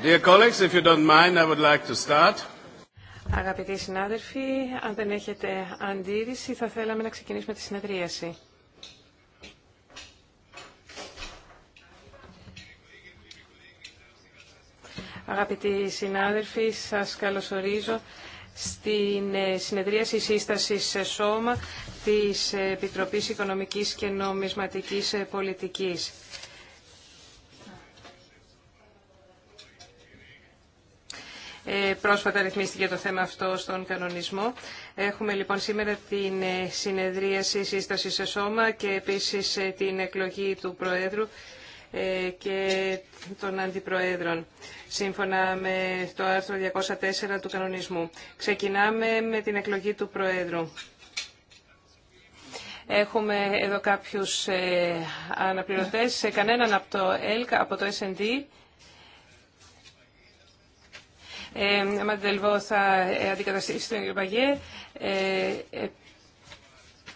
Dear colleagues, if you don't Αγαπητοί συνάδελφοι, αν δεν έχετε αντίρρηση, θα θέλαμε να ξεκινήσουμε τη συνεδρίαση. Αγαπητοί συνάδελφοι, σας καλωσορίζω στην ε, συνεδρίαση σύστασης σε σώμα της Επιτροπής Οικονομικής και Νομισματικής Πολιτικής. Ε, πρόσφατα ρυθμίστηκε το θέμα αυτό στον κανονισμό. Έχουμε λοιπόν σήμερα την ε, συνεδρίαση σύσταση σε σώμα και επίσης ε, την εκλογή του Προέδρου και των Αντιπροέδρων, σύμφωνα με το άρθρο 204 του κανονισμού. Ξεκινάμε με την εκλογή του Προέδρου. Έχουμε εδώ κάποιους αναπληρωτές, κανέναν από το ΕΛΚ, από το S&D, ε, ε, ε, ο Μαντελβό θα αντικαταστήσει τον κύριο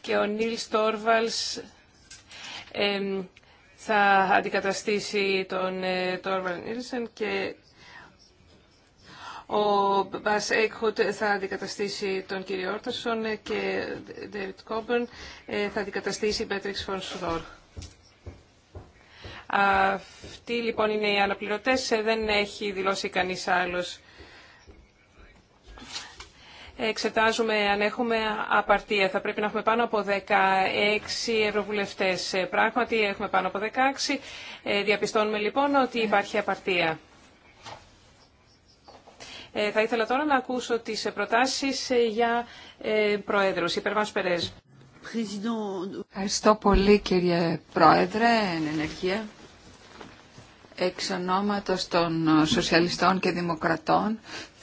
και ο Νίλ Τόρβαλς θα αντικαταστήσει τον Τόρβαλ Νίλσεν και ο Μπας Έκχουτ θα αντικαταστήσει τον κύριο Όρτασον και ο Ντέιβιτ Κόμπερν θα αντικαταστήσει η Πέτριξ Σουδόρ. Αυτοί λοιπόν είναι οι αναπληρωτές. Δεν έχει δηλώσει κανείς άλλος εξετάζουμε αν έχουμε απαρτία. Θα πρέπει να έχουμε πάνω από 16 ευρωβουλευτές. Ε, πράγματι έχουμε πάνω από 16. Ε, διαπιστώνουμε λοιπόν ότι υπάρχει απαρτία. Ε, θα ήθελα τώρα να ακούσω τις προτάσεις για Προέδρους. Υπερβάνς Περέζ. Ευχαριστώ πολύ κύριε Πρόεδρε, εν ενεργεία. Εξ ονόματος των Σοσιαλιστών και Δημοκρατών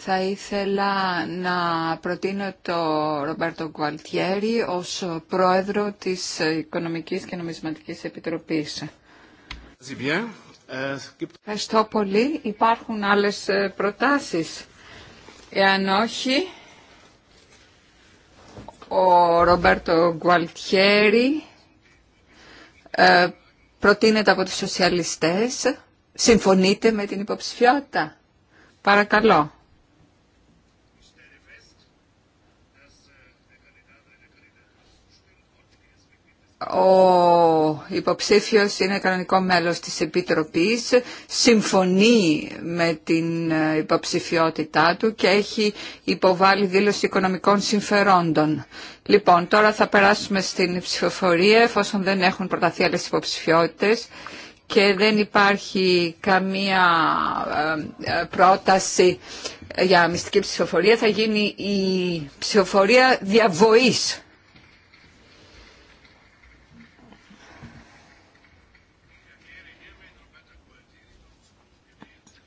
θα ήθελα να προτείνω το Ρομπέρτο Γκουαλτιέρη ως πρόεδρο της Οικονομικής και Νομισματικής Επιτροπής. Ευχαριστώ πολύ. Υπάρχουν άλλες προτάσεις. Εάν όχι, ο Ρομπέρτο Γκουαλτιέρη ε, προτείνεται από τους σοσιαλιστές. Συμφωνείτε με την υποψηφιότητα. Παρακαλώ. ο υποψήφιος είναι κανονικό μέλος της Επιτροπής, συμφωνεί με την ε, υποψηφιότητά του και έχει υποβάλει δήλωση οικονομικών συμφερόντων. Λοιπόν, τώρα θα περάσουμε στην ψηφοφορία εφόσον δεν έχουν προταθεί άλλες υποψηφιότητες και δεν υπάρχει καμία ε, ε, πρόταση για μυστική ψηφοφορία. Θα γίνει η ψηφοφορία διαβοής.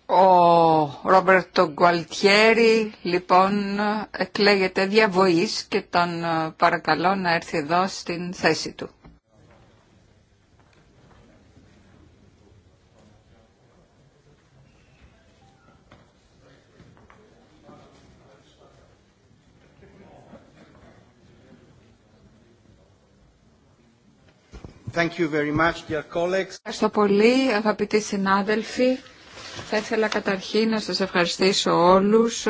Ο Ρόμπερτο Γκουαλτιέρη λοιπόν εκλέγεται διαβοής και τον ε, παρακαλώ να έρθει εδώ στην θέση του. Ευχαριστώ πολύ αγαπητοί συνάδελφοι. Θα ήθελα καταρχήν να σας ευχαριστήσω όλους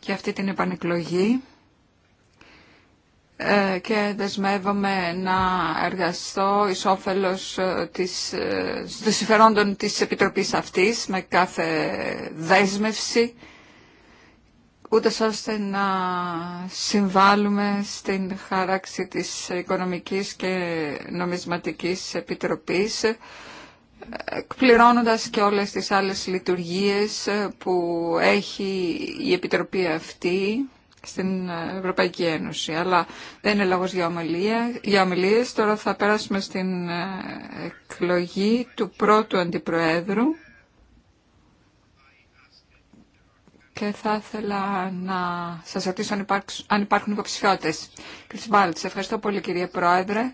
για αυτή την επανεκλογή ε, και δεσμεύομαι να εργαστώ εις όφελος ε, της, ε, των συμφερόντων της Επιτροπής αυτής με κάθε δέσμευση ούτε ώστε να συμβάλλουμε στην χάραξη της Οικονομικής και Νομισματικής Επιτροπής εκπληρώνοντας και όλες τις άλλες λειτουργίες που έχει η Επιτροπή αυτή στην Ευρωπαϊκή Ένωση. Αλλά δεν είναι λόγος για, ομιλία, για ομιλίες. Τώρα θα περάσουμε στην ε, εκλογή του πρώτου Αντιπροέδρου. Και θα ήθελα να σας ρωτήσω αν, υπάρχουν υποψηφιότητες. Κύριε Μπάλτς, ευχαριστώ πολύ κύριε Πρόεδρε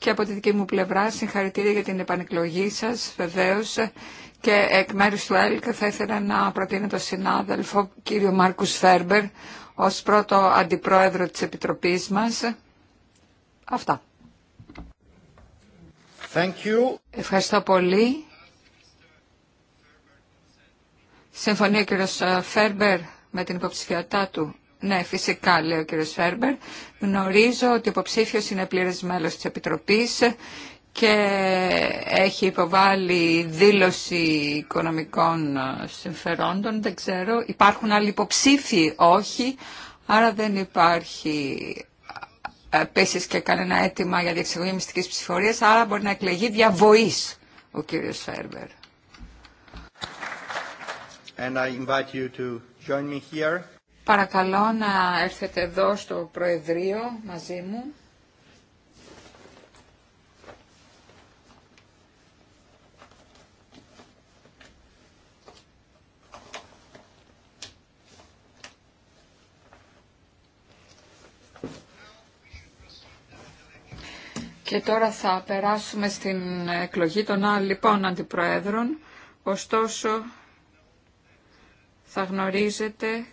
και από τη δική μου πλευρά συγχαρητήρια για την επανεκλογή σας βεβαίως και εκ μέρους του ΕΛΚ θα ήθελα να προτείνω τον συνάδελφο κύριο Μάρκους Φέρμπερ ως πρώτο αντιπρόεδρο της Επιτροπής μας. Αυτά. Thank you. Ευχαριστώ πολύ. Συμφωνεί ο κύριος Φέρμπερ με την υποψηφιότητά του. Ναι, φυσικά, λέει ο κύριο Φέρμπερ. Γνωρίζω ότι ο υποψήφιο είναι πλήρες μέλος της Επιτροπής και έχει υποβάλει δήλωση οικονομικών ε, συμφερόντων, δεν ξέρω. Υπάρχουν άλλοι υποψήφοι, όχι, άρα δεν υπάρχει ε, επίση και κανένα αίτημα για διεξαγωγή μυστική ψηφορία. άρα μπορεί να εκλεγεί διαβοή ο κύριος Φέρμπερ. And I invite you to join me here. Παρακαλώ να έρθετε εδώ στο Προεδρείο μαζί μου. Και τώρα θα περάσουμε στην εκλογή των άλλων λοιπόν, αντιπροέδρων. Ωστόσο, θα γνωρίζετε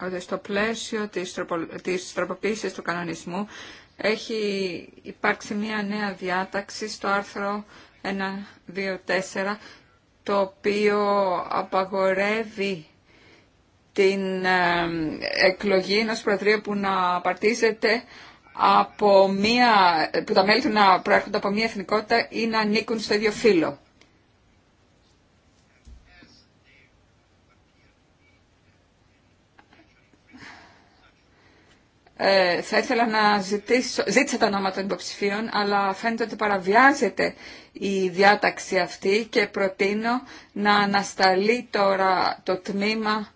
ότι στο πλαίσιο της, τροπο, τροποποίησης του κανονισμού έχει υπάρξει μια νέα διάταξη στο άρθρο 1.2.4 το οποίο απαγορεύει την εκλογή ενός προεδρείου που να απαρτίζεται από μία, που τα μέλη του να προέρχονται από μία εθνικότητα ή να ανήκουν στο ίδιο φύλλο. Ε, θα ήθελα να ζητήσω, ζήτησα τα νόματα των υποψηφίων, αλλά φαίνεται ότι παραβιάζεται η διάταξη αυτή και προτείνω να ανασταλεί τώρα το τμήμα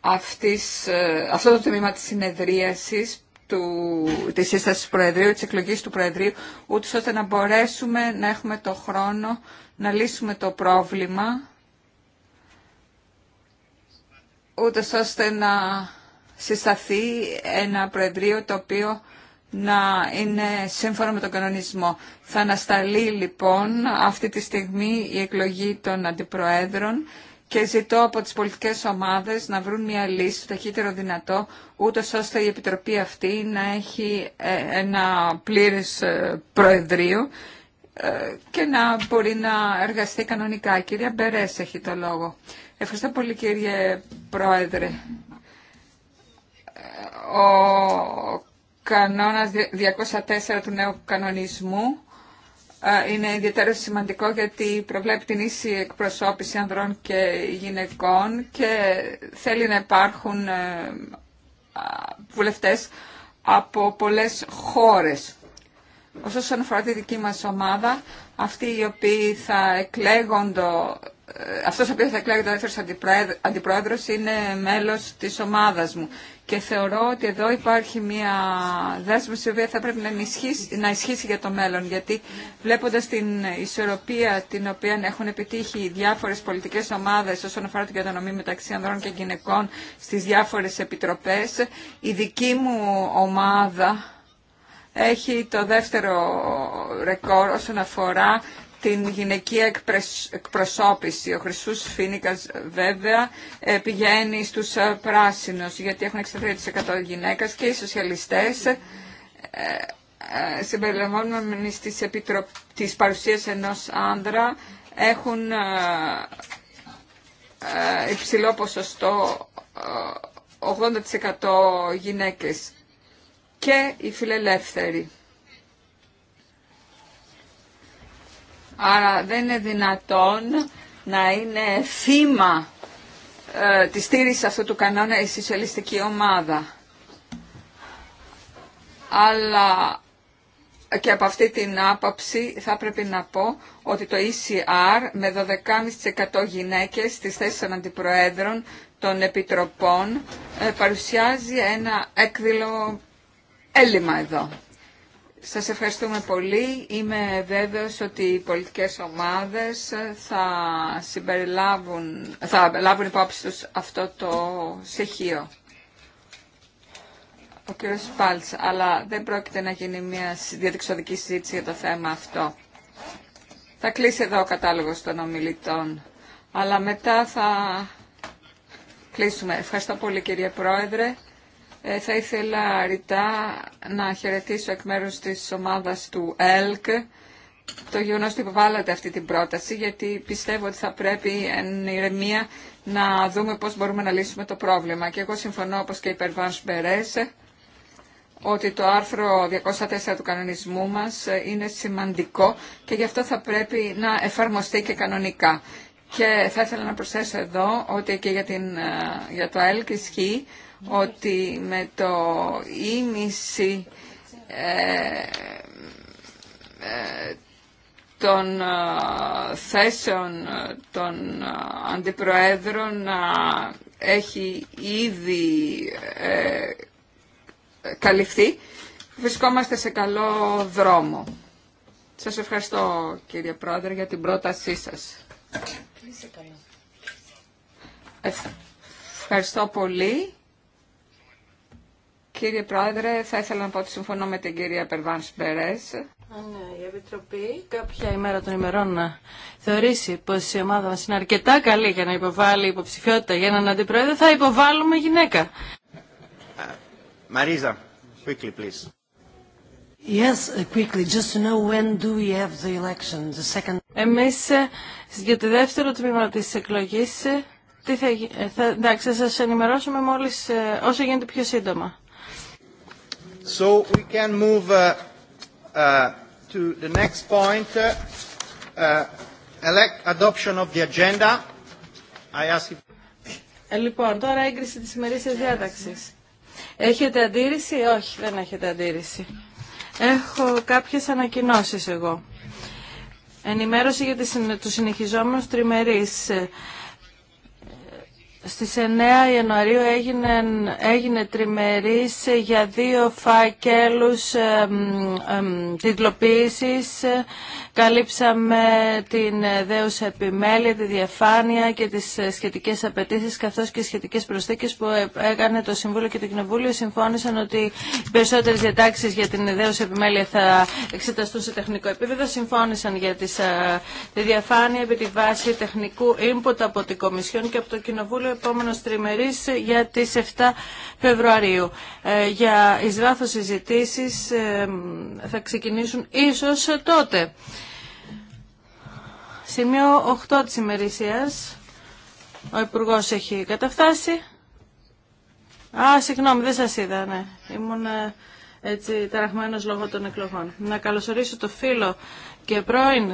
αυτής, ε, αυτό το τμήμα της συνεδρίασης του, της σύστασης του Προεδρείου, της εκλογής του Προεδρείου, ούτως ώστε να μπορέσουμε να έχουμε το χρόνο να λύσουμε το πρόβλημα, ούτως ώστε να συσταθεί ένα προεδρείο το οποίο να είναι σύμφωνα με τον κανονισμό. Θα ανασταλεί λοιπόν αυτή τη στιγμή η εκλογή των αντιπροέδρων και ζητώ από τις πολιτικές ομάδες να βρουν μια λύση το ταχύτερο δυνατό, ούτω ώστε η Επιτροπή αυτή να έχει ε, ένα πλήρες ε, προεδρείο ε, και να μπορεί να εργαστεί κανονικά. Κυρία Μπερές έχει το λόγο. Ευχαριστώ πολύ κύριε Πρόεδρε ο κανόνας 204 του νέου κανονισμού ε, είναι ιδιαίτερα σημαντικό γιατί προβλέπει την ίση εκπροσώπηση ανδρών και γυναικών και θέλει να υπάρχουν ε, βουλευτές από πολλές χώρες. Όσον αφορά τη δική μας ομάδα, αυτοί οι οποίοι θα εκλέγονται ε, αυτό ο οποίος θα εκλέγει δεύτερο αντιπρόεδρος είναι μέλος της ομάδας μου και θεωρώ ότι εδώ υπάρχει μια δέσμευση η οποία θα πρέπει να ισχύσει, να ισχύσει για το μέλλον γιατί βλέποντας την ισορροπία την οποία έχουν επιτύχει οι διάφορες πολιτικές ομάδες όσον αφορά την κατανομή μεταξύ ανδρών και γυναικών στις διάφορες επιτροπές η δική μου ομάδα έχει το δεύτερο ρεκόρ όσον αφορά την γυναική εκπροσώπηση. Ο Χρυσούς Φίνικας βέβαια ε, πηγαίνει στους ε, πράσινους γιατί έχουν 63% γυναίκας και οι σοσιαλιστές ε, συμπεριλαμβάνομενοι στις επιτροπ... της παρουσίας ενός άνδρα έχουν υψηλό ποσοστό 80% γυναίκες και οι φιλελεύθεροι. Άρα δεν είναι δυνατόν να είναι θύμα ε, της στήριξης αυτού του κανόνα η σοσιαλιστική ομάδα. Αλλά και από αυτή την άποψη θα πρέπει να πω ότι το ECR με 12,5% γυναίκες στις θέσεις των αντιπροέδρων των επιτροπών ε, παρουσιάζει ένα έκδηλο έλλειμμα εδώ. Σας ευχαριστούμε πολύ. Είμαι βέβαιος ότι οι πολιτικές ομάδες θα συμπεριλάβουν, θα λάβουν υπόψη τους αυτό το στοιχείο. Ο κ. Πάλτς, αλλά δεν πρόκειται να γίνει μια διαδικσοδική συζήτηση για το θέμα αυτό. Θα κλείσει εδώ ο κατάλογος των ομιλητών, αλλά μετά θα κλείσουμε. Ευχαριστώ πολύ κύριε Πρόεδρε. Ε, θα ήθελα ρητά να χαιρετήσω εκ μέρους της ομάδας του ΕΛΚ το γεγονό ότι υποβάλλατε αυτή την πρόταση, γιατί πιστεύω ότι θα πρέπει εν ηρεμία να δούμε πώς μπορούμε να λύσουμε το πρόβλημα. Και εγώ συμφωνώ, όπως και η Περβάνς Μπερέσε, ότι το άρθρο 204 του κανονισμού μας είναι σημαντικό και γι' αυτό θα πρέπει να εφαρμοστεί και κανονικά. Και θα ήθελα να προσθέσω εδώ ότι και για, την, ε, για το ΑΕΛΚ ότι με το ίμιση ε, ε, των θέσεων των αντιπροέδρων να έχει ήδη ε, καλυφθεί. Βρισκόμαστε σε καλό δρόμο. Σας ευχαριστώ κύριε Πρόεδρε για την πρότασή σας. Ευχαριστώ πολύ. Κύριε Πρόεδρε, θα ήθελα να πω ότι συμφωνώ με την κυρία Περβάνς Μπερές. Αν ναι, η Επιτροπή κάποια ημέρα των ημερών να θεωρήσει πως η ομάδα μας είναι αρκετά καλή για να υποβάλει υποψηφιότητα για έναν αντιπρόεδρο, θα υποβάλουμε γυναίκα. Ε, Μαρίζα, quickly please. Yes, uh, quickly, just to know when do we have the election, the second... Εμείς ε, για το δεύτερο τμήμα της εκλογής, ε, τι θα, ε, θα, εντάξει, θα σας ενημερώσουμε μόλις όσο γίνεται πιο σύντομα. So we can move uh, uh, to the next point, uh, uh, elect adoption of the agenda. I ask if... ε, λοιπόν, τώρα έγκριση της ημερήσιας διάταξης. Έχετε αντίρρηση? ή Όχι, δεν έχετε αντίρρηση. Έχω κάποιες ανακοινώσεις εγώ. Ενημέρωση για τους συνεχιζόμενους τριμερείς. Στις 9 Ιανουαρίου έγινε, έγινε για δύο φάκελους ε, Καλύψαμε την ε, δέουσα επιμέλεια, τη διαφάνεια και τις ε, σχετικές απαιτήσει καθώς και σχετικές προσθήκες που ε, έκανε το Συμβούλιο και το Κοινοβούλιο. Συμφώνησαν ότι οι περισσότερες διατάξεις για την δέουσα επιμέλεια θα εξεταστούν σε τεχνικό επίπεδο. Συμφώνησαν για τη διαφάνεια επί τη βάση τεχνικού input από την Κομισιόν και από το Κοινοβούλιο Επόμενο τριμερής για τις 7 Φεβρουαρίου. για εις βάθος συζητήσεις θα ξεκινήσουν ίσως τότε. Σημείο 8 της ημερησίας. Ο Υπουργός έχει καταφτάσει. Α, συγγνώμη, δεν σας είδα, ναι. Ήμουν ε, έτσι ταραχμένος λόγω των εκλογών. Να καλωσορίσω το φίλο και πρώην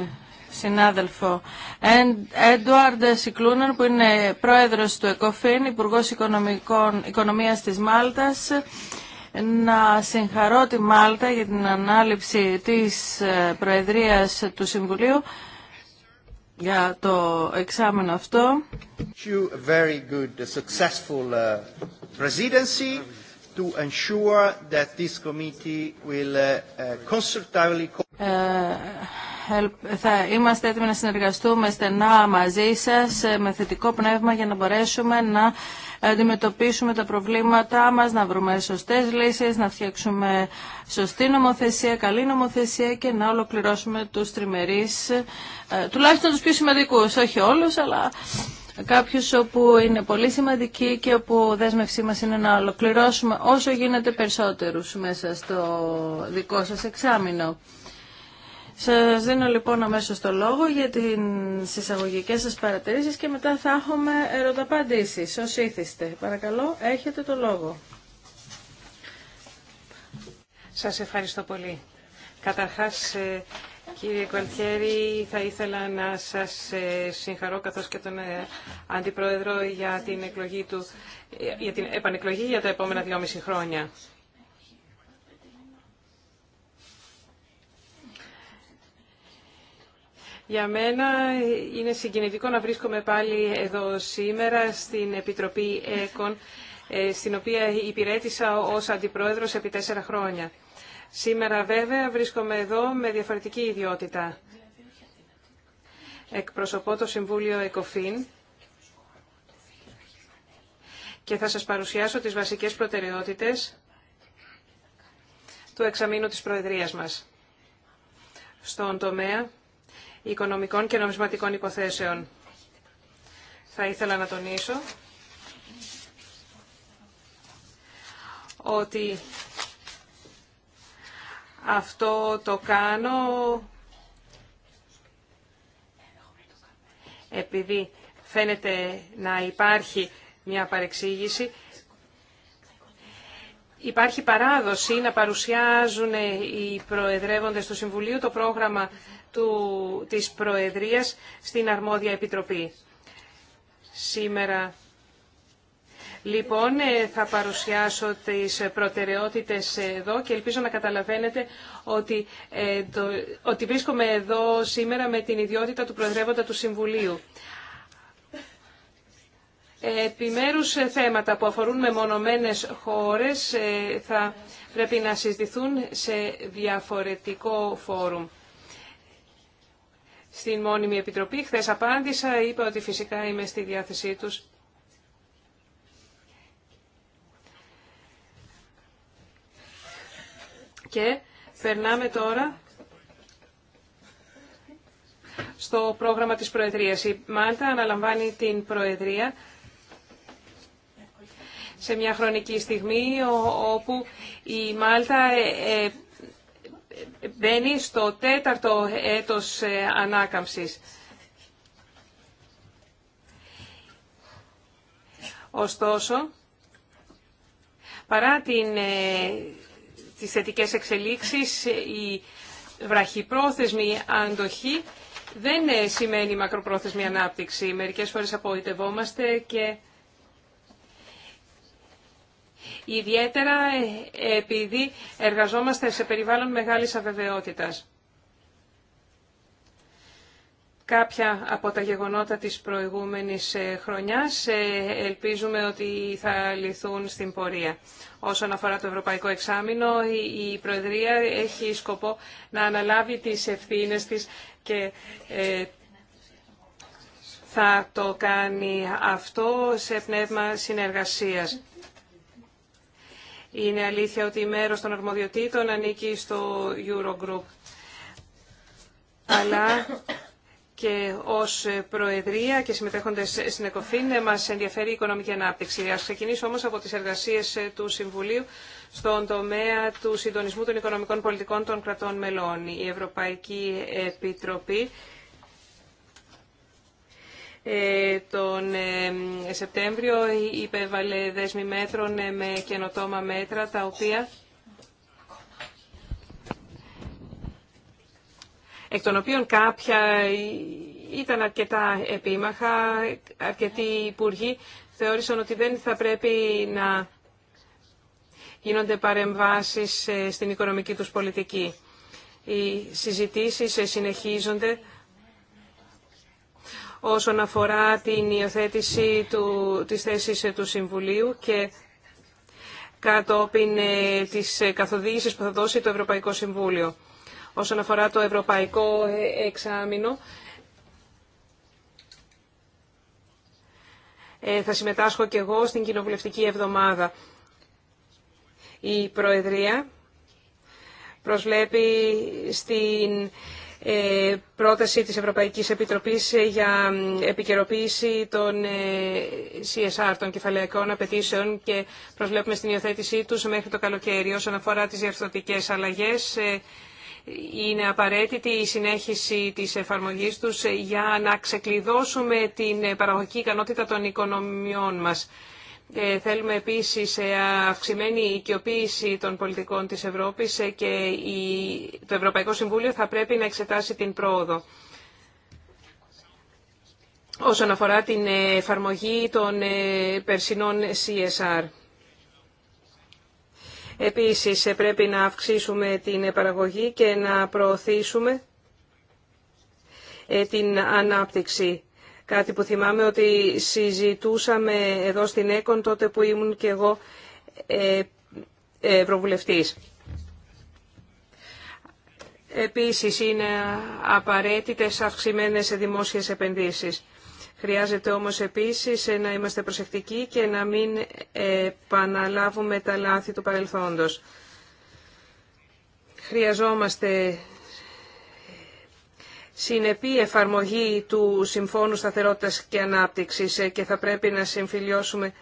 συνάδελφο Έντουαρντ Σικλούνερ που είναι πρόεδρος του ΕΚΟΦΗΝ, Υπουργός Οικονομικών, Οικονομίας της Μάλτας. Να συγχαρώ τη Μάλτα για την ανάληψη της ε, Προεδρίας του Συμβουλίου για το εξάμενο αυτό. Θα είμαστε έτοιμοι να συνεργαστούμε στενά μαζί σας ε, με θετικό πνεύμα για να μπορέσουμε να αντιμετωπίσουμε τα προβλήματά μας, να βρούμε σωστές λύσεις, να φτιάξουμε σωστή νομοθεσία, καλή νομοθεσία και να ολοκληρώσουμε τους τριμερείς, ε, τουλάχιστον τους πιο σημαντικούς, όχι όλους, αλλά κάποιους όπου είναι πολύ σημαντικοί και όπου δέσμευσή μας είναι να ολοκληρώσουμε όσο γίνεται περισσότερους μέσα στο δικό σας εξάμεινο. Σας δίνω λοιπόν αμέσως το λόγο για τις εισαγωγικέ σας παρατηρήσεις και μετά θα έχουμε ερωταπαντήσεις, όσοι Παρακαλώ, έχετε το λόγο. Σας ευχαριστώ πολύ. Καταρχάς, ε, Κύριε Κουαλτιέρη, θα ήθελα να σας ε, συγχαρώ καθώς και τον ε, Αντιπρόεδρο για την, εκλογή του, για την επανεκλογή για τα επόμενα δυόμιση χρόνια. Για μένα είναι συγκινητικό να βρίσκομαι πάλι εδώ σήμερα στην Επιτροπή ΕΚΟΝ, ε, στην οποία υπηρέτησα ως Αντιπρόεδρος επί τέσσερα χρόνια. Σήμερα βέβαια βρίσκομαι εδώ με διαφορετική ιδιότητα. Εκπροσωπώ το Συμβούλιο ΕΚΟΦΗΝ και θα σας παρουσιάσω τις βασικές προτεραιότητες του εξαμήνου της Προεδρίας μας. Στον τομέα Οικονομικών και Νομισματικών Υποθέσεων. Θα ήθελα να τονίσω ότι αυτό το κάνω επειδή φαίνεται να υπάρχει μια παρεξήγηση. Υπάρχει παράδοση να παρουσιάζουν οι προεδρεύοντες του Συμβουλίου το πρόγραμμα του, της Προεδρίας στην Αρμόδια Επιτροπή. Σήμερα, λοιπόν, ε, θα παρουσιάσω τις προτεραιότητες εδώ και ελπίζω να καταλαβαίνετε ότι, ε, το, ότι βρίσκομαι εδώ σήμερα με την ιδιότητα του Προεδρεύοντα του Συμβουλίου. Επιμέρους θέματα που αφορούν μεμονωμένες χώρες ε, θα πρέπει να συζητηθούν σε διαφορετικό φόρουμ στην μόνιμη επιτροπή. Χθε απάντησα, είπα ότι φυσικά είμαι στη διάθεσή τους. Και περνάμε τώρα στο πρόγραμμα της Προεδρίας. Η Μάλτα αναλαμβάνει την Προεδρία σε μια χρονική στιγμή όπου η Μάλτα ε, ε, μπαίνει στο τέταρτο έτος ε, ανάκαμψης. Ωστόσο, παρά την, ε, τις θετικές εξελίξεις, η βραχυπρόθεσμη αντοχή δεν ε, σημαίνει μακροπρόθεσμη ανάπτυξη. Μερικές φορές απογοητευόμαστε και ιδιαίτερα ε, επειδή εργαζόμαστε σε περιβάλλον μεγάλης αβεβαιότητας. Κάποια από τα γεγονότα της προηγούμενης ε, χρονιάς ε, ελπίζουμε ότι θα λυθούν στην πορεία. Όσον αφορά το Ευρωπαϊκό Εξάμεινο, η Προεδρία έχει σκοπό να αναλάβει τις ευθύνες της και θα το κάνει αυτό σε πνεύμα συνεργασίας. Είναι αλήθεια ότι η μέρος των αρμοδιοτήτων ανήκει στο Eurogroup. Αλλά και ως Προεδρία και συμμετέχοντες στην ΕΚΟΦΗΝ μας ενδιαφέρει η οικονομική ανάπτυξη. Ας ξεκινήσω όμως από τις εργασίες του Συμβουλίου στον τομέα του συντονισμού των οικονομικών πολιτικών των κρατών μελών. Η Ευρωπαϊκή Επιτροπή ε, τον ε, Σεπτέμβριο υπέβαλε δέσμη μέτρων ε, με καινοτόμα μέτρα τα οποία εκ των οποίων κάποια ήταν αρκετά επίμαχα, αρκετοί υπουργοί θεώρησαν ότι δεν θα πρέπει να γίνονται παρεμβάσεις στην οικονομική τους πολιτική. Οι συζητήσεις συνεχίζονται όσον αφορά την υιοθέτηση του, της θέσης του Συμβουλίου και κατόπιν ε, της καθοδήγησης που θα δώσει το Ευρωπαϊκό Συμβούλιο. Όσον αφορά το Ευρωπαϊκό ε, Εξάμεινο, ε, θα συμμετάσχω και εγώ στην Κοινοβουλευτική Εβδομάδα. Η Προεδρία προσβλέπει στην ε, πρόταση της Ευρωπαϊκής Επιτροπής ε, για επικαιροποίηση των ε, CSR, των κεφαλαϊκών απαιτήσεων και προσβλέπουμε στην υιοθέτησή τους μέχρι το καλοκαίρι. Όσον αφορά τις διαρθρωτικές αλλαγές, είναι απαραίτητη η συνέχιση της εφαρμογής τους για να ξεκλειδώσουμε την παραγωγική ικανότητα των οικονομιών μας. Ε, θέλουμε επίσης ε, αυξημένη οικειοποίηση των πολιτικών της Ευρώπης ε, και το Ευρωπαϊκό Συμβούλιο θα πρέπει να εξετάσει την πρόοδο. Όσον αφορά την εφαρμογή των περσινών CSR. Επίσης πρέπει να αυξήσουμε την παραγωγή και να προωθήσουμε την ανάπτυξη. Κάτι που θυμάμαι ότι συζητούσαμε εδώ στην ΕΚΟΝ τότε που ήμουν και εγώ ε, ευρωβουλευτής. Επίσης είναι απαραίτητες αυξημένες δημόσιες επενδύσεις. Χρειάζεται όμως επίσης να είμαστε προσεκτικοί και να μην επαναλάβουμε τα λάθη του παρελθόντος. Χρειαζόμαστε συνεπή εφαρμογή του Συμφώνου Σταθερότητας και Ανάπτυξης ε, και θα πρέπει να συμφιλιώσουμε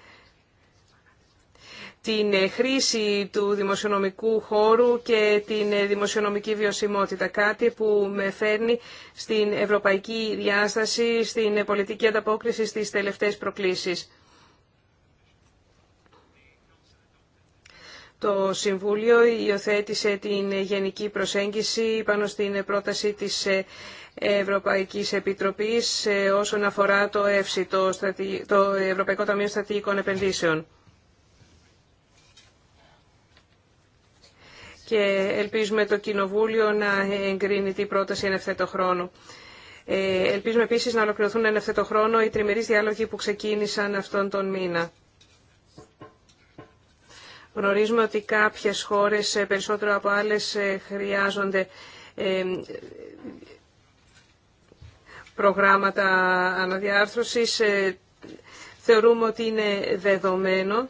την ε, χρήση του δημοσιονομικού χώρου και την ε, δημοσιονομική βιωσιμότητα. Κάτι που με φέρνει στην ευρωπαϊκή διάσταση, στην πολιτική ανταπόκριση στις τελευταίες προκλήσεις. Το Συμβούλιο υιοθέτησε την γενική προσέγγιση πάνω στην πρόταση της Ευρωπαϊκής Επιτροπής ε, όσον αφορά το ΕΦΣΙ, το Ευρωπαϊκό Ταμείο Στρατηγικών Επενδύσεων. Και ελπίζουμε το Κοινοβούλιο να εγκρίνει την πρόταση εν ευθέτω χρόνο. Ε, ελπίζουμε επίσης να ολοκληρωθούν εν ευθέτω χρόνο οι τριμερείς διάλογοι που ξεκίνησαν αυτόν τον μήνα. Γνωρίζουμε ότι κάποιες χώρες ε, περισσότερο από άλλες χρειάζονται προγράμματα αναδιάρθρωσης ε, θεωρούμε ότι είναι δεδομένο.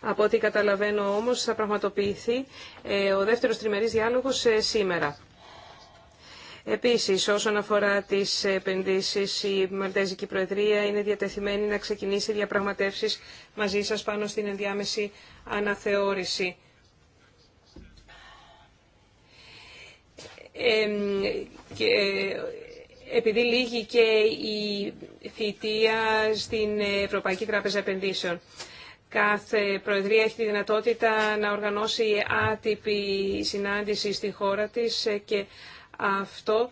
Από ό,τι καταλαβαίνω όμως θα πραγματοποιηθεί ε, ο δεύτερος τριμερής διάλογος ε, σήμερα. Επίσης, όσον αφορά τις επενδύσεις, η Μαλτέζικη Προεδρία είναι διατεθειμένη να ξεκινήσει διαπραγματεύσεις μαζί σας πάνω στην ενδιάμεση αναθεώρηση Ε, επειδή λύγει και η θητεία στην Ευρωπαϊκή Τράπεζα Επενδύσεων. Κάθε Προεδρία έχει τη δυνατότητα να οργανώσει άτυπη συνάντηση στη χώρα της και αυτό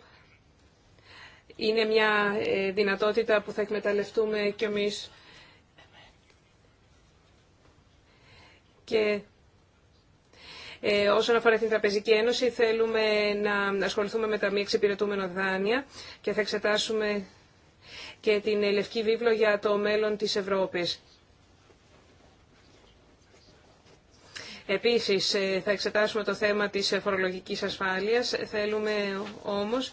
είναι μια ε, δυνατότητα που θα εκμεταλλευτούμε κι εμείς. Και ε, όσον αφορά την Τραπεζική Ένωση, θέλουμε να ασχοληθούμε με τα μη εξυπηρετούμενα δάνεια και θα εξετάσουμε και την Λευκή Βίβλο για το μέλλον της Ευρώπης. Επίσης, ε, θα εξετάσουμε το θέμα της φορολογικής ασφάλειας. Θέλουμε όμως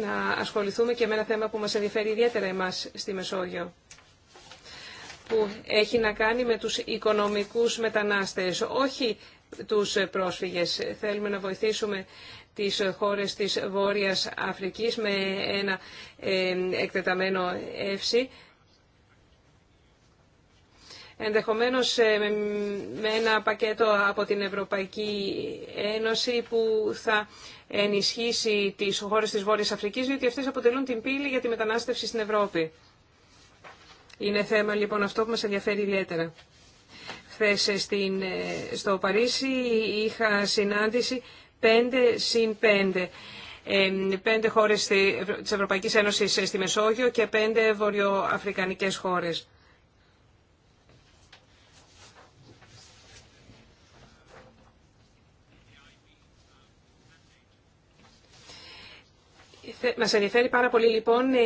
να ασχοληθούμε και με ένα θέμα που μας ενδιαφέρει ιδιαίτερα εμάς στη Μεσόγειο που έχει να κάνει με τους οικονομικούς μετανάστες, όχι τους πρόσφυγες. Θέλουμε να βοηθήσουμε τις χώρες της Βόρειας Αφρικής με ένα ε, εκτεταμένο εύση. Ενδεχομένως ε, με ένα πακέτο από την Ευρωπαϊκή Ένωση που θα ενισχύσει τις χώρες της Βόρειας Αφρικής, διότι αυτές αποτελούν την πύλη για τη μετανάστευση στην Ευρώπη. Είναι θέμα λοιπόν αυτό που μας ενδιαφέρει ιδιαίτερα. Χθε ε, ε, στο Παρίσι είχα συνάντηση 5 συν 5 πέντε χώρες της Ευρωπαϊκής Ένωσης ε, στη Μεσόγειο και πέντε βορειοαφρικανικές χώρες. μα ενδιαφέρει πάρα πολύ λοιπόν ε,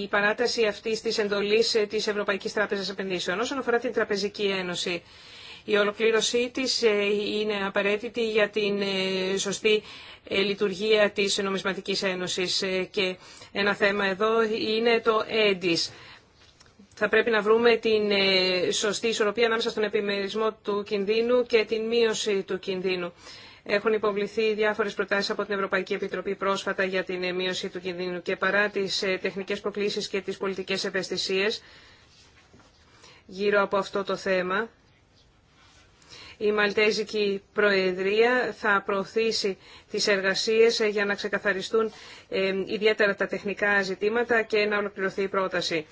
η παράταση αυτής της εντολής ε, της Ευρωπαϊκής Τράπεζας Επενδύσεων. Όσον αφορά την Τραπεζική Ένωση, η ολοκλήρωσή της ε, είναι απαραίτητη για την σωστή λειτουργία της Νομισματικής Ένωσης και ένα θέμα εδώ είναι το έντις. Θα πρέπει να βρούμε την σωστή ισορροπία ανάμεσα στον επιμερισμό του κινδύνου και την μείωση του κινδύνου. Έχουν υποβληθεί διάφορες προτάσει από την Ευρωπαϊκή Επιτροπή πρόσφατα για την μείωση του κινδύνου και παρά τις ε, τεχνικές προκλήσει και τις πολιτικές ευαισθησίε γύρω από αυτό το θέμα, η Μαλτέζικη Προεδρία θα προωθήσει τις εργασίες ε, για να ξεκαθαριστούν ε, ιδιαίτερα τα τεχνικά ζητήματα και να ολοκληρωθεί η πρόταση.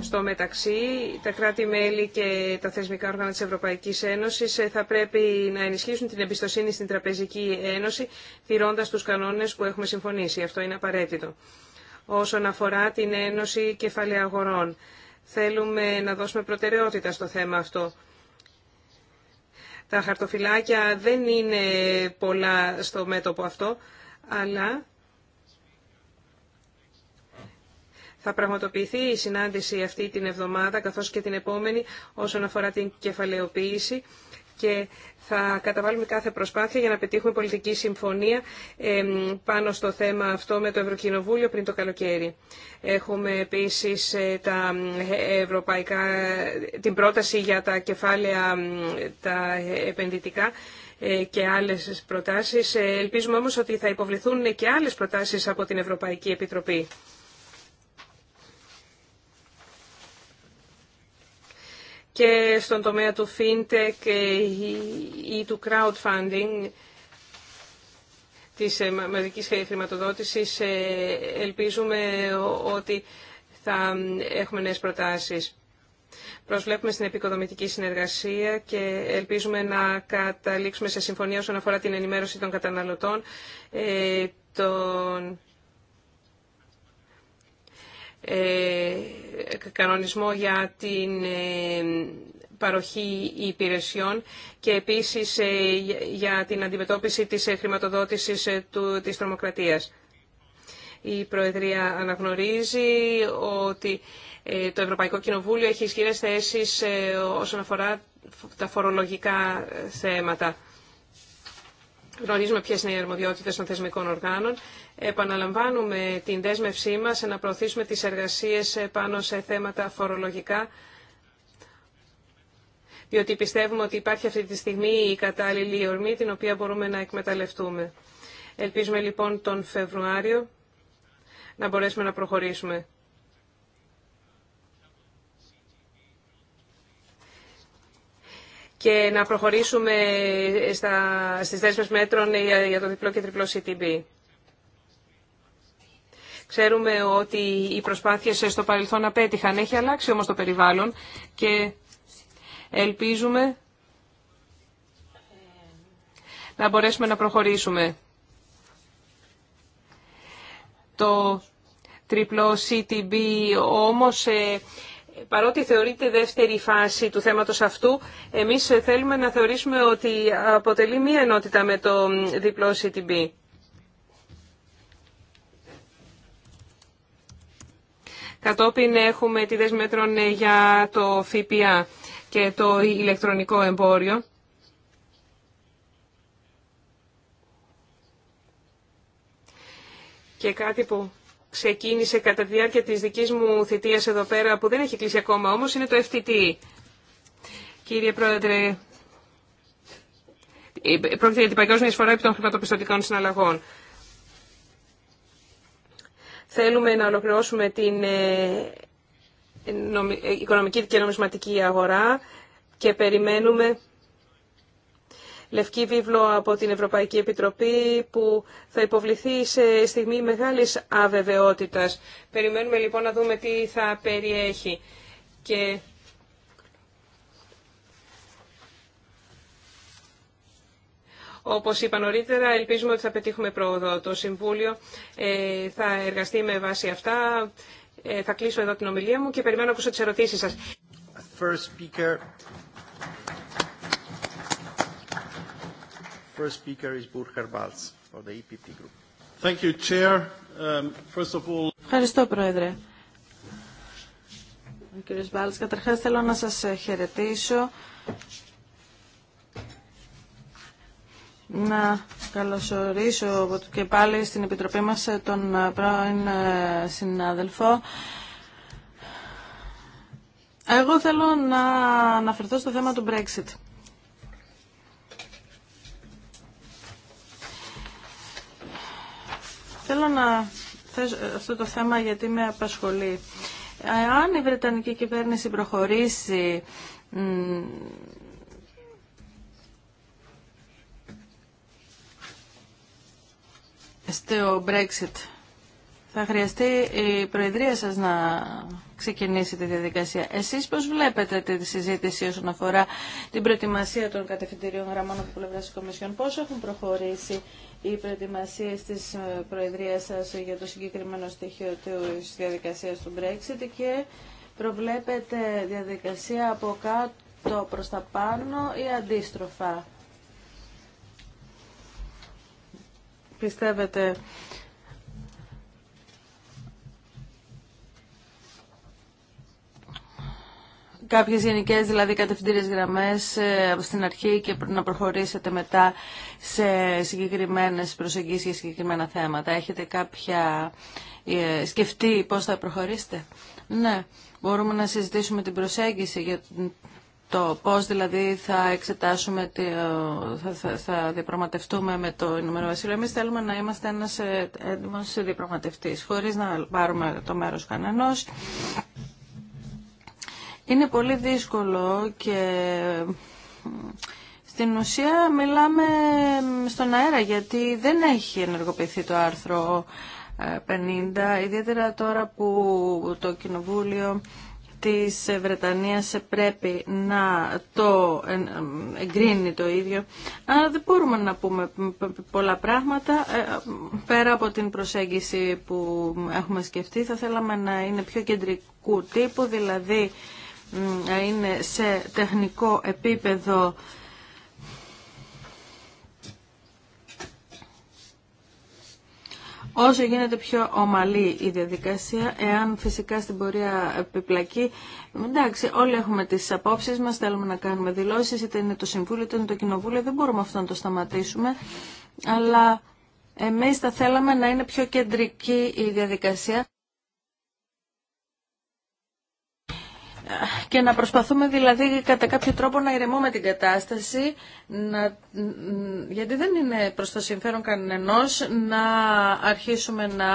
Στο μεταξύ, τα κράτη-μέλη και τα θεσμικά όργανα της Ευρωπαϊκής Ένωσης ε, θα πρέπει να ενισχύσουν την εμπιστοσύνη στην Τραπεζική Ένωση, τηρώντας τους κανόνες που έχουμε συμφωνήσει. Αυτό είναι απαραίτητο. Όσον αφορά την Ένωση Κεφαλαία Αγορών, θέλουμε να δώσουμε προτεραιότητα στο θέμα αυτό. Τα χαρτοφυλάκια δεν είναι πολλά στο μέτωπο αυτό, αλλά Θα πραγματοποιηθεί η συνάντηση αυτή την εβδομάδα καθώς και την επόμενη όσον αφορά την κεφαλαιοποίηση και θα καταβάλουμε κάθε προσπάθεια για να πετύχουμε πολιτική συμφωνία πάνω στο θέμα αυτό με το Ευρωκοινοβούλιο πριν το καλοκαίρι. Έχουμε επίσης ε, τα ε, ευρωπαϊκά, την πρόταση για τα κεφάλαια τα επενδυτικά ε, και άλλες προτάσεις. Ελπίζουμε όμως ότι θα υποβληθούν και άλλες προτάσεις από την Ευρωπαϊκή Επιτροπή. και στον τομέα του fintech ή του crowdfunding της ε, μαζικής χρηματοδότησης ε, ελπίζουμε ότι θα έχουμε νέες προτάσεις. Προσβλέπουμε στην επικοδομητική συνεργασία και ελπίζουμε να καταλήξουμε σε συμφωνία όσον αφορά την ενημέρωση των καταναλωτών, ε, των ε, κανονισμό για την ε, παροχή υπηρεσιών και επίσης ε, για την αντιμετώπιση της χρηματοδότησης της τρομοκρατίας. Η Προεδρία αναγνωρίζει ότι το Ευρωπαϊκό Κοινοβούλιο έχει ισχυρές θέσεις όσον αφορά τα φορολογικά θέματα γνωρίζουμε ποιε είναι οι αρμοδιότητε των θεσμικών οργάνων. Επαναλαμβάνουμε την δέσμευσή μα να προωθήσουμε τι εργασίε πάνω σε θέματα φορολογικά, διότι πιστεύουμε ότι υπάρχει αυτή τη στιγμή η κατάλληλη ορμή την οποία μπορούμε να εκμεταλλευτούμε. Ελπίζουμε λοιπόν τον Φεβρουάριο να μπορέσουμε να προχωρήσουμε. και να προχωρήσουμε στα, στις δέσμες μέτρων για, για το διπλό και τριπλό CTB. Ξέρουμε ότι οι προσπάθειες στο παρελθόν απέτυχαν. Έχει αλλάξει όμως το περιβάλλον και ελπίζουμε να μπορέσουμε να προχωρήσουμε. Το τριπλό CTB όμως ε, παρότι θεωρείται δεύτερη φάση του θέματος αυτού, εμείς θέλουμε να θεωρήσουμε ότι αποτελεί μία ενότητα με το διπλό CTB. Κατόπιν έχουμε τη δεσμέτρων για το ΦΠΑ και το ηλεκτρονικό εμπόριο. Και κάτι που ξεκίνησε κατά τη διάρκεια της δικής μου θητείας εδώ πέρα, που δεν έχει κλείσει ακόμα όμως, είναι το FTT. Κύριε Πρόεδρε, πρόκειται για την παγκόσμια εισφορά επί των χρηματοπιστωτικών συναλλαγών. Θέλουμε να ολοκληρώσουμε την ε, ε, οικονομική και νομισματική αγορά και περιμένουμε λευκή βίβλο από την Ευρωπαϊκή Επιτροπή που θα υποβληθεί σε στιγμή μεγάλης αβεβαιότητας. Περιμένουμε λοιπόν να δούμε τι θα περιέχει. Και Όπως είπα νωρίτερα, ελπίζουμε ότι θα πετύχουμε πρόοδο. Το Συμβούλιο ε, θα εργαστεί με βάση αυτά. Ε, θα κλείσω εδώ την ομιλία μου και περιμένω να ακούσω τις ερωτήσεις σας. first speaker is for the EPP Group. Thank you, Chair. Um, first of all... Ευχαριστώ, Πρόεδρε. Ο κύριος Μπάλς, καταρχάς θέλω να σας ε, χαιρετήσω. Να καλωσορίσω και πάλι στην Επιτροπή μας ε, τον ε, πρώην συνάδελφο. Εγώ θέλω να αναφερθώ στο θέμα του Brexit. Θέλω να θέσω αυτό το θέμα γιατί με απασχολεί. Αν η Βρετανική κυβέρνηση προχωρήσει στο Brexit, θα χρειαστεί η Προεδρία σας να ξεκινήσει τη διαδικασία. Εσείς πώς βλέπετε τη συζήτηση όσον αφορά την προετοιμασία των κατευθυντηρίων γραμμών από πλευρά της Κομισιόν. Πώς έχουν προχωρήσει οι προετοιμασίε τη ε, προεδρία σα για το συγκεκριμένο στοιχείο τη διαδικασία του Brexit και προβλέπετε διαδικασία από κάτω προ τα πάνω ή αντίστροφα. Πιστεύετε Κάποιε γενικέ δηλαδή κατευθυντήριες γραμμές ε, στην αρχή και να προχωρήσετε μετά σε συγκεκριμένες προσεγγίσεις για συγκεκριμένα θέματα. Έχετε κάποια ε, σκεφτεί πώ θα προχωρήσετε. Ναι, μπορούμε να συζητήσουμε την προσέγγιση για το πώς δηλαδή θα εξετάσουμε, ε, θα, θα, θα διαπραγματευτούμε με το Ηνωμένο Βασίλειο. Εμείς θέλουμε να είμαστε ένας έντιμος διαπραγματευτής, χωρίς να πάρουμε το μέρος κανένα. Είναι πολύ δύσκολο και στην ουσία μιλάμε στον αέρα γιατί δεν έχει ενεργοποιηθεί το άρθρο 50, ε, ιδιαίτερα τώρα που το Κοινοβούλιο της Βρετανίας πρέπει να το ε, εγκρίνει το ίδιο. Αλλά δεν μπορούμε να πούμε πολλά πράγματα. Ε, πέρα από την προσέγγιση που έχουμε σκεφτεί, θα θέλαμε να είναι πιο κεντρικού τύπου, δηλαδή να ε, είναι σε τεχνικό επίπεδο Όσο γίνεται πιο ομαλή η διαδικασία, εάν φυσικά στην πορεία επιπλακεί, εντάξει, όλοι έχουμε τις απόψεις μας, θέλουμε να κάνουμε δηλώσεις, είτε είναι το Συμβούλιο, είτε είναι το Κοινοβούλιο, δεν μπορούμε αυτό να το σταματήσουμε, αλλά εμείς θα θέλαμε να είναι πιο κεντρική η διαδικασία. και να προσπαθούμε δηλαδή κατά κάποιο τρόπο να ηρεμούμε την κατάσταση γιατί δεν είναι προς το συμφέρον κανενός να αρχίσουμε να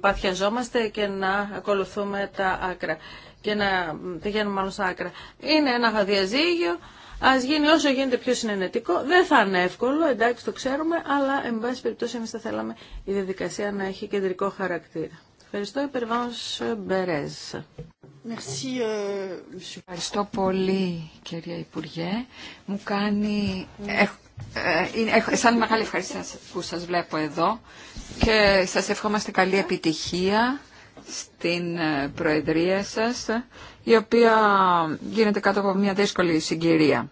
παθιαζόμαστε και να ακολουθούμε τα άκρα και να πηγαίνουμε μάλλον στα άκρα. Είναι ένα διαζύγιο, ας γίνει όσο γίνεται πιο συνενετικό, δεν θα είναι εύκολο, εντάξει το ξέρουμε, αλλά εν πάση περιπτώσει εμείς θα θέλαμε η διαδικασία να έχει κεντρικό χαρακτήρα. Ευχαριστώ, υπερβάνω Μπερέζ. Euh, Ευχαριστώ πολύ κυρία Υπουργέ. Μου κάνει... Ε, είναι σαν μεγάλη ευχαριστία που σας βλέπω εδώ και σας ευχόμαστε καλή επιτυχία στην ε, Προεδρία σας, η οποία γίνεται κάτω από μια δύσκολη συγκυρία.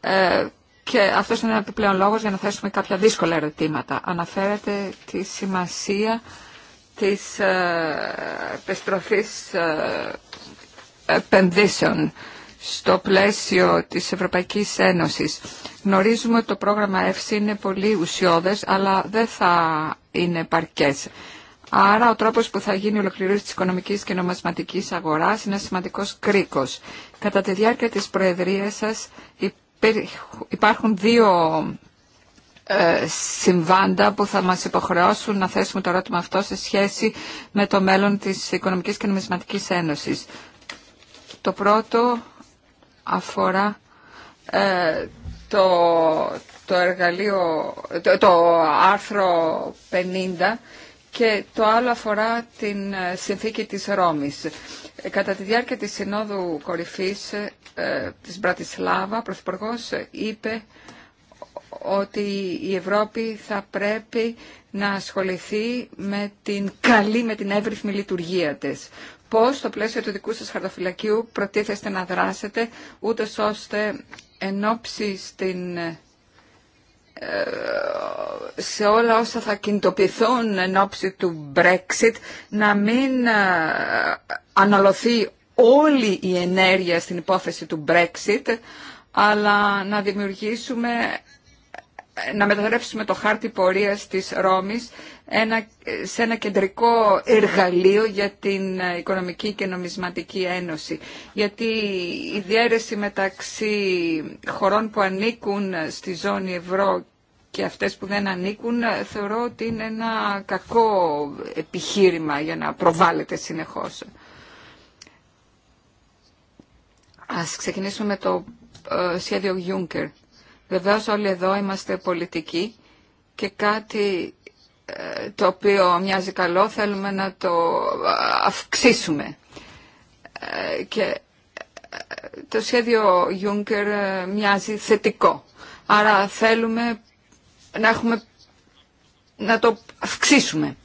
Ε, και αυτό είναι ένα επιπλέον λόγος για να θέσουμε κάποια δύσκολα ερωτήματα. Αναφέρετε τη σημασία της επιστροφής επενδύσεων στο πλαίσιο της Ευρωπαϊκής Ένωσης. Γνωρίζουμε ότι το πρόγραμμα ΕΦΣΙ είναι πολύ ουσιώδες, αλλά δεν θα είναι παρκές. Άρα ο τρόπος που θα γίνει η ολοκληρώση της οικονομικής και νομασματικής αγοράς είναι σημαντικός κρίκος. Κατά τη διάρκεια της προεδρίας σας υπάρχουν δύο ε, συμβάντα που θα μας υποχρεώσουν να θέσουμε το ερώτημα αυτό σε σχέση με το μέλλον της Οικονομικής και Νομισματικής Ένωσης. Το πρώτο αφορά ε, το, το εργαλείο, το, άρθρο 50 και το άλλο αφορά την ε, συνθήκη της Ρώμης. Ε, κατά τη διάρκεια της Συνόδου Κορυφής ε, της Μπρατισλάβα, ο Πρωθυπουργός είπε ότι η Ευρώπη θα πρέπει να ασχοληθεί με την καλή, με την εύρυθμη λειτουργία της πώς στο πλαίσιο του δικού σας χαρτοφυλακίου προτίθεστε να δράσετε, ούτε ώστε εν στην ε, σε όλα όσα θα κινητοποιηθούν εν ώψη του Brexit να μην ε, αναλωθεί όλη η ενέργεια στην υπόθεση του Brexit αλλά να δημιουργήσουμε να μετατρέψουμε το χάρτη πορείας της Ρώμης ένα, σε ένα κεντρικό εργαλείο για την Οικονομική και Νομισματική Ένωση. Γιατί η διαίρεση μεταξύ χωρών που ανήκουν στη ζώνη ευρώ και αυτές που δεν ανήκουν θεωρώ ότι είναι ένα κακό επιχείρημα για να προβάλλεται συνεχώς. Ας ξεκινήσουμε με το ε, σχέδιο Juncker. Βεβαίως όλοι εδώ είμαστε πολιτικοί και κάτι ε, το οποίο μοιάζει καλό θέλουμε να το ε, αυξήσουμε. Ε, και το σχέδιο Juncker μοιάζει θετικό. Άρα θέλουμε να, έχουμε, να το αυξήσουμε.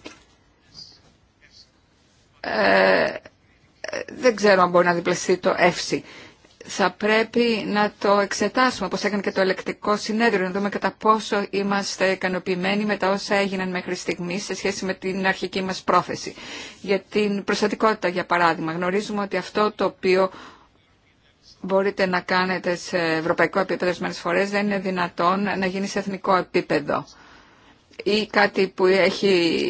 δεν ξέρω αν μπορεί να διπλαστεί το εύση θα πρέπει να το εξετάσουμε, όπως έκανε και το ελεκτικό συνέδριο, να δούμε κατά πόσο είμαστε ικανοποιημένοι με τα όσα έγιναν μέχρι στιγμή σε σχέση με την αρχική μας πρόθεση. Για την προστατικότητα, για παράδειγμα, γνωρίζουμε ότι αυτό το οποίο μπορείτε να κάνετε σε ευρωπαϊκό επίπεδο ορισμένε φορές δεν είναι δυνατόν να γίνει σε εθνικό επίπεδο ή κάτι που, έχει,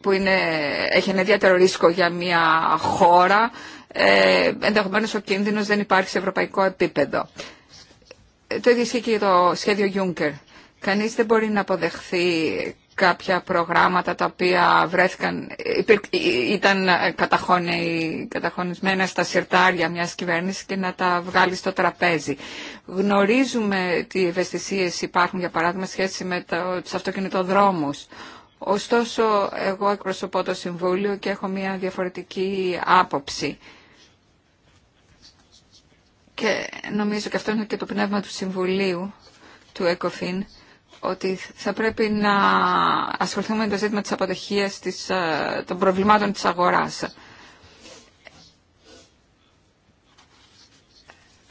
που είναι, έχει ένα ιδιαίτερο ρίσκο για μια χώρα ε, ενδεχομένως ο κίνδυνος δεν υπάρχει σε ευρωπαϊκό επίπεδο. Ε, το ίδιο ισχύει και για το σχέδιο Juncker. Κανείς δεν μπορεί να αποδεχθεί κάποια προγράμματα τα οποία βρέθηκαν, ε, ήταν καταχωνισμένα στα σιρτάρια μιας κυβέρνησης και να τα βγάλει στο τραπέζι. Γνωρίζουμε τι ευαισθησίες υπάρχουν, για παράδειγμα, σχέση με το, τους αυτοκινητοδρόμους. Ωστόσο, εγώ εκπροσωπώ το Συμβούλιο και έχω μια διαφορετική άποψη. Και νομίζω και αυτό είναι και το πνεύμα του Συμβουλίου του ΕΚΟΦΗΝ, ότι θα πρέπει να ασχοληθούμε με το ζήτημα της αποτυχίας της, ε, των προβλημάτων της αγοράς.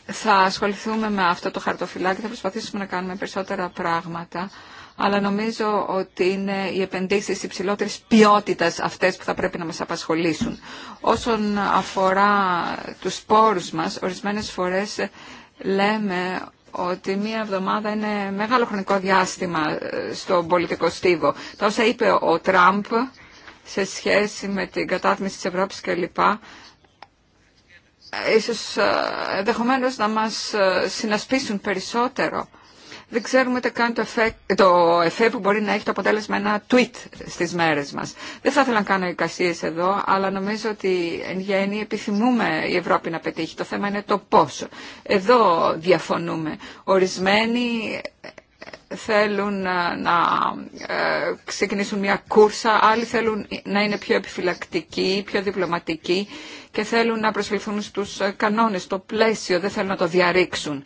Θα ασχοληθούμε με αυτό το χαρτοφυλάκι, θα προσπαθήσουμε να κάνουμε περισσότερα πράγματα αλλά νομίζω ότι είναι οι επενδύσεις υψηλότερης ποιότητας αυτές που θα πρέπει να μας απασχολήσουν. Όσον αφορά τους πόρους μας, ορισμένες φορές λέμε ότι μία εβδομάδα είναι μεγάλο χρονικό διάστημα ε, στο πολιτικό στίβο. Τα όσα είπε ο Τραμπ σε σχέση με την κατάθμιση της Ευρώπης κλπ. Ε, ίσως ε, ενδεχομένω να μας συνασπίσουν περισσότερο. Δεν ξέρουμε ούτε καν το εφέ, το εφέ που μπορεί να έχει το αποτέλεσμα ένα tweet στις μέρες μας. Δεν θα ήθελα να κάνω εικασίες εδώ, αλλά νομίζω ότι εν γέννη επιθυμούμε η Ευρώπη να πετύχει. Το θέμα είναι το πώς. Εδώ διαφωνούμε. Ορισμένοι ε, θέλουν ε, να ε, ξεκινήσουν μια κούρσα, άλλοι θέλουν να είναι πιο επιφυλακτικοί, πιο διπλωματικοί και θέλουν να προσφυλθούν στους κανόνες, το πλαίσιο, δεν θέλουν να το διαρρήξουν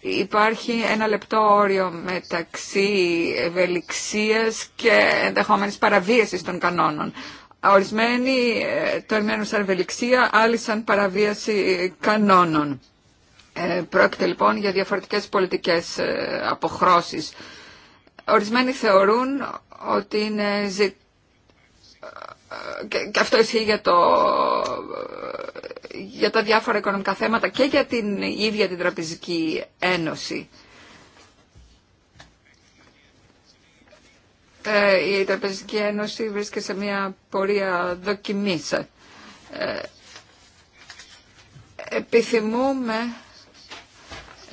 υπάρχει ένα λεπτό όριο μεταξύ ευελιξίας και ενδεχόμενης παραβίασης των κανόνων. Ορισμένοι ε, το ερμηνεύουν σαν ευελιξία, άλλοι σαν παραβίαση κανόνων. Ε, πρόκειται λοιπόν για διαφορετικές πολιτικές ε, αποχρώσεις. Ορισμένοι θεωρούν ότι είναι και αυτό ισχύει για, το, για τα διάφορα οικονομικά θέματα και για την ίδια την Τραπεζική Ένωση. Ε, η Τραπεζική Ένωση βρίσκεται σε μια πορεία δοκιμής. Ε, επιθυμούμε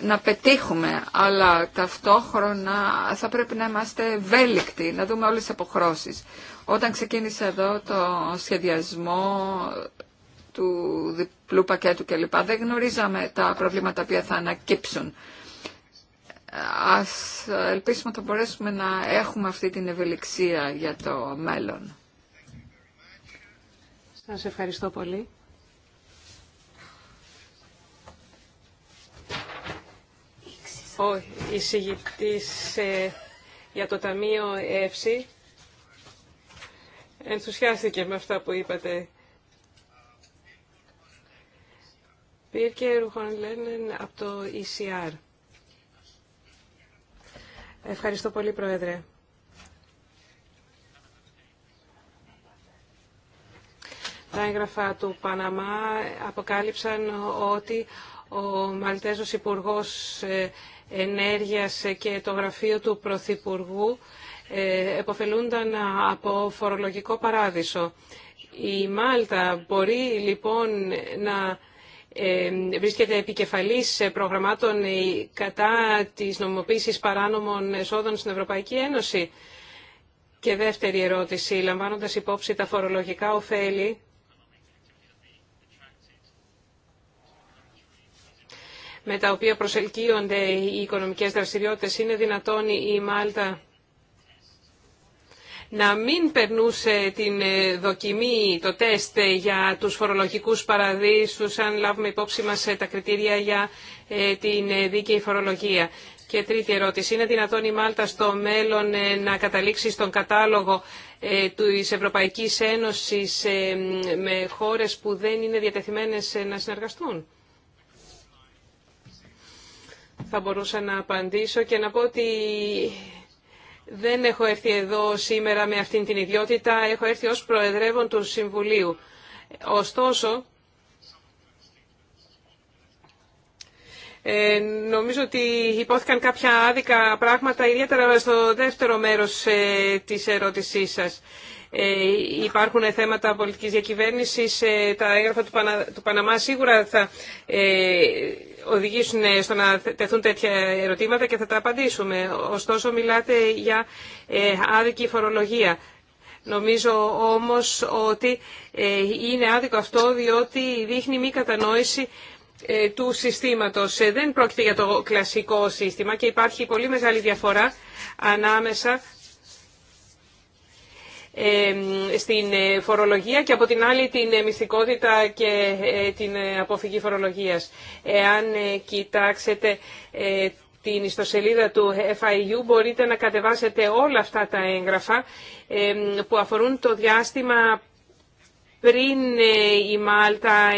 να πετύχουμε, αλλά ταυτόχρονα θα πρέπει να είμαστε ευέλικτοι, να δούμε όλες τις αποχρώσεις. Όταν ξεκίνησε εδώ το σχεδιασμό του διπλού πακέτου κλπ. Δεν γνωρίζαμε τα προβλήματα που θα ανακύψουν. Ας ελπίσουμε ότι μπορέσουμε να έχουμε αυτή την ευελιξία για το μέλλον. Σας ευχαριστώ πολύ. Ο εισηγητής ε, για το Ταμείο ΕΦΣΥ ενθουσιάστηκε με αυτά που είπατε. Πήρ Ρουχόν Λένεν από το ECR. Ευχαριστώ πολύ, Πρόεδρε. Τα έγγραφα του Παναμά αποκάλυψαν ότι ο Μαλτέζος Υπουργός ε, Ενέργειας και το γραφείο του Πρωθυπουργού ε, εποφελούνταν από φορολογικό παράδεισο. Η Μάλτα μπορεί λοιπόν να ε, βρίσκεται επικεφαλής προγραμμάτων κατά της νομοποίησης παράνομων εσόδων στην Ευρωπαϊκή Ένωση. Και δεύτερη ερώτηση, λαμβάνοντας υπόψη τα φορολογικά ωφέλη, με τα οποία προσελκύονται οι οικονομικές δραστηριότητες, είναι δυνατόν η Μάλτα να μην περνούσε την ε, δοκιμή, το τεστ ε, για τους φορολογικούς παραδείσους, αν λάβουμε υπόψη μας ε, τα κριτήρια για την δίκαιη φορολογία. Και τρίτη ερώτηση. Είναι δυνατόν η Μάλτα στο μέλλον να καταλήξει στον κατάλογο της Ευρωπαϊκής Ένωσης με χώρες που δεν είναι διατεθειμένες να συνεργαστούν. Θα μπορούσα να απαντήσω και να πω ότι δεν έχω έρθει εδώ σήμερα με αυτήν την ιδιότητα, έχω έρθει ως Προεδρεύων του Συμβουλίου. Ωστόσο, ε, νομίζω ότι υπόθηκαν κάποια άδικα πράγματα, ιδιαίτερα στο δεύτερο μέρος ε, της ερώτησής σας. Ε, υπάρχουν θέματα πολιτικής διακυβέρνησης, ε, τα έγγραφα του, του Παναμά σίγουρα θα ε, οδηγήσουν στο να τεθούν τέτοια ερωτήματα και θα τα απαντήσουμε. Ωστόσο μιλάτε για άδικη φορολογία. Νομίζω όμως ότι είναι άδικο αυτό διότι δείχνει μη κατανόηση του συστήματος. Δεν πρόκειται για το κλασικό σύστημα και υπάρχει πολύ μεγάλη διαφορά ανάμεσα στην ε, φορολογία και από την άλλη την ε, μυστικότητα και ε, την αποφυγή φορολογίας. Εάν κοιτάξετε την ιστοσελίδα του FIU μπορείτε να κατεβάσετε όλα αυτά τα έγγραφα που αφορούν το διάστημα πριν ε, η Μάλτα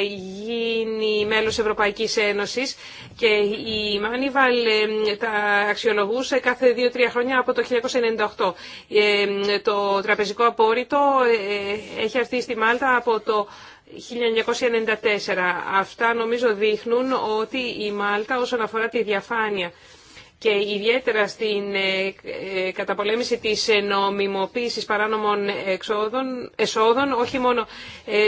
γίνει μέλος Ευρωπαϊκής Ένωσης και η Μάνιβαλ ε, τα αξιολογούσε κάθε δύο-τρία χρόνια από το 1998. Ε, το τραπεζικό απόρριτο έχει αρθεί στη Μάλτα από το 1994. Αυτά νομίζω δείχνουν ότι η Μάλτα όσον αφορά τη διαφάνεια και ιδιαίτερα στην ε, ε, καταπολέμηση της ε, νομιμοποίησης παράνομων εξόδων, εσόδων όχι μόνο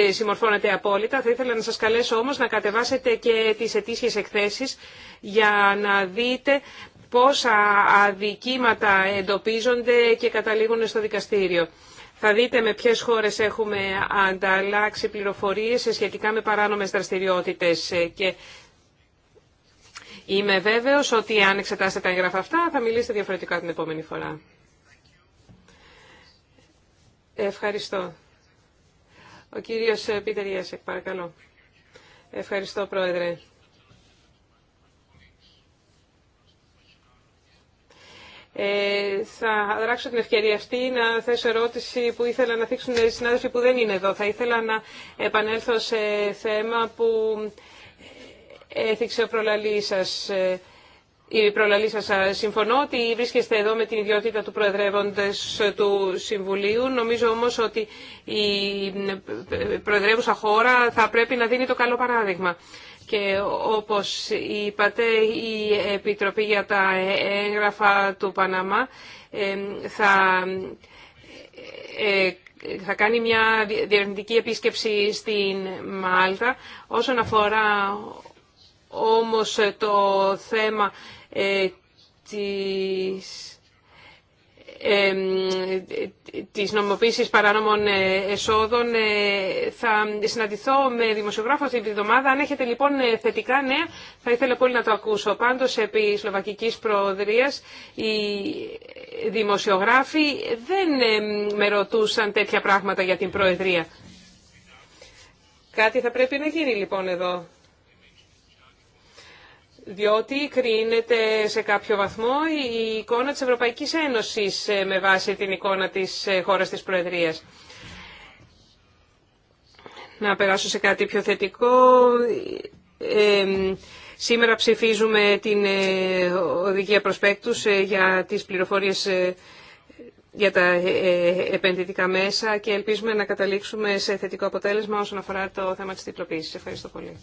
συμμορφώνεται απόλυτα. Θα ήθελα να σας καλέσω όμως να κατεβάσετε και τις ετήσιες εκθέσεις για να δείτε πόσα αδικήματα εντοπίζονται και καταλήγουν στο δικαστήριο. Θα δείτε με ποιες χώρες έχουμε ανταλλάξει πληροφορίες σχετικά με παράνομες δραστηριότητες και Είμαι βέβαιος ότι αν εξετάσετε τα έγγραφα αυτά θα μιλήσετε διαφορετικά την επόμενη φορά. Ευχαριστώ. Ο κύριος ε, Πίτερ Ιέσεκ, παρακαλώ. Ευχαριστώ, Πρόεδρε. Ε, θα δράξω την ευκαιρία αυτή να θέσω ερώτηση που ήθελα να θίξουν οι συνάδελφοι που δεν είναι εδώ. Θα ήθελα να επανέλθω σε θέμα που έθιξε ο ε, Η προλαλή σας συμφωνώ ότι βρίσκεστε εδώ με την ιδιότητα του Προεδρεύοντες ε, του Συμβουλίου. Νομίζω όμως ότι η ε, Προεδρεύουσα χώρα θα πρέπει να δίνει το καλό παράδειγμα. Και όπως είπατε, η Επιτροπή για τα έγγραφα του Παναμά θα θα κάνει μια διερευνητική επίσκεψη στην Μάλτα όσον αφορά όμως ε, το θέμα ε, της, ε, της νομοποίησης παράνομων ε, εσόδων θα συναντηθώ με δημοσιογράφο αυτή τη εβδομάδα. Αν έχετε λοιπόν θετικά νέα θα ήθελα πολύ να το ακούσω. Πάντως επί Σλοβακικής Προοδρίας οι δημοσιογράφοι δεν με ρωτούσαν τέτοια πράγματα για την Προεδρία. Κάτι θα πρέπει να γίνει λοιπόν εδώ διότι κρίνεται σε κάποιο βαθμό η εικόνα της Ευρωπαϊκής Ένωσης ε, με βάση την εικόνα της ε, χώρας της Προεδρίας. Να περάσω σε κάτι πιο θετικό. Ε, σήμερα ψηφίζουμε την οδηγία προσπέκτους για τις πληροφορίες για τα επενδυτικά μέσα και ελπίζουμε να καταλήξουμε σε θετικό αποτέλεσμα όσον αφορά το θέμα της τυπλοποίησης. Ευχαριστώ πολύ.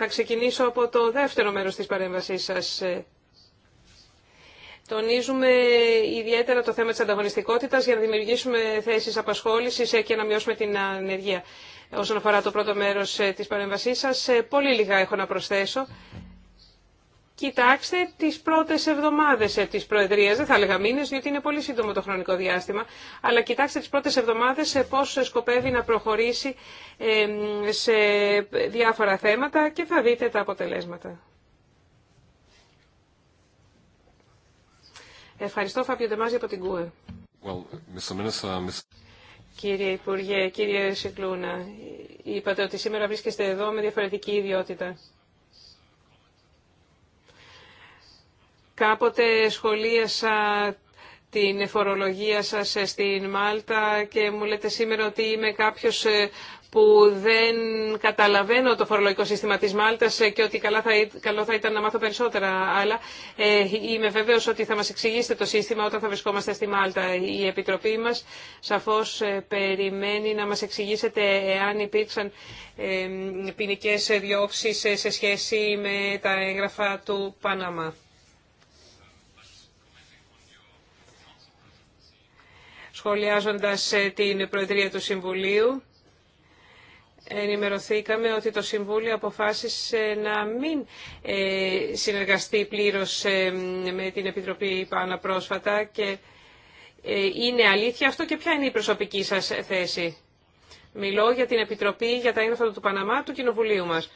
Θα ξεκινήσω από το δεύτερο μέρος της παρέμβασής σας. Τονίζουμε ιδιαίτερα το θέμα της ανταγωνιστικότητας για να δημιουργήσουμε θέσεις απασχόλησης και να μειώσουμε την ανεργία. Όσον αφορά το πρώτο μέρος της παρέμβασής σας, πολύ λίγα έχω να προσθέσω. Κοιτάξτε τις πρώτες εβδομάδες ε, της Προεδρίας, δεν θα έλεγα μήνες, διότι είναι πολύ σύντομο το χρονικό διάστημα, αλλά κοιτάξτε τις πρώτες εβδομάδες ε, πώς σκοπεύει να προχωρήσει ε, σε διάφορα θέματα και θα δείτε τα αποτελέσματα. Ευχαριστώ, Φάπιο Ντεμάζη από την ΚΟΕ. Κύριε Υπουργέ, κύριε Σικλούνα, είπατε ότι σήμερα βρίσκεστε εδώ με διαφορετική ιδιότητα. Κάποτε σχολίασα την φορολογία σας στην Μάλτα και μου λέτε σήμερα ότι είμαι κάποιος ε, που δεν καταλαβαίνω το φορολογικό σύστημα της Μάλτας ε, και ότι καλά θα, καλό θα ήταν να μάθω περισσότερα. Αλλά ε, είμαι βέβαιος ότι θα μας εξηγήσετε το σύστημα όταν θα βρισκόμαστε στη Μάλτα. Η Επιτροπή μας σαφώς περιμένει να μας εξηγήσετε εάν υπήρξαν ε, ποινικέ διώξεις σε σχέση με τα έγγραφα του Παναμά. σχολιάζοντας ε, την Προεδρία του Συμβουλίου, ενημερωθήκαμε ότι το Συμβούλιο αποφάσισε να μην ε, συνεργαστεί πλήρως ε, με την Επιτροπή Πάνα πρόσφατα και είναι αλήθεια αυτό και ποια είναι η προσωπική σας θέση. Μιλώ για την Επιτροπή για τα έγγραφα του Παναμά του Κοινοβουλίου μας.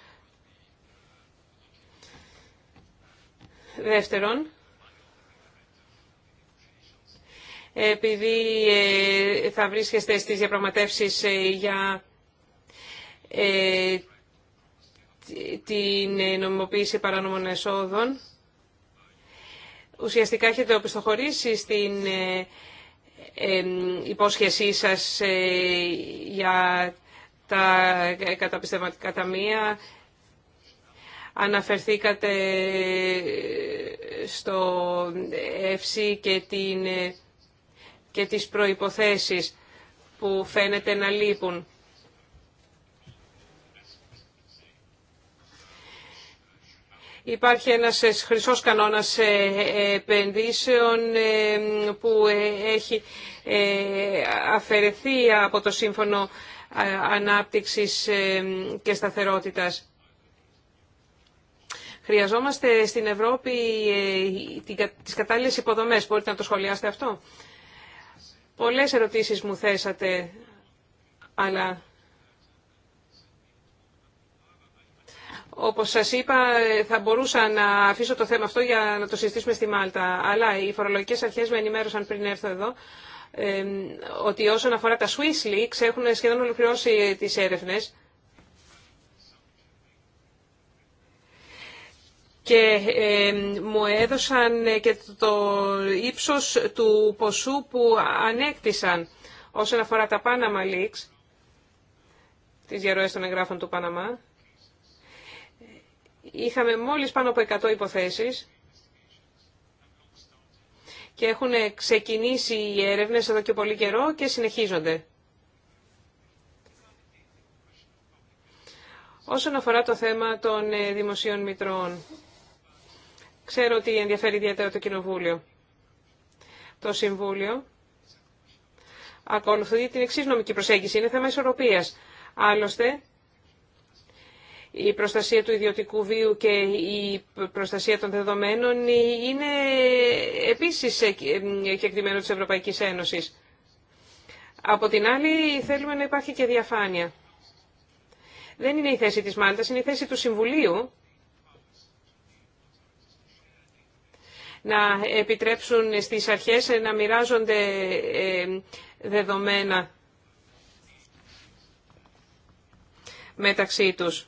Δεύτερον, επειδή ε, θα βρίσκεστε στις διαπραγματεύσεις ε, για ε, την νομιμοποίηση παράνομων εσόδων. Ουσιαστικά έχετε οπισθοχωρήσει στην υπόσχεσή σας για τα καταπιστευματικά ταμεία. Αναφερθήκατε στο ΕΦΣΥ και την και τις προϋποθέσεις που φαίνεται να λείπουν. Υπάρχει ένας χρυσός κανόνας ε, επενδύσεων ε, που ε, έχει αφαιρεθεί από το Σύμφωνο Ανάπτυξης και Σταθερότητας. Χρειαζόμαστε στην Ευρώπη τις κατάλληλες υποδομές. Μπορείτε να το σχολιάσετε αυτό. Πολλές ερωτήσεις μου θέσατε, αλλά Όπως σας είπα, θα μπορούσα να αφήσω το θέμα αυτό για να το συζητήσουμε στη Μάλτα. Αλλά οι φορολογικές αρχές με ενημέρωσαν πριν έρθω εδώ ε, ότι όσον αφορά τα Swiss Leaks έχουν σχεδόν ολοκληρώσει τις έρευνες και μου έδωσαν και το ύψος του ποσού που ανέκτησαν όσον αφορά τα Panama Leaks, τις διαρροές των εγγράφων του Παναμά. Είχαμε μόλις πάνω από 100 υποθέσεις και έχουν ξεκινήσει οι έρευνες εδώ και πολύ καιρό και συνεχίζονται. Όσον αφορά το θέμα των ε, δημοσίων μητρών, Ξέρω ότι ενδιαφέρει ιδιαίτερα το Κοινοβούλιο. Το Συμβούλιο ακολουθεί την εξή νομική προσέγγιση. Είναι θέμα ισορροπίας. Άλλωστε, η προστασία του ιδιωτικού βίου και η προστασία των δεδομένων είναι επίσης κεκτημένο της Ευρωπαϊκής Ένωσης. Από την άλλη, θέλουμε να υπάρχει και διαφάνεια. Δεν είναι η θέση της Μάλτας, είναι η θέση του Συμβουλίου να επιτρέψουν στις αρχές να μοιράζονται ε, δεδομένα μεταξύ τους.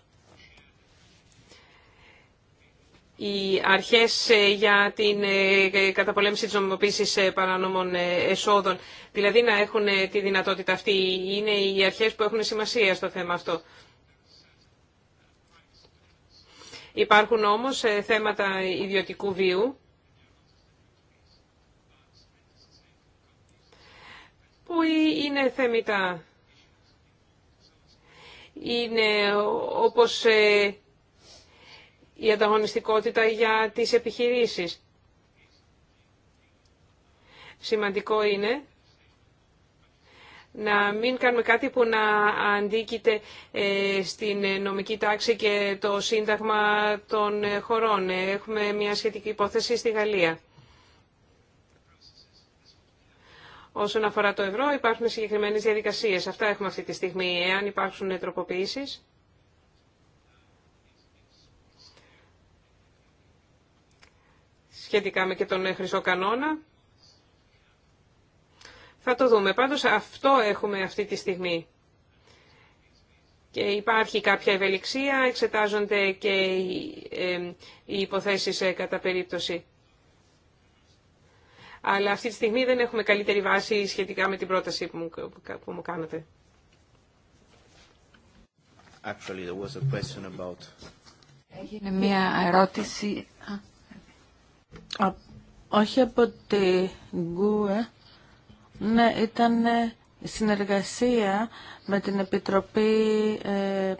Οι αρχές ε, για την ε, καταπολέμηση της νομιμοποίησης παρανόμων εσόδων, δηλαδή να έχουν τη δυνατότητα αυτή, είναι οι αρχές που έχουν σημασία στο θέμα αυτό. Υπάρχουν όμως θέματα ιδιωτικού βίου Ε, ανταγωνιστικότητα για τις επιχειρήσεις. Σημαντικό είναι να μην κάνουμε κάτι που να αντίκειται ε, στην νομική τάξη και το σύνταγμα των χωρών. Έχουμε μια σχετική υπόθεση στη Γαλλία. Όσον αφορά το ευρώ υπάρχουν συγκεκριμένε διαδικασίε. Αυτά έχουμε αυτή τη στιγμή. Εάν υπάρχουν τροποποίησει. σχετικά με και τον χρυσό κανόνα, θα το δούμε. Πάντως αυτό έχουμε αυτή τη στιγμή. Και υπάρχει κάποια ευελιξία, εξετάζονται και οι ε, υποθέσεις ε, κατά περίπτωση αλλά αυτή τη στιγμή δεν έχουμε καλύτερη βάση σχετικά με την πρόταση που μου, που κάνατε. Έγινε μία ερώτηση. όχι από τη Γκουε. Ναι, ήταν ε, συνεργασία με την Επιτροπή ε,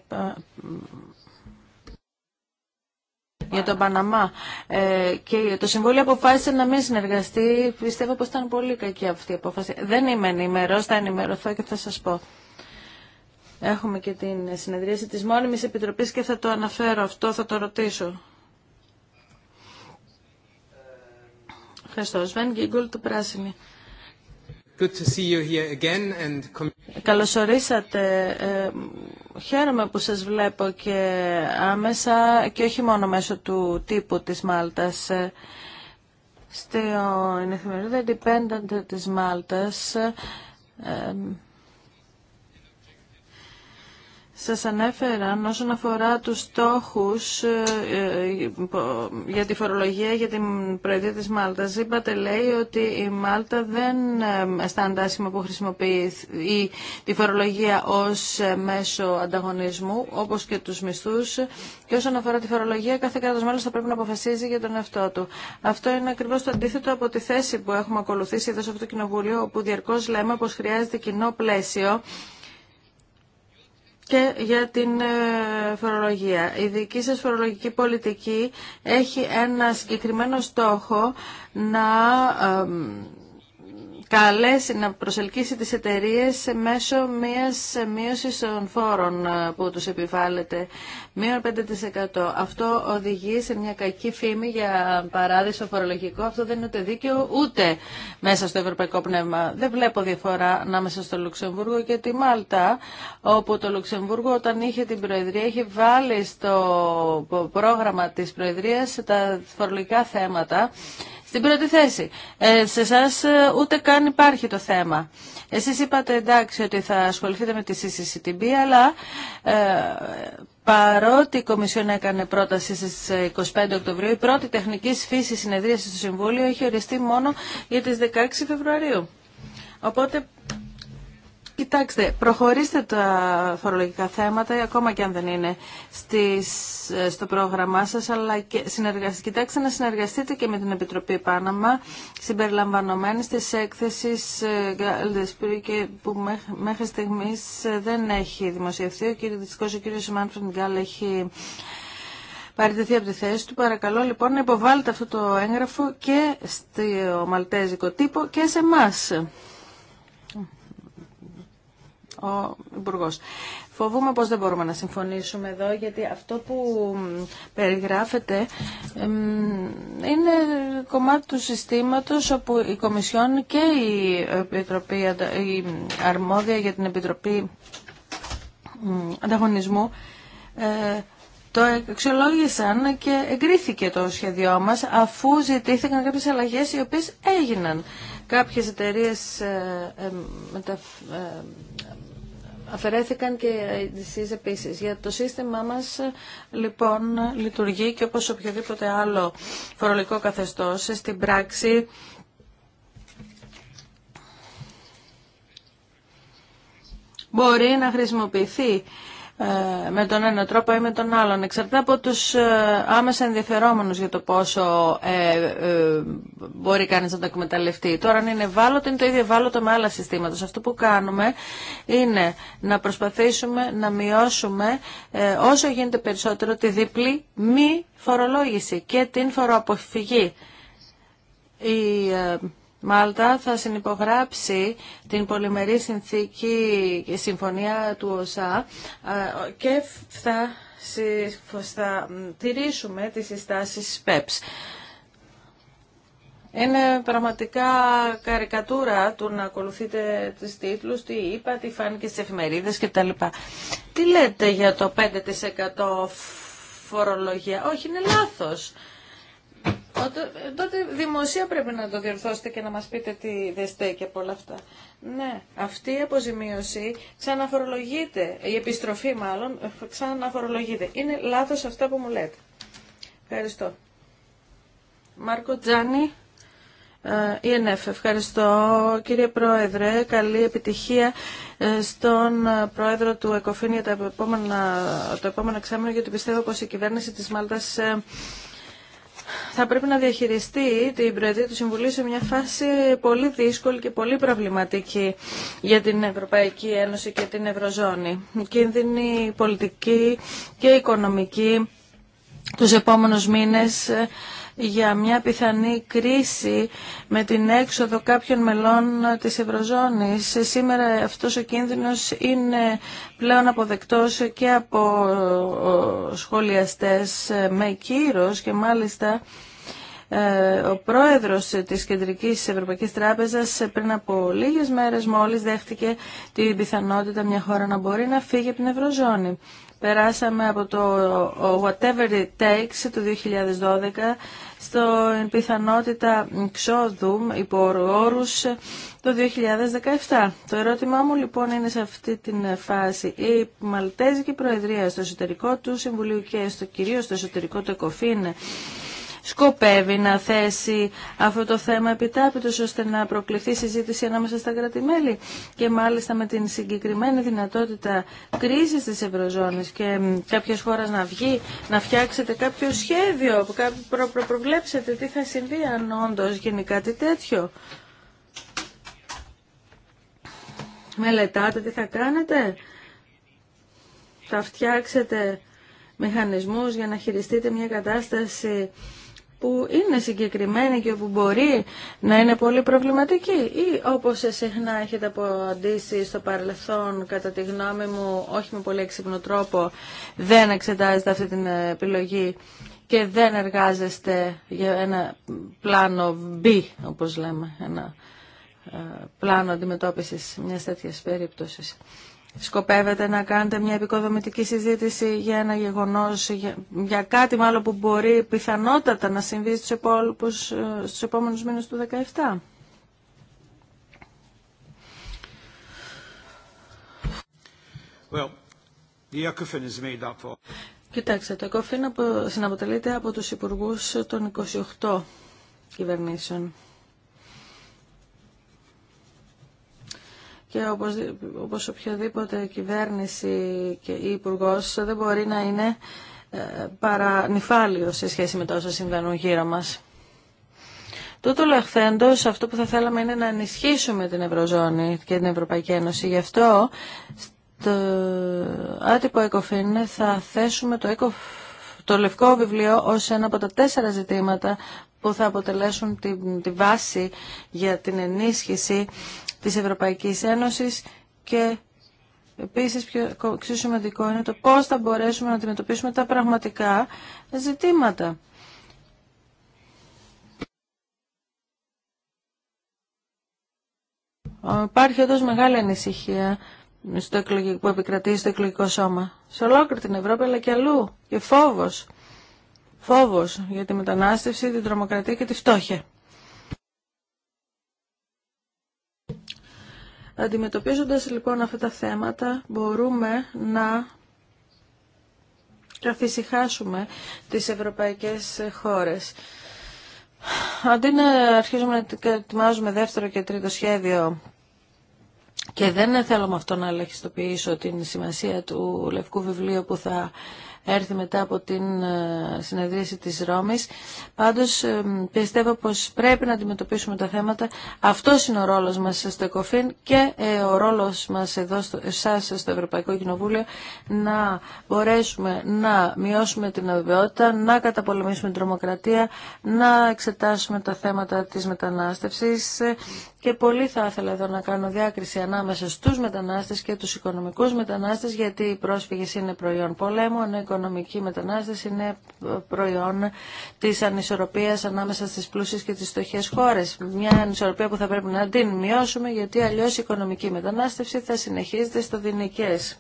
για τον Παναμά ε, και το Συμβούλιο αποφάσισε να μην συνεργαστεί. Πιστεύω πως ήταν πολύ κακή αυτή η απόφαση. Δεν είμαι ενημερός, θα ενημερωθώ και θα σας πω. Έχουμε και την συνεδρίαση της μόνιμης επιτροπής και θα το αναφέρω αυτό, θα το ρωτήσω. Ευχαριστώ. Σβέν Γκίγκολ, του Πράσινη. Καλωσορίσατε. Ε, Χαίρομαι που σας βλέπω και άμεσα και όχι μόνο μέσω του τύπου της Μάλτας. Ε, στην εφημερίδα Independent της Μάλτας ε, σας ανέφεραν όσον αφορά τους στόχους ε, ε, για τη φορολογία για την προεδρία της Μάλτας. Είπατε λέει ότι η Μάλτα δεν αισθάνεται ε, άσχημα που χρησιμοποιεί τη φορολογία ως μέσο ανταγωνισμού όπως και τους μισθούς και όσον αφορά τη φορολογία κάθε κράτος μέλος θα πρέπει να αποφασίζει για τον εαυτό του. Αυτό είναι ακριβώς το αντίθετο από τη θέση που έχουμε ακολουθήσει εδώ σε αυτό το κοινοβούλιο όπου διαρκώς λέμε πως χρειάζεται κοινό πλαίσιο και για την ε, φορολογία. Η δική σας φορολογική πολιτική έχει ένα συγκεκριμένο στόχο να ε, καλέσει να προσελκύσει τις εταιρείες μέσω μιας μείωσης των φόρων ε, που τους επιβάλλεται. Μείον 5%. Αυτό οδηγεί σε μια κακή φήμη για παράδεισο φορολογικό. Αυτό δεν είναι ούτε δίκαιο ούτε μέσα στο ευρωπαϊκό πνεύμα. Δεν βλέπω διαφορά ανάμεσα στο Λουξεμβούργο και τη Μάλτα, όπου το Λουξεμβούργο όταν είχε την Προεδρία έχει βάλει στο πρόγραμμα της Προεδρίας τα φορολογικά θέματα στην πρώτη θέση. Ε, σε εσά ε, ούτε καν υπάρχει το θέμα. Εσείς είπατε εντάξει ότι θα ασχοληθείτε με τη CCCTB, αλλά ε, παρότι η Κομισιόν έκανε πρόταση στις 25 ε, Οκτωβρίου, η πρώτη τεχνική φύση συνεδρίαση του Συμβούλιο έχει οριστεί μόνο για τις 16 Φεβρουαρίου. Οπότε Κοιτάξτε, προχωρήστε τα φορολογικά θέματα, ακόμα και αν δεν είναι στις, στο πρόγραμμά σας, αλλά και κοιτάξτε να συνεργαστείτε και με την Επιτροπή Πάναμα, συμπεριλαμβανόμενη της έκθεσης ε, και που μέχρι στιγμής ε, δεν έχει δημοσιευθεί. Ο κύριος ο κύριος Μάνφρον Γκάλ έχει παραιτηθεί από τη θέση του. Παρακαλώ λοιπόν να υποβάλλετε αυτό το έγγραφο και στο μαλτέζικο τύπο και σε εμά ο Υπουργό. Φοβούμαι πως δεν μπορούμε να συμφωνήσουμε εδώ, γιατί αυτό που περιγράφεται είναι κομμάτι του συστήματος όπου η Κομισιόν και η, Επιτροπή, η αρμόδια για την Επιτροπή Ανταγωνισμού ε, το εξολόγησαν και εγκρίθηκε το σχέδιό μας αφού ζητήθηκαν κάποιες αλλαγές οι οποίες έγιναν. Κάποιες εταιρείες ε, ε, αφαιρέθηκαν και εσείς επίσης. Για το σύστημά μας λοιπόν λειτουργεί και όπως οποιοδήποτε άλλο φορολογικό καθεστώς στην πράξη μπορεί να χρησιμοποιηθεί ε, με τον ένα τρόπο ή με τον άλλον. Εξαρτάται από τους ε, άμεσα ενδιαφερόμενους για το πόσο ε, ε, μπορεί κανείς να το εκμεταλλευτεί. Τώρα αν είναι ευάλωτο είναι το ίδιο ευάλωτο με άλλα συστήματα. Αυτό που κάνουμε είναι να προσπαθήσουμε να μειώσουμε όσο γίνεται περισσότερο τη διπλή μη φορολόγηση και την φοροαποφυγή. Μάλτα θα συνυπογράψει την πολυμερή συνθήκη συμφωνία του ΟΣΑ και θα, θα τηρήσουμε τις συστάσεις ΠΕΠΣ. Είναι πραγματικά καρικατούρα του να ακολουθείτε τις τίτλους, τι είπα, τι φάνηκε στις εφημερίδες κτλ. Τι λέτε για το 5% φορολογία. Όχι, είναι λάθος τότε δημοσία πρέπει να το διορθώσετε και να μας πείτε τι δεν στέκει από όλα αυτά. Ναι, αυτή η αποζημίωση ξαναφορολογείται, η επιστροφή μάλλον ξαναφορολογείται. Είναι λάθος αυτά που μου λέτε. Ευχαριστώ. Μάρκο Τζάνι, ΕΝΕΦ. E Ευχαριστώ κύριε Πρόεδρε. Καλή επιτυχία ε, στον ε, Πρόεδρο του ΕΚΟΦΗΝ για το επόμενο εξάμεινο, γιατί πιστεύω πως η κυβέρνηση της Μάλτας ε, θα πρέπει να διαχειριστεί την Προεδρία του Συμβουλίου σε μια φάση πολύ δύσκολη και πολύ προβληματική για την Ευρωπαϊκή Ένωση και την Ευρωζώνη. Κίνδυνοι πολιτική και οικονομική τους επόμενους μήνες για μια πιθανή κρίση με την έξοδο κάποιων μελών της Ευρωζώνης. Σήμερα αυτός ο κίνδυνος είναι πλέον αποδεκτός και από σχολιαστές με κύρος και μάλιστα ε, ο πρόεδρος της Κεντρικής Ευρωπαϊκής Τράπεζας πριν από λίγες μέρες μόλις δέχτηκε την πιθανότητα μια χώρα να μπορεί να φύγει από την Ευρωζώνη. Περάσαμε από το whatever it takes του 2012 στην πιθανότητα ξόδου υπό όρους το 2017. Το ερώτημά μου λοιπόν είναι σε αυτή την φάση. Η Μαλτέζικη Προεδρία στο εσωτερικό του Συμβουλίου και στο κυρίως στο εσωτερικό του ΕΚΟΦΗΝ σκοπεύει να θέσει αυτό το θέμα επιτάπητος ώστε να προκληθεί συζήτηση ανάμεσα στα κρατημέλη και μάλιστα με την συγκεκριμένη δυνατότητα κρίσης της Ευρωζώνης και κάποιες χώρας να βγει, να φτιάξετε κάποιο σχέδιο, προ, προ, προβλέψετε τι θα συμβεί αν όντω γίνει κάτι τέτοιο. Μελετάτε τι θα κάνετε. Θα φτιάξετε μηχανισμούς για να χειριστείτε μια κατάσταση που είναι συγκεκριμένη και που μπορεί να είναι πολύ προβληματική ή όπως συχνά έχετε αποαντήσει στο παρελθόν κατά τη γνώμη μου όχι με πολύ έξυπνο τρόπο δεν εξετάζετε αυτή την επιλογή και δεν εργάζεστε για ένα πλάνο B όπως λέμε ένα ε, πλάνο αντιμετώπισης μιας τέτοιας περίπτωσης σκοπεύετε να κάνετε μια επικοδομητική συζήτηση για ένα γεγονός, για, κάτι μάλλον που μπορεί πιθανότατα να συμβεί στους, επόμενου ε, στους επόμενους μήνες του 2017. Well, the Κοιτάξτε, το ECOFIN συναποτελείται από τους υπουργούς των 28 κυβερνήσεων. και όπως, όπως οποιαδήποτε κυβέρνηση και ή υπουργό δεν μπορεί να είναι ε, παρά σε σχέση με τα όσα συμβαίνουν γύρω μας. Τούτο λεχθέντος αυτό που θα θέλαμε είναι να ενισχύσουμε την Ευρωζώνη και την Ευρωπαϊκή Ένωση. Γι' αυτό στο άτυπο Εκοφίν θα θέσουμε το, εκο το λευκό βιβλίο ως ένα από τα τέσσερα ζητήματα που θα αποτελέσουν τη, τη βάση για την ενίσχυση της Ευρωπαϊκής Ένωσης και Επίσης, πιο, σημαντικό είναι το πώς θα μπορέσουμε να αντιμετωπίσουμε τα πραγματικά ζητήματα. Υπάρχει όντως μεγάλη ανησυχία στο εκλογικό, που επικρατεί στο εκλογικό σώμα. Σε ολόκληρη την Ευρώπη αλλά και αλλού. Και φόβος. Φόβος για τη μετανάστευση, την τρομοκρατία και τη φτώχεια. Αντιμετωπίζοντας λοιπόν αυτά τα θέματα μπορούμε να καθησυχάσουμε τις ευρωπαϊκές χώρες. Αντί να αρχίζουμε να ετοιμάζουμε δεύτερο και τρίτο σχέδιο και δεν θέλω με αυτό να ελαχιστοποιήσω την σημασία του Λευκού Βιβλίου που θα έρθει μετά από την ε, συνεδρίαση της Ρώμης. Πάντως ε, πιστεύω πως πρέπει να αντιμετωπίσουμε τα θέματα. Αυτό είναι ο ρόλος μας στο ΕΚΟΦΗΝ και ε, ο ρόλος μας εδώ στο, εσάς στο Ευρωπαϊκό Κοινοβούλιο να μπορέσουμε να μειώσουμε την αβεβαιότητα, να καταπολεμήσουμε την τρομοκρατία, να εξετάσουμε τα θέματα της μετανάστευσης και πολύ θα ήθελα εδώ να κάνω διάκριση ανάμεσα στους μετανάστες και τους οικονομικούς μετανάστες γιατί οι πρόσφυγες είναι προϊόν πολέμου, ενώ οικονομική μετανάστευση είναι προϊόν της ανισορροπίας ανάμεσα στις πλούσιες και τις στοχές χώρες. Μια ανισορροπία που θα πρέπει να την μειώσουμε γιατί αλλιώς η οικονομική μετανάστευση θα συνεχίζεται στο δυνικές.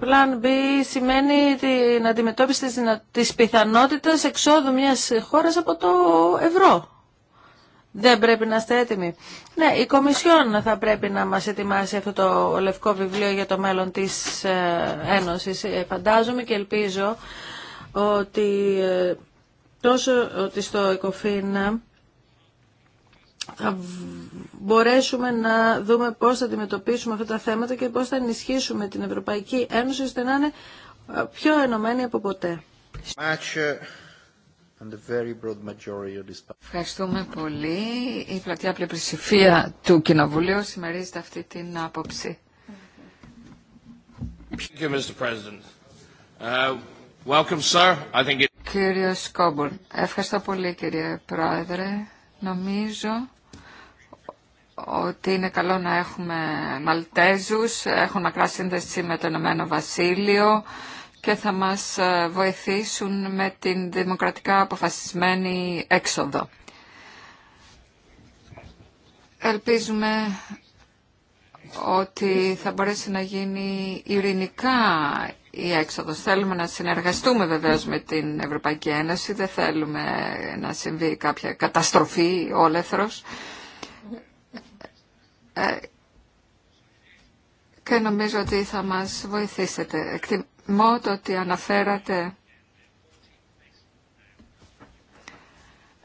Plan B σημαίνει την αντιμετώπιση της, πιθανότητα εξόδου μιας χώρας από το ευρώ δεν πρέπει να είστε έτοιμοι. Ναι, η Κομισιόν θα πρέπει να μας ετοιμάσει αυτό το λευκό βιβλίο για το μέλλον της ε, Ένωσης. Ε, φαντάζομαι και ελπίζω ότι ε, τόσο ότι στο ΕΚΟΦΗΝ θα μπορέσουμε να δούμε πώς θα αντιμετωπίσουμε αυτά τα θέματα και πώς θα ενισχύσουμε την Ευρωπαϊκή Ένωση ώστε να είναι πιο ενωμένη από ποτέ. Uh, Ευχαριστούμε πολύ. Η πλατιά πλειοψηφία του Κοινοβουλίου συμμερίζεται αυτή την άποψη. Uh, κύριε Σκόμπορν, ευχαριστώ πολύ κύριε Πρόεδρε. Νομίζω ότι είναι καλό να έχουμε Μαλτέζους, έχουν μακρά σύνδεση με το Ηνωμένο Βασίλειο και θα μας ε, βοηθήσουν με την δημοκρατικά αποφασισμένη έξοδο. Ελπίζουμε ότι θα μπορέσει να γίνει ειρηνικά η έξοδος. Θέλουμε να συνεργαστούμε βεβαίως με την Ευρωπαϊκή Ένωση, δεν θέλουμε να συμβεί κάποια καταστροφή όλεθρος. Ε, και νομίζω ότι θα μας βοηθήσετε. Μότο, ότι αναφέρατε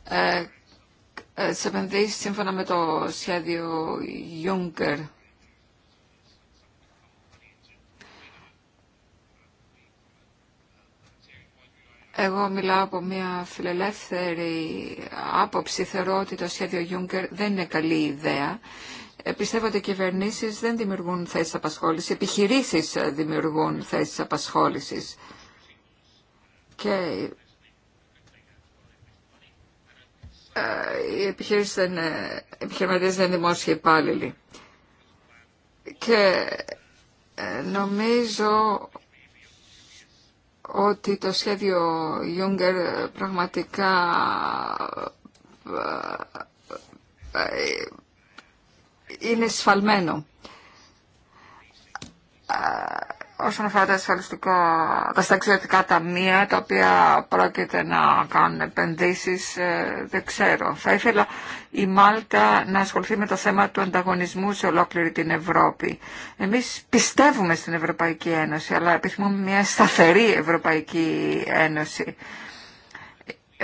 ε, ε επενδύσει σύμφωνα με το σχέδιο Juncker. Εγώ μιλάω από μια φιλελεύθερη άποψη. Θεωρώ ότι το σχέδιο Juncker δεν είναι καλή ιδέα πιστεύω ότι οι κυβερνήσει δεν δημιουργούν θέσει απασχόληση, επιχειρήσει δημιουργούν θέσει απασχόληση. Και οι επιχειρήσεις ε, ε, ε, επιχειρηματίες δεν είναι δημόσιοι υπάλληλοι. Και νομίζω ότι το σχέδιο Juncker πραγματικά είναι σφαλμένο. Όσον αφορά τα ασφαλιστικά, τα σταξιδιωτικά ταμεία, τα οποία πρόκειται να κάνουν επενδύσεις, ε, δεν ξέρω. Θα ήθελα η Μάλτα να ασχοληθεί με το θέμα του ανταγωνισμού σε ολόκληρη την Ευρώπη. Εμείς πιστεύουμε στην Ευρωπαϊκή Ένωση, αλλά επιθυμούμε μια σταθερή Ευρωπαϊκή Ένωση.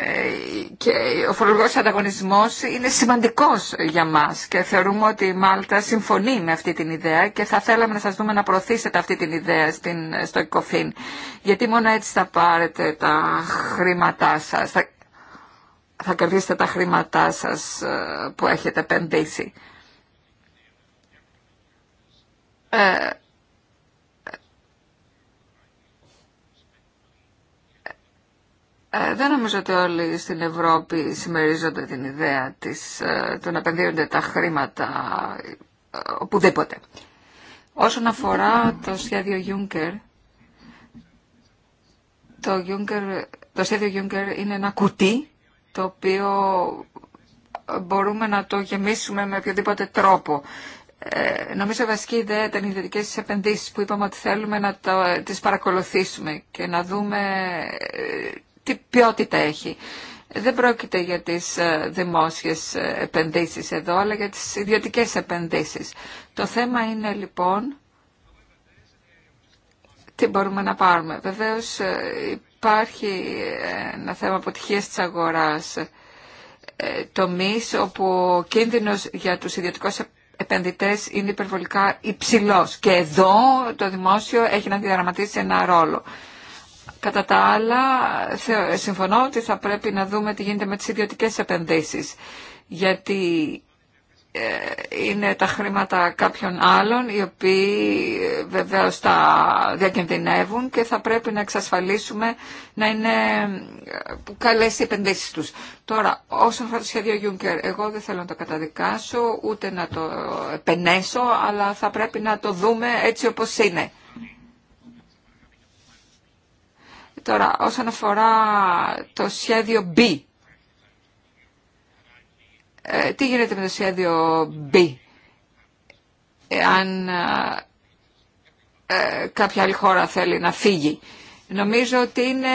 Ε, και ο φορολογικός ανταγωνισμός είναι σημαντικός για μας και θεωρούμε ότι η Μάλτα συμφωνεί με αυτή την ιδέα και θα θέλαμε να σας δούμε να προωθήσετε αυτή την ιδέα στην, στο ΕΚΟΦΗΝ γιατί μόνο έτσι θα πάρετε τα χρήματά σας, θα, θα κερδίσετε τα χρήματά σας ε, που έχετε επενδύσει. Ε, Ε, δεν νομίζω ότι όλοι στην Ευρώπη συμμερίζονται την ιδέα της, ε, του να επενδύονται τα χρήματα ε, οπουδήποτε. Όσον αφορά το σχέδιο Juncker, το, Juncker, το σχέδιο Juncker είναι ένα κουτί το οποίο μπορούμε να το γεμίσουμε με οποιοδήποτε τρόπο. Ε, νομίζω βασική ιδέα ήταν οι ιδιωτικέ επενδύσεις που είπαμε ότι θέλουμε να το, τις παρακολουθήσουμε και να δούμε τι ποιότητα έχει. Δεν πρόκειται για τις ε, δημόσιες ε, επενδύσεις εδώ, αλλά για τις ιδιωτικές επενδύσεις. Το θέμα είναι λοιπόν τι μπορούμε να πάρουμε. Βεβαίως ε, υπάρχει ένα θέμα αποτυχίας της αγοράς τομείς όπου ο κίνδυνος για τους ιδιωτικούς επενδυτές είναι υπερβολικά υψηλός. Και εδώ το δημόσιο έχει να διαδραματίσει ένα ρόλο. Κατά τα άλλα, συμφωνώ ότι θα πρέπει να δούμε τι γίνεται με τις ιδιωτικές επενδύσεις, γιατί ε, είναι τα χρήματα κάποιων άλλων, οι οποίοι ε, βεβαίως τα διακινδυνεύουν και θα πρέπει να εξασφαλίσουμε να είναι ε, καλές οι επενδύσεις τους. Τώρα, όσον αφορά το σχέδιο Juncker, εγώ δεν θέλω να το καταδικάσω, ούτε να το επενέσω, αλλά θα πρέπει να το δούμε έτσι όπως είναι. Τώρα, όσον αφορά το σχέδιο B, ε, τι γίνεται με το σχέδιο B, αν ε, ε, κάποια άλλη χώρα θέλει να φύγει. Νομίζω ότι είναι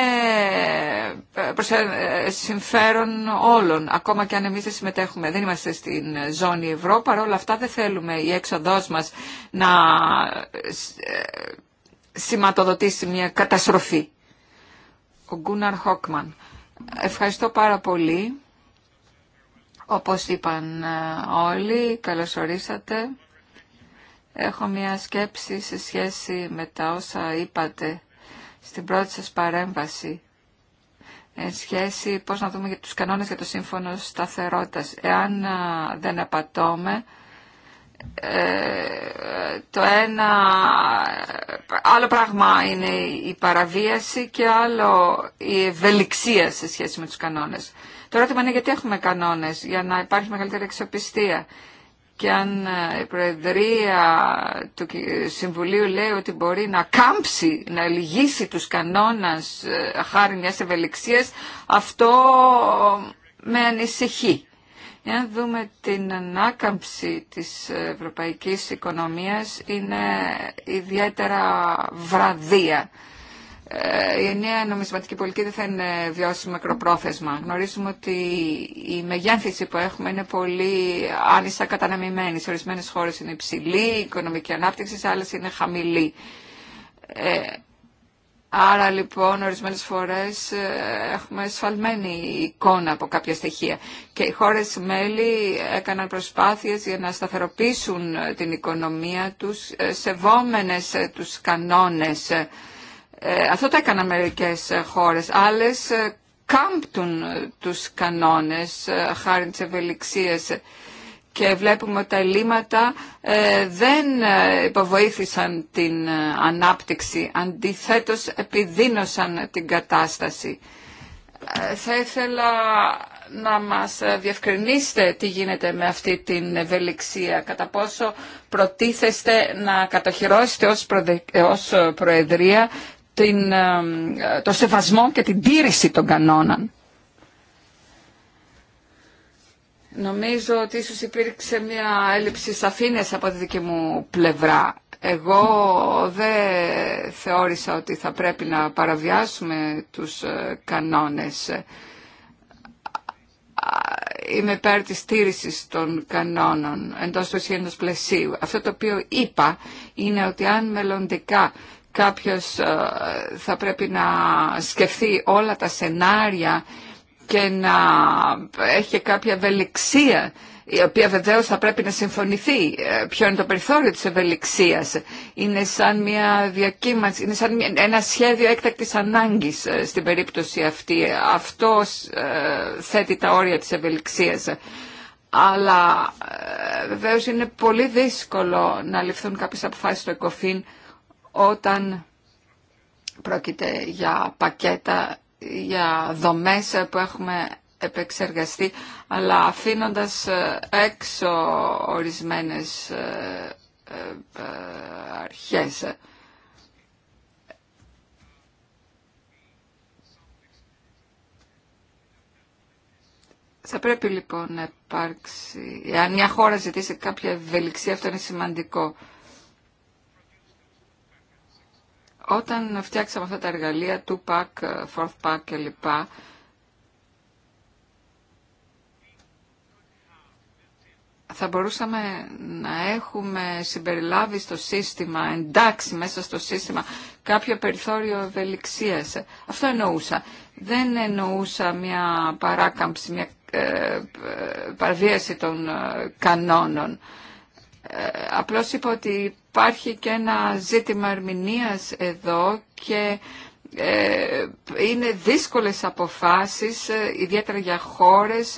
προς συμφέρον όλων, ακόμα και αν εμείς δεν συμμετέχουμε, δεν είμαστε στην ζώνη ευρώ, παρόλα αυτά δεν θέλουμε η έξοδός μας να σηματοδοτήσει μια καταστροφή. Ο Γκούναρ Χόκμαν. Ευχαριστώ πάρα πολύ. Όπως είπαν ε, όλοι, καλωσορίσατε. Έχω μια σκέψη σε σχέση με τα όσα είπατε στην πρώτη σας παρέμβαση. Εν σχέση, πώς να δούμε για τους κανόνες για το σύμφωνο σταθερότητας. Εάν ε, δεν απατώμε, το ένα άλλο πράγμα είναι η παραβίαση και άλλο η ευελιξία σε σχέση με τους κανόνες. Το ερώτημα είναι γιατί έχουμε κανόνες, για να υπάρχει μεγαλύτερη εξοπιστία. Και αν ε, η Προεδρία του Συμβουλίου λέει ότι μπορεί να κάμψει, να λυγίσει τους κανόνες ε, χάρη μιας ευελιξίας, αυτό με ανησυχεί. Εάν δούμε την ανάκαμψη της ευρωπαϊκής οικονομίας είναι ιδιαίτερα βραδία. Ε, η ενιαία νομισματική πολιτική δεν θα είναι βιώσιμη μακροπρόθεσμα. Γνωρίζουμε ότι η μεγέθυνση που έχουμε είναι πολύ άνισα καταναμημένη. Σε ορισμένες χώρες είναι υψηλή, η οικονομική ανάπτυξη, σε άλλες είναι χαμηλή. Ε, Άρα λοιπόν ορισμένες φορές ε, έχουμε σφαλμένη εικόνα από κάποια στοιχεία και οι χώρες μέλη έκαναν προσπάθειες για να σταθεροποιήσουν ε, την οικονομία τους ε, σεβόμενες τους κανόνες. Αυτό το έκαναν μερικές χώρες. Άλλες κάμπτουν τους κανόνες χάρη της ευελιξίας και βλέπουμε ότι τα ελλείμματα ε, δεν ε, υποβοήθησαν την ε, ανάπτυξη, αντιθέτως επιδίνωσαν την κατάσταση. Θα ήθελα να μας διευκρινίσετε τι γίνεται με αυτή την ευελιξία, κατά πόσο προτίθεστε να κατοχυρώσετε ως Προεδρία το σεβασμό και την τήρηση των κανόνων. Νομίζω ότι ίσως υπήρξε μια έλλειψη σαφήνειας από τη δική μου πλευρά. Εγώ δεν θεώρησα ότι θα πρέπει να παραβιάσουμε τους ε, κανόνες. Είμαι υπέρ της στήρησης των κανόνων εντός του ισχυρήνους πλαισίου. Αυτό το οποίο είπα είναι ότι αν μελλοντικά κάποιος ε, θα πρέπει να σκεφτεί όλα τα σενάρια και να έχει κάποια ευελιξία η οποία βεβαίω θα πρέπει να συμφωνηθεί. Ε, ποιο είναι το περιθώριο της ευελιξία. Είναι σαν μια διακύμανση, είναι σαν ένα σχέδιο έκτακτη ανάγκη ε, στην περίπτωση αυτή. Αυτό ε, θέτει τα όρια της ευελιξία. Αλλά βεβαίω είναι πολύ δύσκολο να ληφθούν κάποιες αποφάσει στο ΕΚΟΦΗΝ όταν πρόκειται για πακέτα για δομές που έχουμε επεξεργαστεί, αλλά αφήνοντας ε, έξω ορισμένες ε, ε, αρχές. Θα πρέπει λοιπόν να υπάρξει, αν μια χώρα ζητήσει κάποια ευελιξία, αυτό είναι σημαντικό. Όταν φτιάξαμε αυτά τα εργαλεία, 2-pack, 4-pack κλπ, θα μπορούσαμε να έχουμε συμπεριλάβει στο σύστημα, εντάξει μέσα στο σύστημα, κάποιο περιθώριο ευελιξίας. Αυτό εννοούσα. Δεν εννοούσα μια παράκαμψη, μια ε, ε των ε, κανόνων. Ε, απλώς είπα ότι υπάρχει και ένα ζήτημα ερμηνείας εδώ και ε, είναι δύσκολες αποφάσεις, ε, ιδιαίτερα για χώρες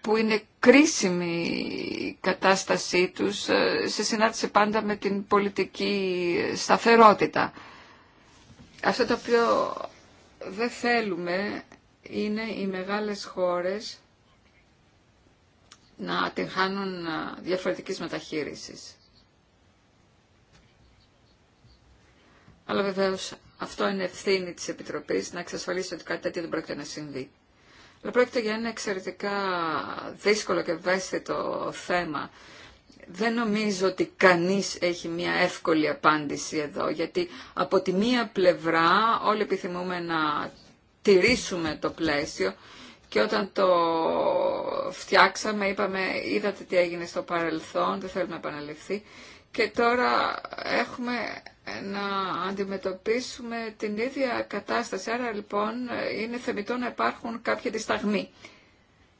που είναι κρίσιμη η κατάστασή τους σε συνάρτηση πάντα με την πολιτική σταθερότητα. Αυτό το οποίο δεν θέλουμε είναι οι μεγάλες χώρες να την χάνουν διαφορετικής μεταχείρισης. Αλλά βεβαίως αυτό είναι ευθύνη της Επιτροπής να εξασφαλίσει ότι κάτι τέτοιο δεν πρόκειται να συμβεί. Αλλά πρόκειται για ένα εξαιρετικά δύσκολο και ευαίσθητο θέμα. Δεν νομίζω ότι κανείς έχει μια εύκολη απάντηση εδώ, γιατί από τη μία πλευρά όλοι επιθυμούμε να τηρήσουμε το πλαίσιο και όταν το φτιάξαμε, είπαμε, είδατε τι έγινε στο παρελθόν, δεν θέλουμε να επαναληφθεί. Και τώρα έχουμε να αντιμετωπίσουμε την ίδια κατάσταση. Άρα λοιπόν είναι θεμητό να υπάρχουν κάποια δισταγμοί.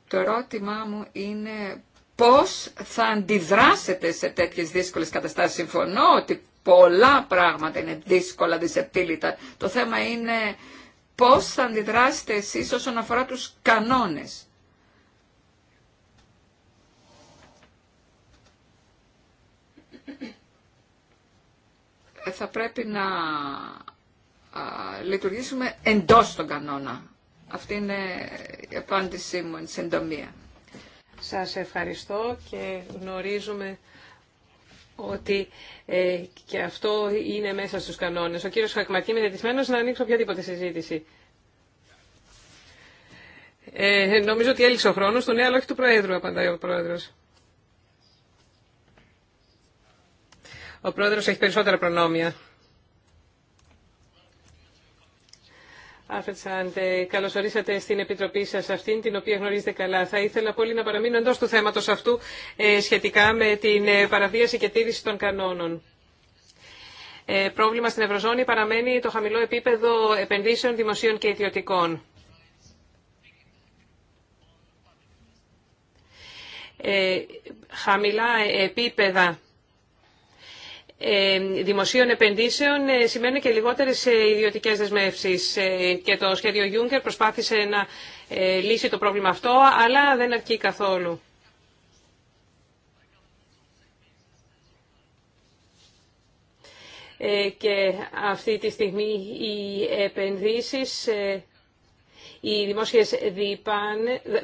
Το ερώτημά μου είναι πώς θα αντιδράσετε σε τέτοιες δύσκολες καταστάσεις. Συμφωνώ ότι πολλά πράγματα είναι δύσκολα, δυσεπίλητα. Το θέμα είναι πώς θα αντιδράσετε εσείς όσον αφορά τους κανόνες. Θα πρέπει να λειτουργήσουμε εντός των κανόνα. Αυτή είναι η απάντησή μου εν συντομία. Σας ευχαριστώ και γνωρίζουμε ότι ε, και αυτό είναι μέσα στους κανόνες. Ο κύριος Χακμακή είναι διατησμένος να ανοίξω οποιαδήποτε συζήτηση. Ε, νομίζω ότι έλειξε ο χρόνος του νέα αλλά του Προέδρου, απαντάει ο Πρόεδρος. Ο Πρόεδρος έχει περισσότερα προνόμια. καλώ ορίσατε στην Επιτροπή σα αυτήν, την οποία γνωρίζετε καλά. Θα ήθελα πολύ να παραμείνω εντό του θέματο αυτού ε, σχετικά με την ε, παραβίαση και τήρηση των κανόνων. Ε, πρόβλημα στην Ευρωζώνη παραμένει το χαμηλό επίπεδο επενδύσεων δημοσίων και ιδιωτικών. χαμηλά επίπεδα ε, δημοσίων επενδύσεων ε, σημαίνει και λιγότερες ε, ιδιωτικές δεσμεύσεις. Και το σχέδιο Juncker προσπάθησε να λύσει το πρόβλημα αυτό, αλλά δεν αρκεί καθόλου. Και αυτή τη στιγμή οι επενδύσεις, οι δημόσιες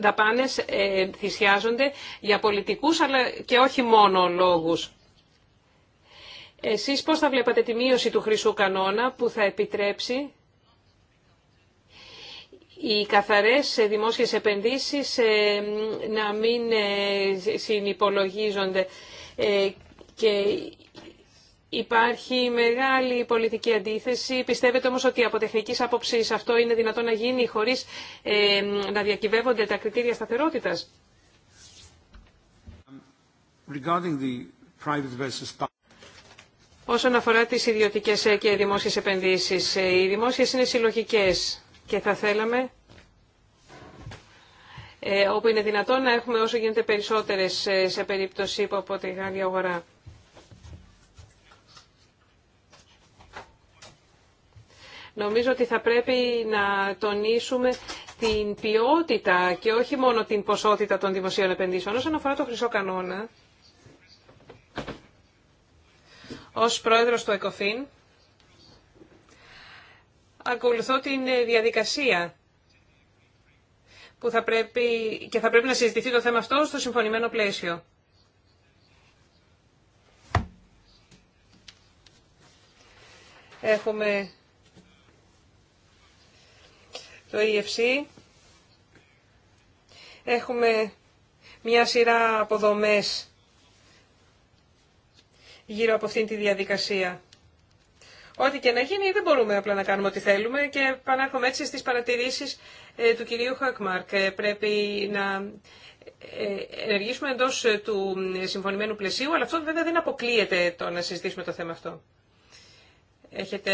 δαπάνες θυσιάζονται για πολιτικούς αλλά και όχι μόνο λόγους. Εσείς πώς θα βλέπατε τη μείωση του χρυσού κανόνα που θα επιτρέψει οι καθαρές δημόσιες επενδύσεις ε, να μην ε, συνυπολογίζονται ε, και υπάρχει μεγάλη πολιτική αντίθεση. Πιστεύετε όμως ότι από τεχνικής άποψης αυτό είναι δυνατό να γίνει χωρίς να διακυβεύονται τα κριτήρια σταθερότητας. Um, Όσον αφορά τις ιδιωτικές ε, και δημόσιες επενδύσεις, ε, οι δημόσιες είναι συλλογικές και θα θέλαμε ε, όπου είναι δυνατόν να έχουμε όσο γίνεται περισσότερες σε περίπτωση που από τη γάλλη αγορά. Νομίζω ότι θα πρέπει να τονίσουμε την ποιότητα και όχι μόνο την ποσότητα των δημοσίων επενδύσεων. Όσον αφορά το χρυσό κανόνα, ως πρόεδρος του ΕΚΟΦΗΝ ακολουθώ την ε, διαδικασία που θα πρέπει και θα πρέπει να συζητηθεί το θέμα αυτό στο συμφωνημένο πλαίσιο. Έχουμε το EFC. Έχουμε μια σειρά αποδομές γύρω από αυτήν τη διαδικασία. Ό,τι και να γίνει δεν μπορούμε απλά να κάνουμε ό,τι θέλουμε και πανάρχομαι έτσι στις παρατηρήσεις ε, του κυρίου Χακμάρκ. Ε, πρέπει να ε, ενεργήσουμε εντός του συμφωνημένου πλαισίου, αλλά αυτό βέβαια δεν αποκλείεται το να συζητήσουμε το θέμα αυτό. Έχετε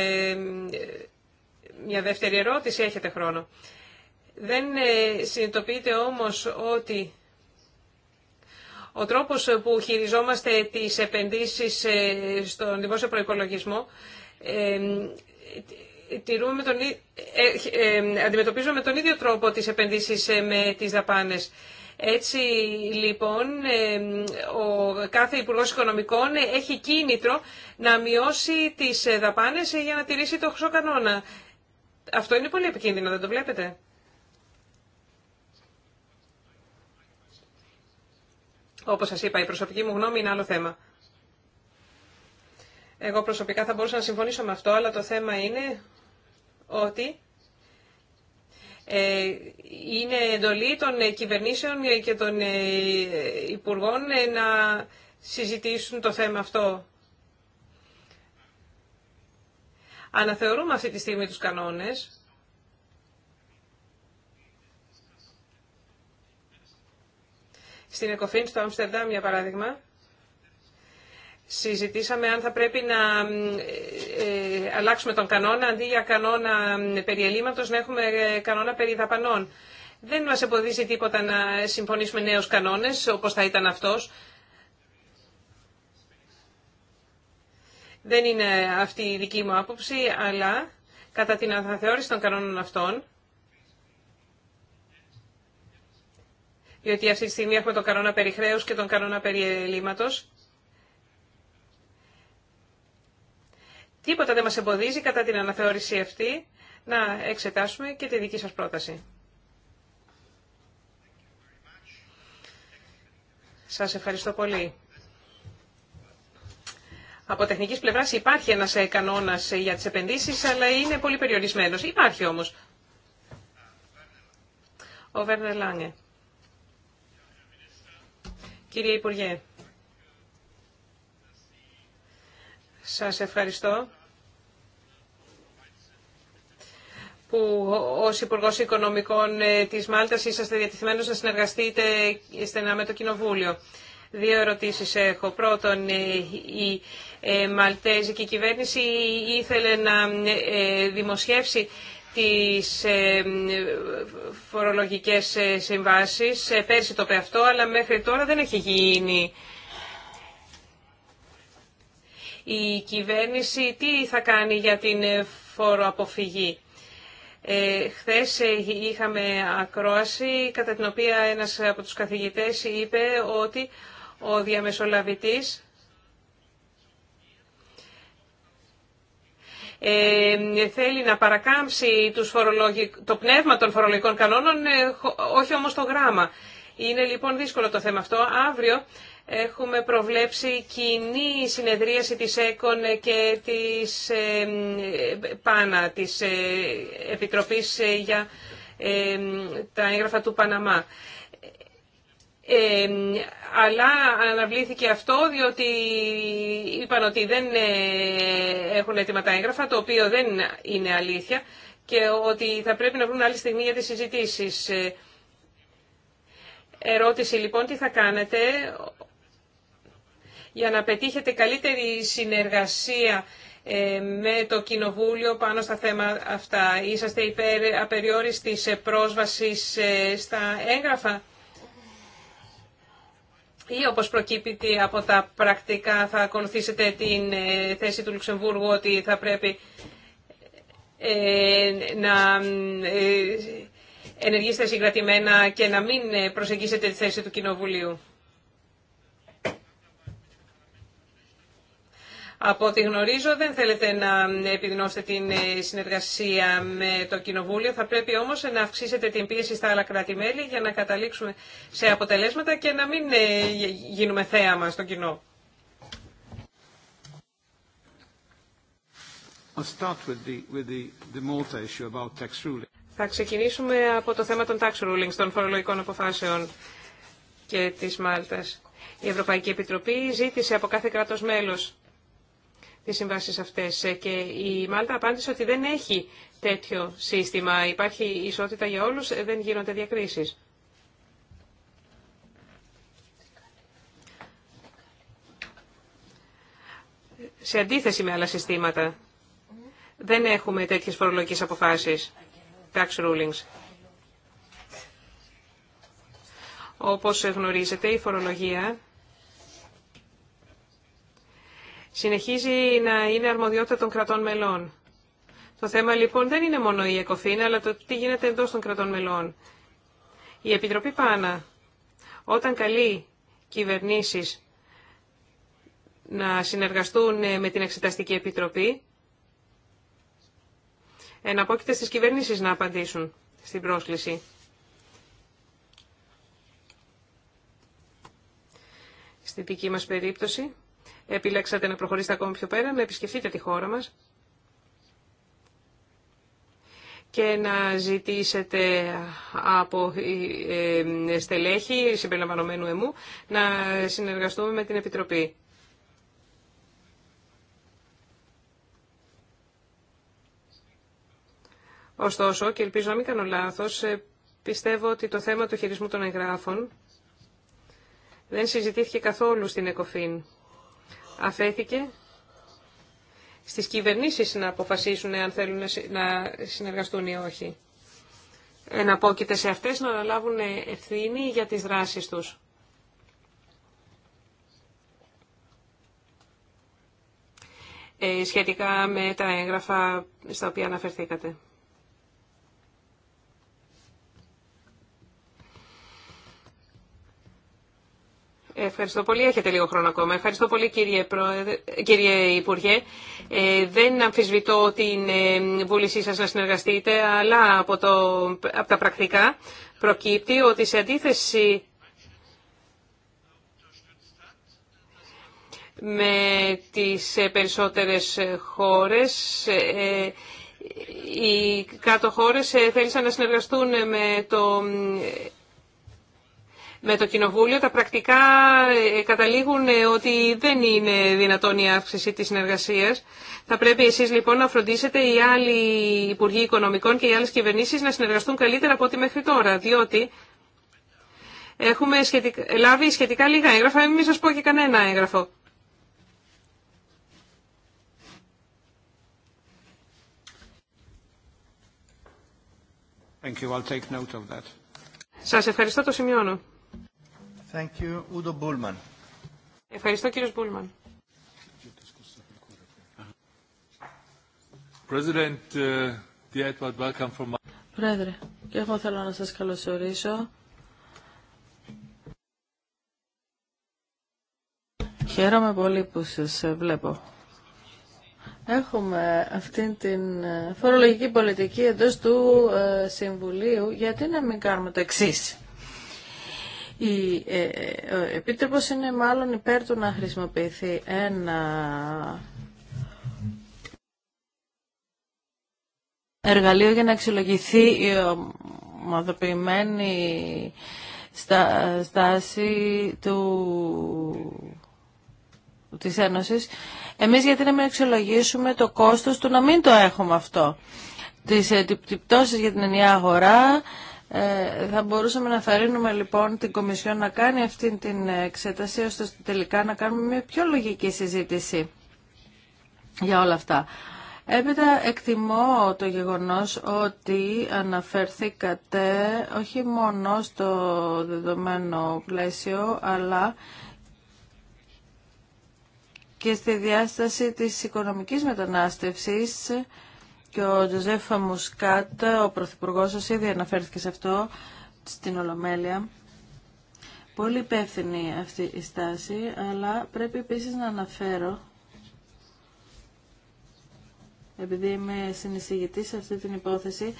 μια δεύτερη ερώτηση, έχετε χρόνο. Δεν συνειδητοποιείτε όμως ότι ο τρόπος που χειριζόμαστε τις επενδύσεις ε, στον δημόσιο προϋπολογισμό ε, τηρούμε τον, ε, αντιμετωπίζουμε με τον ίδιο τρόπο τις επενδύσεις με τις δαπάνες. Έτσι λοιπόν ο κάθε υπουργός Οικονομικών έχει κίνητρο να μειώσει τις δαπάνες για να τηρήσει το χρυσό κανόνα. Αυτό είναι πολύ επικίνδυνο, δεν το βλέπετε. Όπως σας είπα, η προσωπική μου γνώμη είναι άλλο θέμα. Εγώ προσωπικά θα μπορούσα να συμφωνήσω με αυτό, αλλά το θέμα είναι ότι ε, είναι εντολή των ε, κυβερνήσεων ε, και των υπουργών να συζητήσουν το θέμα αυτό. Αναθεωρούμε αυτή τη στιγμή τους κανόνες Στην ΕΚΟΦΗΝ, στο Άμστερνταμ για παράδειγμα, συζητήσαμε αν θα πρέπει να ε, ε, αλλάξουμε τον κανόνα, αντί για κανόνα περιελήμματος, να έχουμε ε, κανόνα περί δαπανών. Δεν μας εμποδίζει τίποτα να συμφωνήσουμε νέους κανόνες, όπως θα ήταν αυτός. Δεν είναι αυτή η δική μου άποψη, αλλά κατά την αναθεώρηση των κανόνων αυτών, διότι αυτή τη στιγμή έχουμε τον κανόνα περί χρέους και τον κανόνα περί ελλείμματος. Τίποτα δεν μας εμποδίζει κατά την αναθεώρηση αυτή να εξετάσουμε και τη δική σας πρόταση. Σας ευχαριστώ πολύ. Από τεχνικής πλευράς υπάρχει ένας ε, κανόνας ε, για τις επενδύσεις, αλλά είναι πολύ περιορισμένος. Υπάρχει όμως. Ο Βέρνερ Κύριε Υπουργέ, σας ευχαριστώ που ως Υπουργό Οικονομικών ε, της Μάλτας είσαστε διατηθειμένος να συνεργαστείτε στενά με το Κοινοβούλιο. Δύο ερωτήσεις έχω. Πρώτον, ε, η ε, Μαλτέζικη κυβέρνηση ήθελε να δημοσιεύσει τις ε, φορολογικές ε, συμβάσεις. Ε, πέρσι το αυτό, αλλά μέχρι τώρα δεν έχει γίνει. Η κυβέρνηση τι θα κάνει για την φοροαποφυγή. Ε, χθες είχαμε ακρόαση κατά την οποία ένας από τους καθηγητές είπε ότι ο διαμεσολαβητής Ε, θέλει να παρακάμψει τους το πνεύμα των φορολογικών κανόνων, ε, όχι όμως το γράμμα. Είναι λοιπόν δύσκολο το θέμα αυτό. Αύριο έχουμε προβλέψει κοινή συνεδρίαση της ΕΚΟΝ και της ε, ΠΑΝΑ, της Επιτροπής για τα έγγραφα του Παναμά αλλά αναβλήθηκε αυτό διότι είπαν ότι δεν ε, έχουν έτοιμα τα έγγραφα, το οποίο δεν είναι αλήθεια και ότι θα πρέπει να βρουν άλλη στιγμή για τις συζητήσεις. Ε, ερώτηση λοιπόν, τι θα κάνετε για να πετύχετε καλύτερη συνεργασία ε, με το Κοινοβούλιο πάνω στα θέματα αυτά. Είσαστε υπέρ απεριόριστης πρόσβασης στα έγγραφα ή όπως προκύπτει από τα πρακτικά θα ακολουθήσετε την ε, θέση του Λουξεμβούργου ότι θα πρέπει ε, να ε, ενεργήσετε συγκρατημένα και να μην προσεγγίσετε τη θέση του Κοινοβουλίου. Από ό,τι γνωρίζω δεν θέλετε να επιδεινώσετε την ε, συνεργασία με το Κοινοβούλιο. Θα πρέπει όμως να αυξήσετε την πίεση στα άλλα κράτη-μέλη για να καταλήξουμε σε αποτελέσματα και να μην ε, γίνουμε θέαμα στο κοινό. Θα ξεκινήσουμε από το θέμα των tax rulings, των φορολογικών αποφάσεων και της Μάλτας. Η Ευρωπαϊκή Επιτροπή ζήτησε από κάθε κράτος μέλος τις συμβάσεις αυτές ε, και η Μάλτα απάντησε ότι δεν έχει τέτοιο σύστημα. Υπάρχει ισότητα για όλους, ε, δεν γίνονται διακρίσεις. Σε αντίθεση με άλλα συστήματα, δεν έχουμε τέτοιες φορολογικές αποφάσεις, tax rulings. Όπως γνωρίζετε, η φορολογία συνεχίζει να είναι αρμοδιότητα των κρατών μελών. Το θέμα λοιπόν δεν είναι μόνο η ΕΚΟΦΗΝ, αλλά το τι γίνεται εντός των κρατών μελών. Η Επιτροπή Πάνα, όταν καλεί κυβερνήσεις να συνεργαστούν ε, με την Εξεταστική Επιτροπή, εναπόκειται στις κυβερνήσεις να απαντήσουν στην πρόσκληση. Στην δική μας περίπτωση, επιλέξατε να προχωρήσετε ακόμα πιο πέρα, να επισκεφτείτε τη χώρα μας και να ζητήσετε από ε, ε, στελέχη συμπεριλαμβανομένου εμού να συνεργαστούμε με την Επιτροπή. Ωστόσο, και ελπίζω να μην κάνω λάθος, ε, πιστεύω ότι το θέμα του χειρισμού των εγγράφων δεν συζητήθηκε καθόλου στην ΕΚΟΦΗΝ αφέθηκε στις κυβερνήσεις να αποφασίσουν αν θέλουν να συνεργαστούν ή όχι. Εναπόκειται σε αυτές να αναλάβουν ευθύνη για τις δράσεις τους. Ε, σχετικά με τα έγγραφα στα οποία αναφερθήκατε. Ευχαριστώ πολύ. Έχετε λίγο χρόνο ακόμα. Ευχαριστώ πολύ κύριε, Πρόεδρε, κύριε Υπουργέ. Ε, δεν αμφισβητώ την ε, βούλησή σας να συνεργαστείτε, αλλά από, το, τα πρακτικά προκύπτει ότι σε αντίθεση με τις ε, περισσότερες χώρες, ε, οι κάτω χώρες θέλησαν να συνεργαστούν με το με το Κοινοβούλιο, τα πρακτικά ε, καταλήγουν ε, ότι δεν είναι δυνατόν η αύξηση της συνεργασίας. Θα πρέπει εσείς λοιπόν να φροντίσετε οι άλλοι Υπουργοί Οικονομικών και οι άλλες κυβερνήσεις να συνεργαστούν καλύτερα από ό,τι μέχρι τώρα, διότι έχουμε σχετικά, λάβει σχετικά λίγα έγγραφα, ε, μην σας πω και κανένα έγγραφο. Thank Σας ευχαριστώ, το σημειώνω. Ευχαριστώ κύριος Μπούλμαν. Uh, Πρόεδρε, και εγώ θέλω να σας καλωσορίσω. Χαίρομαι πολύ που σας ε, βλέπω. Έχουμε αυτήν την ε, φορολογική πολιτική εντός του ε, Συμβουλίου. Γιατί να μην κάνουμε το εξής. Η ε, ε, ο Επίτροπος είναι μάλλον υπέρ του να χρησιμοποιηθεί ένα εργαλείο για να αξιολογηθεί η ομαδοποιημένη στα, στάση του της Ένωσης. Εμείς γιατί να μην αξιολογήσουμε το κόστος του να μην το έχουμε αυτό. Τις επιπτώσεις για την ενιαία αγορά, ε, θα μπορούσαμε να θαρρύνουμε λοιπόν την Κομισιόν να κάνει αυτή την εξέταση ώστε τελικά να κάνουμε μια πιο λογική συζήτηση για όλα αυτά. Έπειτα εκτιμώ το γεγονός ότι αναφέρθηκατε όχι μόνο στο δεδομένο πλαίσιο αλλά και στη διάσταση της οικονομικής μετανάστευσης και ο Τζοζέφα Μουσκάτ, ο Πρωθυπουργό σα ήδη αναφέρθηκε σε αυτό στην Ολομέλεια. Πολύ υπεύθυνη αυτή η στάση, αλλά πρέπει επίσης να αναφέρω, επειδή είμαι συνεισηγητής σε αυτή την υπόθεση,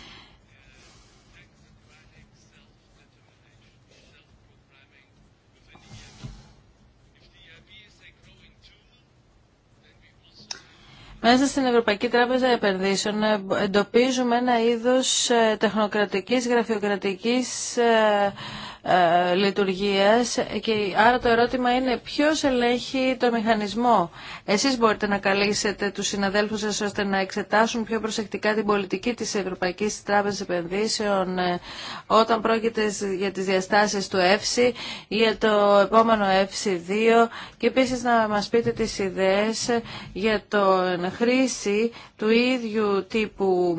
Μέσα στην Ευρωπαϊκή Τράπεζα Επενδύσεων ε, εντοπίζουμε ένα είδος ε, τεχνοκρατικής, γραφειοκρατικής ε, λειτουργίας και άρα το ερώτημα είναι ποιος ελέγχει το μηχανισμό. Εσείς μπορείτε να καλέσετε τους συναδέλφους σας ώστε να εξετάσουν πιο προσεκτικά την πολιτική της Ευρωπαϊκής Τράπεζας Επενδύσεων ε, όταν πρόκειται για τις διαστάσεις του ΕΦΣΙ ή για το επόμενο ΕΦΣΙ 2 και επίσης να μας πείτε τις ιδέες για το χρήση του ίδιου τύπου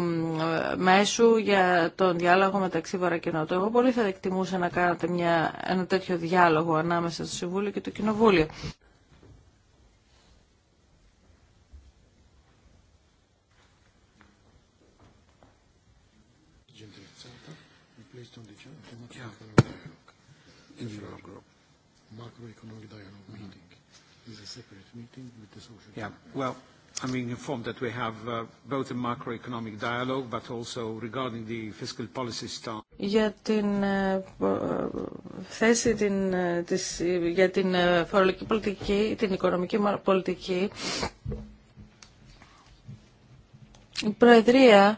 μέσου για τον διάλογο μεταξύ Βορρά και Νότου. Εγώ πολύ θα εκτιμούσα να κάνετε μια, ένα τέτοιο διάλογο ανάμεσα στο Συμβούλιο και το Κοινοβούλιο. separate meeting with the social. Yeah. Well, I'm being informed that we have both a macroeconomic dialogue, but also regarding the fiscal policy stance. Για την θέση την, της, για την φορολογική πολιτική, την οικονομική πολιτική, η Προεδρία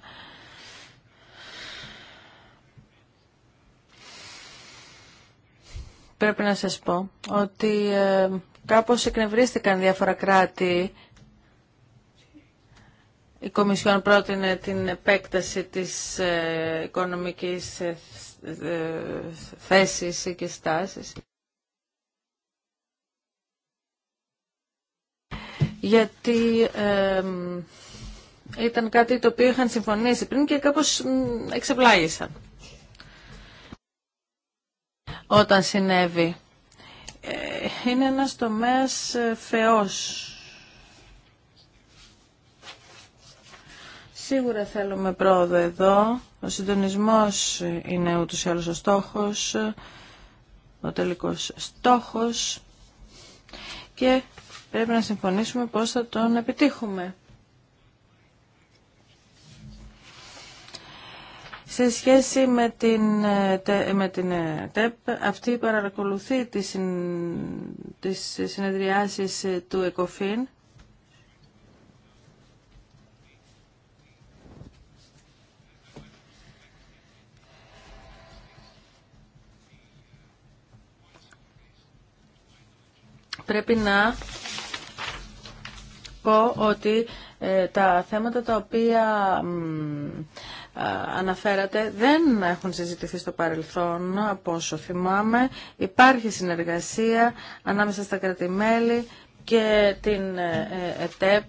πρέπει να σας πω ότι Κάπως εκνευρίστηκαν διάφορα κράτη. Η Κομισιόν πρότεινε την επέκταση της ε, οικονομικής ε, ε, θέσης και στάσης. Γιατί ήταν κάτι το οποίο είχαν συμφωνήσει πριν και κάπως εξεπλάγησαν όταν συνέβη είναι ένας τομέας ε, φεός Σίγουρα θέλουμε πρόοδο εδώ. Ο συντονισμός είναι ούτως ή άλλως ο στόχος, ο τελικός στόχος και πρέπει να συμφωνήσουμε πώς θα τον επιτύχουμε. Σε σχέση με την, ε, με την ε, ΤΕΠ, αυτή παρακολουθεί τις, συν, συνεδριάσεις ε, του ΕΚΟΦΗΝ πρέπει να πω ότι τα θέματα τα οποία αναφέρατε δεν έχουν συζητηθεί στο παρελθόν, από όσο θυμάμαι. Υπάρχει συνεργασία ανάμεσα στα κρατημέλη και την ε, ε, ΕΤΕΠ.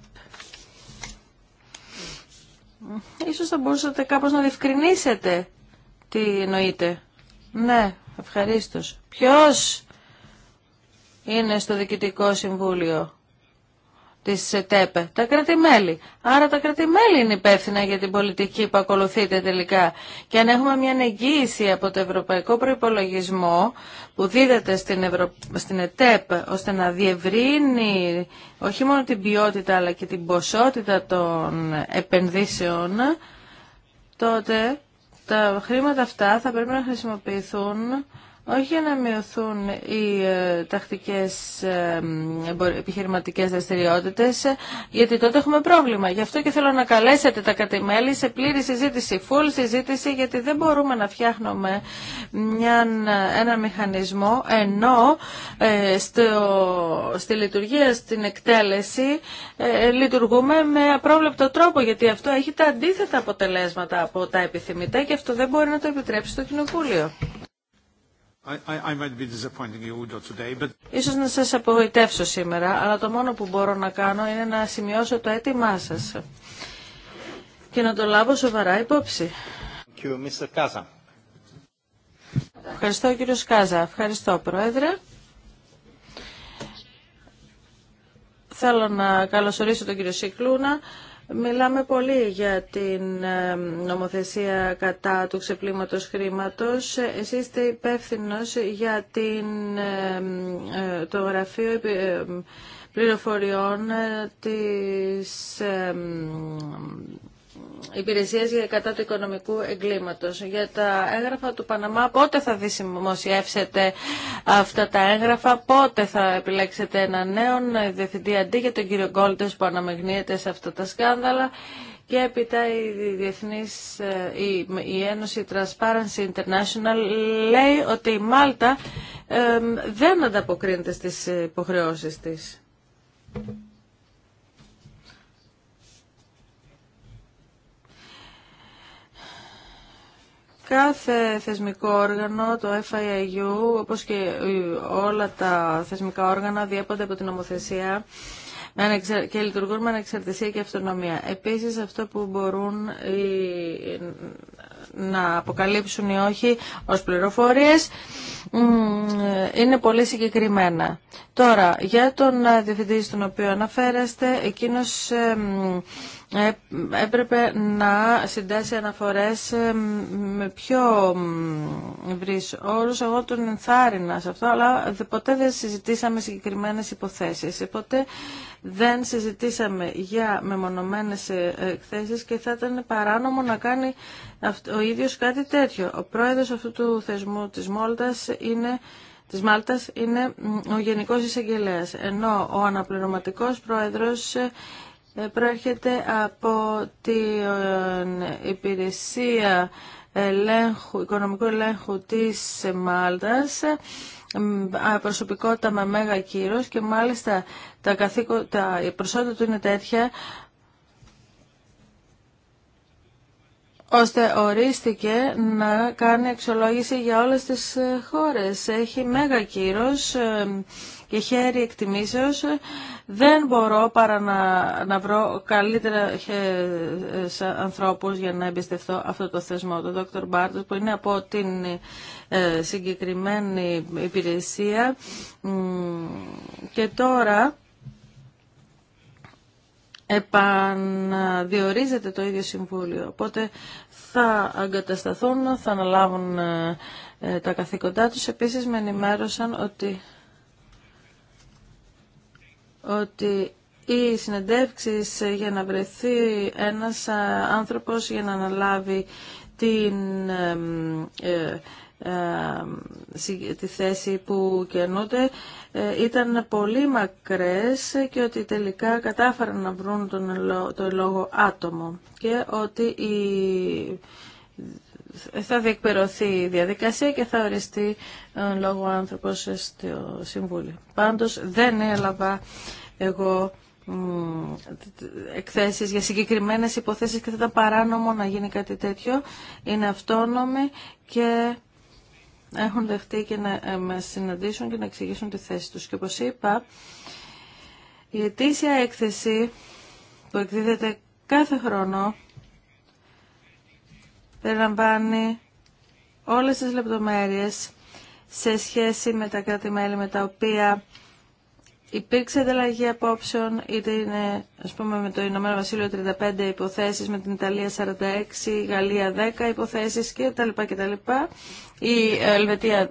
Ίσως θα μπορούσατε κάπως να διευκρινίσετε τι εννοείτε. Ναι, ευχαρίστως. Ποιος είναι στο Διοικητικό Συμβούλιο Τη ΤΕΠΕ, τα κρατημέλη. Άρα τα κρατημέλη είναι υπεύθυνα για την πολιτική που ακολουθείτε τελικά. Και αν έχουμε μια εγγύηση από το ευρωπαϊκό προϋπολογισμό που δίδεται στην, στην ΕΤΕΠ ώστε να διευρύνει όχι μόνο την ποιότητα αλλά και την ποσότητα των επενδύσεων, τότε τα χρήματα αυτά θα πρέπει να χρησιμοποιηθούν όχι για να μειωθούν οι ε, τακτικές ε, επιχειρηματικές δραστηριότητες, ε, γιατί τότε έχουμε πρόβλημα. Γι' αυτό και θέλω να καλέσετε τα κατημέλη σε πλήρη συζήτηση, full συζήτηση, γιατί δεν μπορούμε να φτιάχνουμε ένα μηχανισμό, ενώ στο, στη λειτουργία, στην εκτέλεση, λειτουργούμε με απρόβλεπτο τρόπο, γιατί αυτό έχει τα αντίθετα αποτελέσματα από τα επιθυμητά και αυτό δεν μπορεί να το επιτρέψει το Κοινοβούλιο. Ίσως να σας απογοητεύσω σήμερα, αλλά το μόνο που μπορώ να κάνω είναι να σημειώσω το αίτημά σας και να το λάβω σοβαρά υπόψη. Ευχαριστώ κύριο Σκάζα. Ευχαριστώ Πρόεδρε. Θέλω να καλωσορίσω τον κύριο Σικλούνα. Μιλάμε πολύ για την ε, νομοθεσία κατά του ξεπλήματος χρήματος. Εσείς είστε υπεύθυνο για την, ε, ε, το γραφείο πληροφοριών της υπηρεσίες για κατά του οικονομικού εγκλήματος. Για τα έγγραφα του Παναμά, πότε θα δημοσιεύσετε αυτά τα έγγραφα, πότε θα επιλέξετε έναν νέο διευθυντή αντί για τον κύριο Γκόλτες που αναμεγνύεται σε αυτά τα σκάνδαλα και έπειτα η, διεθνής, ε, η, Ένωση Transparency International λέει ότι η Μάλτα δεν ανταποκρίνεται στις υποχρεώσεις της. Κάθε θεσμικό όργανο, το FIIU, όπως και όλα τα θεσμικά όργανα, διέπονται από την νομοθεσία και λειτουργούν με ανεξαρτησία και αυτονομία. Επίσης, αυτό που μπορούν να αποκαλύψουν ή όχι ως πληροφορίες είναι πολύ συγκεκριμένα. Τώρα, για τον ε, διευθυντή στον οποίο αναφέρεστε, εκείνος ε, ε, έπρεπε να συντάσει αναφορές ε, με πιο βρύς όρους. Εγώ τον ενθάρρυνα σε αυτό, αλλά ποτέ δεν συζητήσαμε συγκεκριμένες υποθέσεις. Ε, ποτέ δεν συζητήσαμε για μεμονωμένες εκθέσεις και θα ήταν παράνομο να κάνει ο ίδιος κάτι τέτοιο. Ο πρόεδρος αυτού του θεσμού της Μόλτας είναι της Μάλτας είναι ο Γενικός Εισαγγελέας, ενώ ο αναπληρωματικός πρόεδρος ε, προέρχεται από την υπηρεσία ελέγχου, οικονομικού ελέγχου της Μάλτας προσωπικότητα με μέγα κύρος και μάλιστα τα, καθήκο, τα προσόντα του είναι τέτοια ώστε ορίστηκε να κάνει αξιολόγηση για όλες τις ε, χώρες. Έχει μέγα κύρος, ε, και χέρι εκτιμήσεως δεν μπορώ παρά να, να βρω καλύτερα ε, ανθρώπους για να εμπιστευτώ αυτό το θεσμό. Το Dr. Μπάρτος που είναι από την ε, συγκεκριμένη υπηρεσία και τώρα επαναδιορίζεται το ίδιο συμβούλιο. Οπότε θα αγκατασταθούν, θα αναλάβουν ε, τα καθήκοντά τους. Επίσης με ενημέρωσαν ότι ότι οι συνεντεύξεις για να βρεθεί ένας ε, άνθρωπος για να αναλάβει την, ε, τη θέση που κερνούνται ε, ήταν πολύ μακρές και ότι τελικά κατάφεραν να βρουν τον, το λόγο άτομο και ότι η θα διεκπαιρωθεί η διαδικασία και θα οριστεί ε, λόγω άνθρωπος στο Συμβούλιο. Πάντως δεν έλαβα εγώ εκθέσεις για συγκεκριμένες υποθέσεις και θα ήταν παράνομο να γίνει κάτι τέτοιο. Είναι αυτόνομοι και έχουν δεχτεί και να ε, μας συναντήσουν και να εξηγήσουν τη θέση τους. Και όπως είπα, η ετήσια έκθεση που εκδίδεται κάθε χρόνο περιλαμβάνει όλες τις λεπτομέρειες σε σχέση με τα κράτη-μέλη με τα οποία υπήρξε ανταλλαγή απόψεων, είτε είναι ας πούμε, με το Ηνωμένο Βασίλειο 35 υποθέσεις, με την Ιταλία 46, η Γαλλία 10 υποθέσεις κτλ. λοιπά Η Ελβετία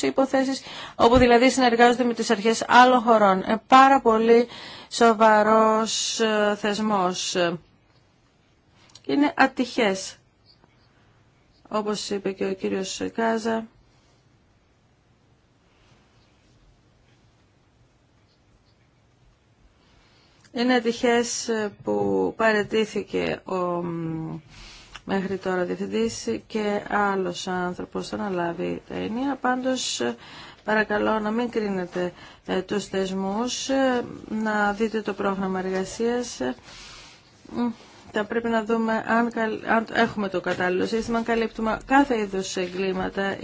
20 υποθέσεις, όπου δηλαδή συνεργάζονται με τις αρχές άλλων χωρών. Ε, πάρα πολύ σοβαρός ε, θεσμός. Είναι ατυχές όπως είπε και ο κύριος Κάζα, Είναι ατυχές που παρετήθηκε ο μέχρι τώρα διευθυντής και άλλος άνθρωπος θα αναλάβει τα ενία. Πάντως παρακαλώ να μην κρίνετε ε, τους θεσμούς, ε, να δείτε το πρόγραμμα εργασίας. Ε, θα πρέπει να δούμε αν, έχουμε το κατάλληλο σύστημα, αν καλύπτουμε κάθε είδους εγκλήματα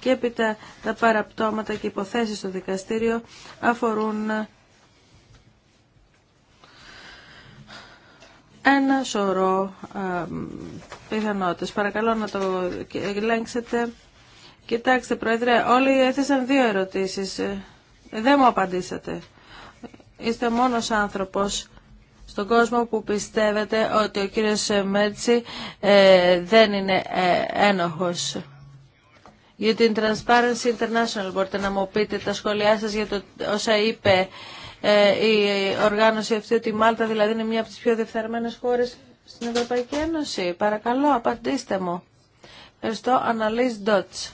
και έπειτα τα παραπτώματα και υποθέσεις στο δικαστήριο αφορούν ένα σωρό α, πιθανότητες. Παρακαλώ να το ελέγξετε. Κοιτάξτε, Πρόεδρε, όλοι έθεσαν δύο ερωτήσεις. Ε, δεν μου απαντήσατε. Είστε μόνος άνθρωπος στον κόσμο που πιστεύετε ότι ο κύριος Μέρτσι ε, δεν είναι ε, ένοχος. Για την Transparency International μπορείτε να μου πείτε τα σχόλιά σας για το, όσα είπε ε, η οργάνωση αυτή ότι η Μάλτα δηλαδή είναι μια από τις πιο διεφθαρμένες χώρες στην Ευρωπαϊκή Ένωση. Παρακαλώ απαντήστε μου. Ευχαριστώ. Αναλύς Ντότς.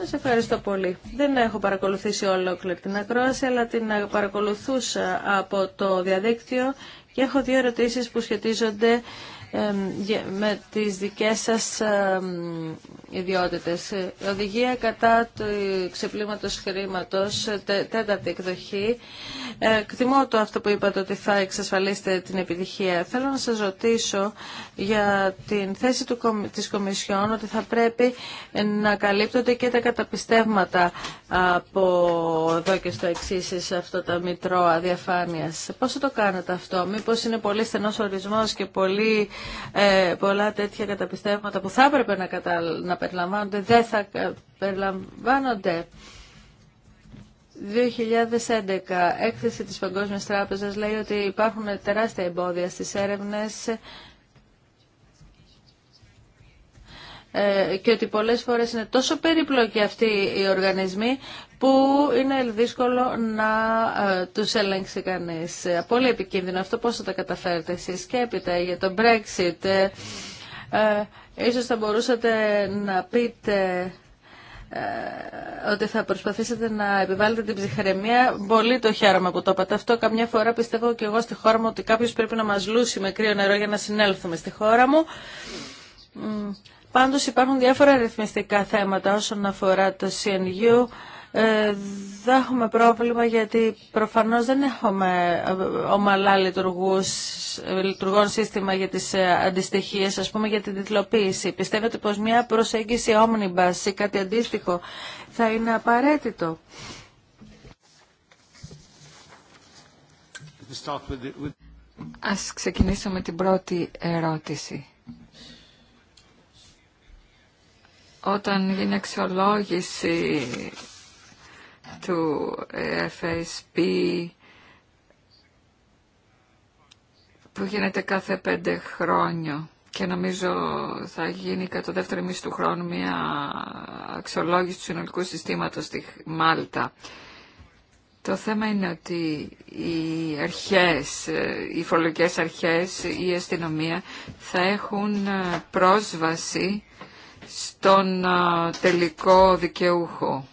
Σας ευχαριστώ πολύ. Δεν έχω παρακολουθήσει ολόκληρη την ακρόαση, αλλά την παρακολουθούσα από το διαδίκτυο και έχω δύο ερωτήσεις που σχετίζονται με τις δικές σας ιδιότητες. οδηγία κατά του ξεπλήματος χρήματος, τέταρτη εκδοχή. Ε, Κτιμώ το αυτό που είπατε ότι θα εξασφαλίσετε την επιτυχία. Θέλω να σας ρωτήσω για την θέση του, της Κομισιόν ότι θα πρέπει να καλύπτονται και τα καταπιστεύματα από εδώ και στο εξή σε αυτό τα μητρώα διαφάνειας. Πώς θα το κάνετε αυτό, μήπως είναι πολύ στενός ορισμός και πολύ ε, πολλά τέτοια καταπιστεύματα που θα έπρεπε να, κατα... να περιλαμβάνονται δεν θα περιλαμβάνονται. 2011, έκθεση της Παγκόσμιας Τράπεζας λέει ότι υπάρχουν τεράστια εμπόδια στις έρευνες ε, και ότι πολλές φορές είναι τόσο περίπλοκοι αυτοί οι οργανισμοί που είναι δύσκολο να ε, τους ελέγξει κανείς. Ε, πολύ επικίνδυνο αυτό. Πώς θα τα καταφέρετε εσείς και για το Brexit. Ε, ίσως θα μπορούσατε να πείτε ότι θα προσπαθήσετε να επιβάλλετε την ψυχραιμία. Πολύ το χαίρομαι που το είπατε αυτό. Καμιά φορά πιστεύω και εγώ στη χώρα μου ότι κάποιος πρέπει να μας λούσει με κρύο νερό για να συνέλθουμε στη χώρα μου. Πάντως υπάρχουν διάφορα ρυθμιστικά θέματα όσον αφορά το CNU ε, δεν έχουμε πρόβλημα γιατί προφανώς δεν έχουμε ε, ομαλά λειτουργούς, ε, λειτουργών σύστημα για τις αντιστοιχίες, ας πούμε για την τιτλοποίηση. Πιστεύετε πως μια προσέγγιση omnibus ή κάτι αντίστοιχο θα είναι απαραίτητο. Ας ξεκινήσω με την πρώτη ερώτηση. Όταν γίνει αξιολόγηση του FSP που γίνεται κάθε πέντε χρόνια και νομίζω θα γίνει κατά το δεύτερο μισή του χρόνου μια αξιολόγηση του συνολικού συστήματος στη Μάλτα. Το θέμα είναι ότι οι αρχές, οι φορολογικές αρχές, η αστυνομία θα έχουν πρόσβαση στον τελικό δικαιούχο.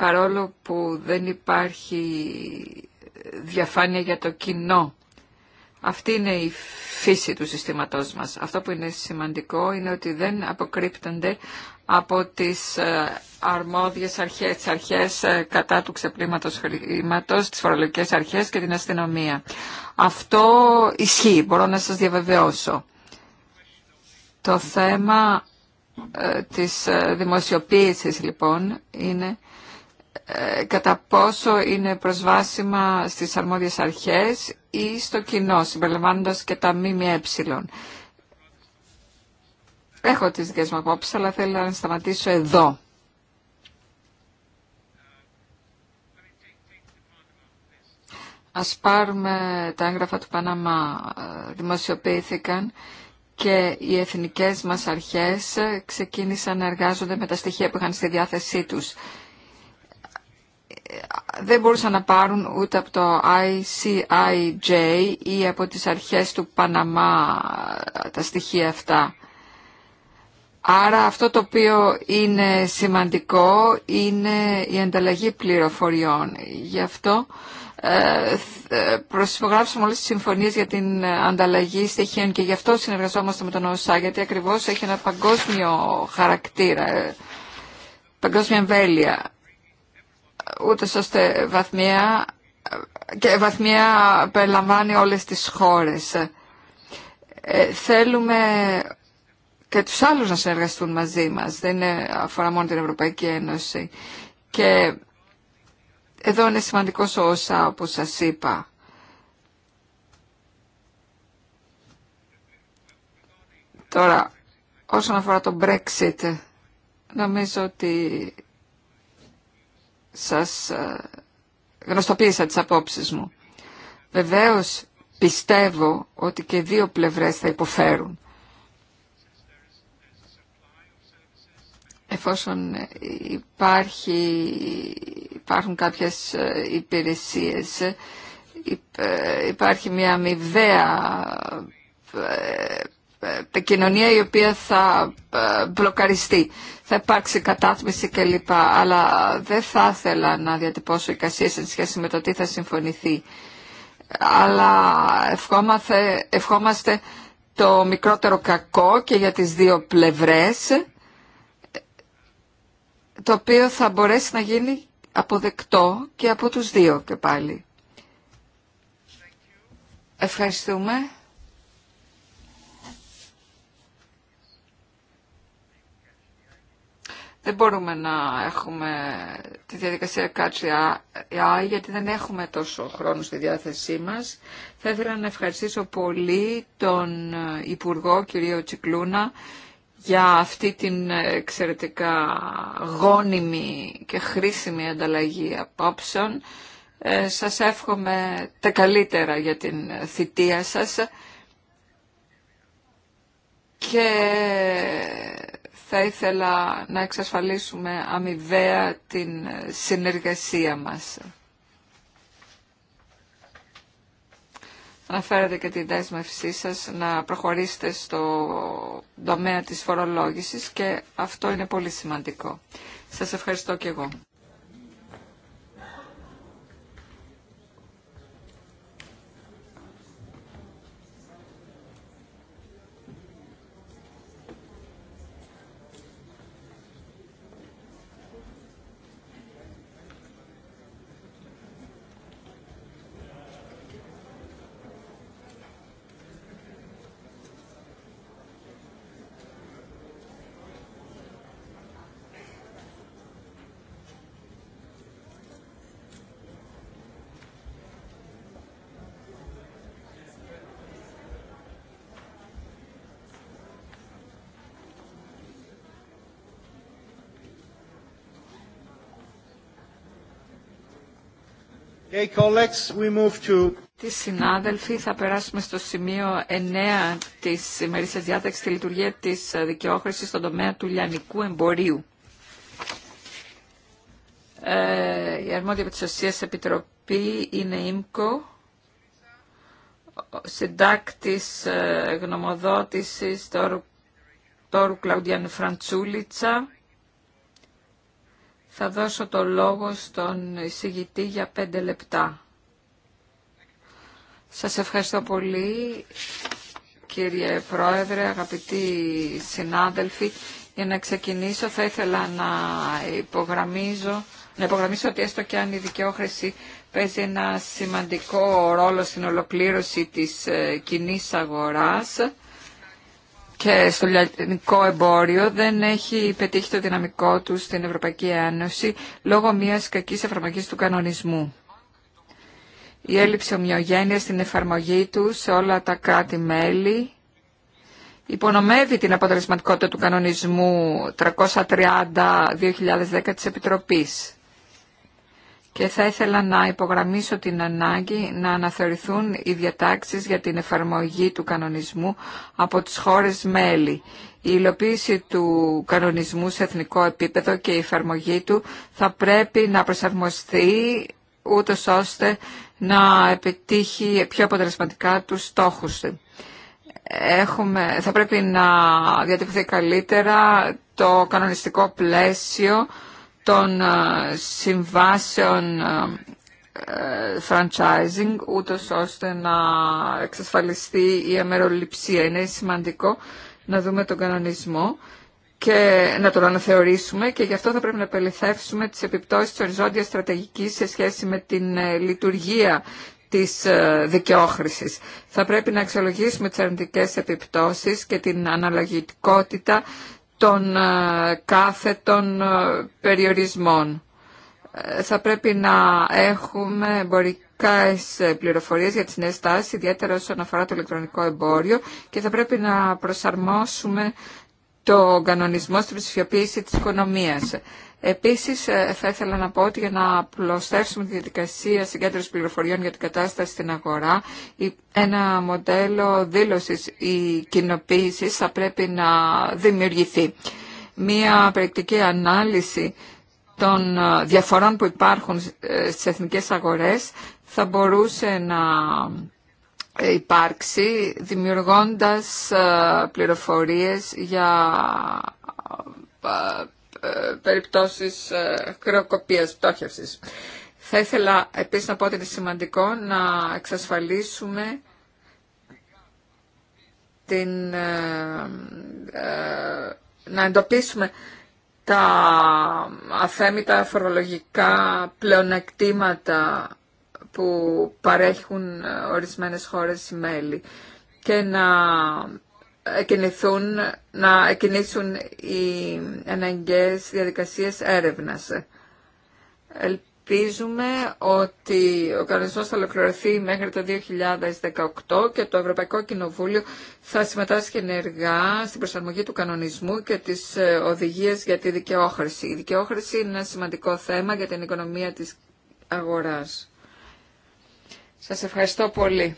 παρόλο που δεν υπάρχει διαφάνεια για το κοινό. Αυτή είναι η φύση του συστήματός μας. Αυτό που είναι σημαντικό είναι ότι δεν αποκρύπτονται από τις ε, αρμόδιες αρχές, τις αρχές ε, κατά του ξεπλήματος χρήματος, τις φορολογικές αρχές και την αστυνομία. Αυτό ισχύει, μπορώ να σας διαβεβαιώσω. Το θέμα ε, της δημοσιοποίησης λοιπόν είναι ε, κατά πόσο είναι προσβάσιμα στις αρμόδιες αρχές ή στο κοινό, συμπεριλαμβάνοντας και τα ΜΜΕ. Έχω τις δικές μου απόψεις, αλλά θέλω να σταματήσω εδώ. Ας πάρουμε τα έγγραφα του Παναμά, ε, δημοσιοποιήθηκαν και οι εθνικές μας αρχές ε, ξεκίνησαν να εργάζονται με τα στοιχεία που είχαν στη διάθεσή τους δεν μπορούσαν να πάρουν ούτε από το ICIJ ή από τις αρχές του Παναμά τα στοιχεία αυτά. Άρα αυτό το οποίο είναι σημαντικό είναι η ανταλλαγή πληροφοριών. Γι' αυτό ε, προσυπογράψαμε όλες τις συμφωνίες για την ανταλλαγή στοιχείων και γι' αυτό συνεργαζόμαστε με τον ΟΣΑ, γιατί ακριβώς έχει ένα παγκόσμιο χαρακτήρα, ε, παγκόσμια εμβέλεια ούτε ώστε βαθμία και βαθμία περιλαμβάνει όλες τις χώρες. Ε, θέλουμε και τους άλλους να συνεργαστούν μαζί μας, δεν αφορά μόνο την Ευρωπαϊκή Ένωση. Και εδώ είναι σημαντικός ο ΩΣΑ, όπως σας είπα. Τώρα, όσον αφορά το Brexit, νομίζω ότι σας ε, γνωστοποίησα τις απόψεις μου. Βεβαίως πιστεύω ότι και δύο πλευρές θα υποφέρουν. Εφόσον υπάρχει, υπάρχουν κάποιες ε, υπηρεσίες, ε, υπάρχει μια αμοιβαία κοινωνία η οποία θα μπλοκαριστεί θα υπάρξει κατάθμιση κλπ. Αλλά δεν θα ήθελα να διατυπώσω εικασίες σε σχέση με το τι θα συμφωνηθεί. Αλλά ευχόμαστε, ευχόμαστε το μικρότερο κακό και για τις δύο πλευρές, το οποίο θα μπορέσει να γίνει αποδεκτό και από τους δύο και πάλι. Ευχαριστούμε. Δεν μπορούμε να έχουμε τη διαδικασία κάτσε γιατί δεν έχουμε τόσο χρόνο στη διάθεσή μας. Θα ήθελα να ευχαριστήσω πολύ τον Υπουργό κύριο Τσικλούνα για αυτή την εξαιρετικά γόνιμη και χρήσιμη ανταλλαγή απόψεων. Ε, σας εύχομαι τα καλύτερα για την θητεία σας θα ήθελα να εξασφαλίσουμε αμοιβαία την συνεργασία μας. Αναφέρατε και την δέσμευσή σας να προχωρήσετε στο τομέα της φορολόγησης και αυτό είναι πολύ σημαντικό. Σας ευχαριστώ και εγώ. Τι συνάδελφοι, θα περάσουμε στο σημείο 9 της ημερήσιας διάταξης στη λειτουργία της δικαιόχρησης στον τομέα του λιανικού εμπορίου. Ε, η αρμόδια της Επιτροπή είναι ΙΜΚΟ, συντάκτης ε, γνωμοδότησης τόρου, τόρου Κλαουδιαν Φραντσούλητσα, θα δώσω το λόγο στον εισηγητή για πέντε λεπτά. Σας ευχαριστώ πολύ κύριε Πρόεδρε, αγαπητοί συνάδελφοι. Για να ξεκινήσω θα ήθελα να υπογραμμίζω, να υπογραμμίσω ότι έστω και αν η δικαιόχρηση παίζει ένα σημαντικό ρόλο στην ολοκλήρωση της ε, κοινή αγοράς, και στο λιανικό εμπόριο δεν έχει πετύχει το δυναμικό του στην Ευρωπαϊκή Ένωση λόγω μιας κακής εφαρμογής του κανονισμού. Η έλλειψη ομοιογένεια στην εφαρμογή του σε όλα τα κράτη-μέλη υπονομεύει την αποτελεσματικότητα του κανονισμού 330-2010 της Επιτροπής και θα ήθελα να υπογραμμίσω την ανάγκη να αναθεωρηθούν οι διατάξεις για την εφαρμογή του κανονισμού από τις χώρες μέλη. Η υλοποίηση του κανονισμού σε εθνικό επίπεδο και η εφαρμογή του θα πρέπει να προσαρμοστεί ούτω ώστε να επιτύχει πιο αποτελεσματικά τους στόχους. Έχουμε, θα πρέπει να διατυπωθεί καλύτερα το κανονιστικό πλαίσιο των ε, συμβάσεων ε, ε, franchising, ούτως ώστε να εξασφαλιστεί η αμεροληψία. Είναι σημαντικό να δούμε τον κανονισμό και να τον αναθεωρήσουμε και γι' αυτό θα πρέπει να επεληθεύσουμε τις επιπτώσεις της οριζόντιας στρατηγικής σε σχέση με την λειτουργία της δικαιόχρησης. Θα πρέπει να αξιολογήσουμε τις αρνητικές επιπτώσεις και την αναλογικότητα των ε, κάθετων ε, περιορισμών. Ε, θα πρέπει να έχουμε εμπορικά πληροφορίες για τις νέες τάσεις, ιδιαίτερα όσον αφορά το ηλεκτρονικό εμπόριο και θα πρέπει να προσαρμόσουμε το κανονισμό στην ψηφιοποίηση της οικονομίας. Επίσης ε, θα ήθελα να πω ότι για να απλωστεύσουμε τη διαδικασία συγκέντρωσης πληροφοριών για την κατάσταση στην αγορά, ένα μοντέλο δήλωσης ή κοινοποίηση θα πρέπει να δημιουργηθεί. Μία περιεκτική ανάλυση των ε, διαφορών που υπάρχουν ε, στις εθνικές αγορές θα μπορούσε να υπάρξει δημιουργώντας πληροφορίες για ε, περιπτώσεις ε, χρεοκοπίας, πτώχευσης. Θα ήθελα επίσης να πω ότι είναι σημαντικό να εξασφαλίσουμε την, ε, να εντοπίσουμε τα αθέμητα φορολογικά πλεονεκτήματα που παρέχουν ορισμένες χώρες μέλη και να να εκκινήσουν οι αναγκαίες διαδικασίες έρευνας. Ελπίζουμε ότι ο κανονισμός θα ολοκληρωθεί μέχρι το 2018 και το Ευρωπαϊκό Κοινοβούλιο θα συμμετάσχει ενεργά στην προσαρμογή του κανονισμού και τις ε, οδηγίες για τη δικαιόχρηση. Η δικαιόχρηση είναι ένα σημαντικό θέμα για την οικονομία της αγοράς. Σας ευχαριστώ πολύ.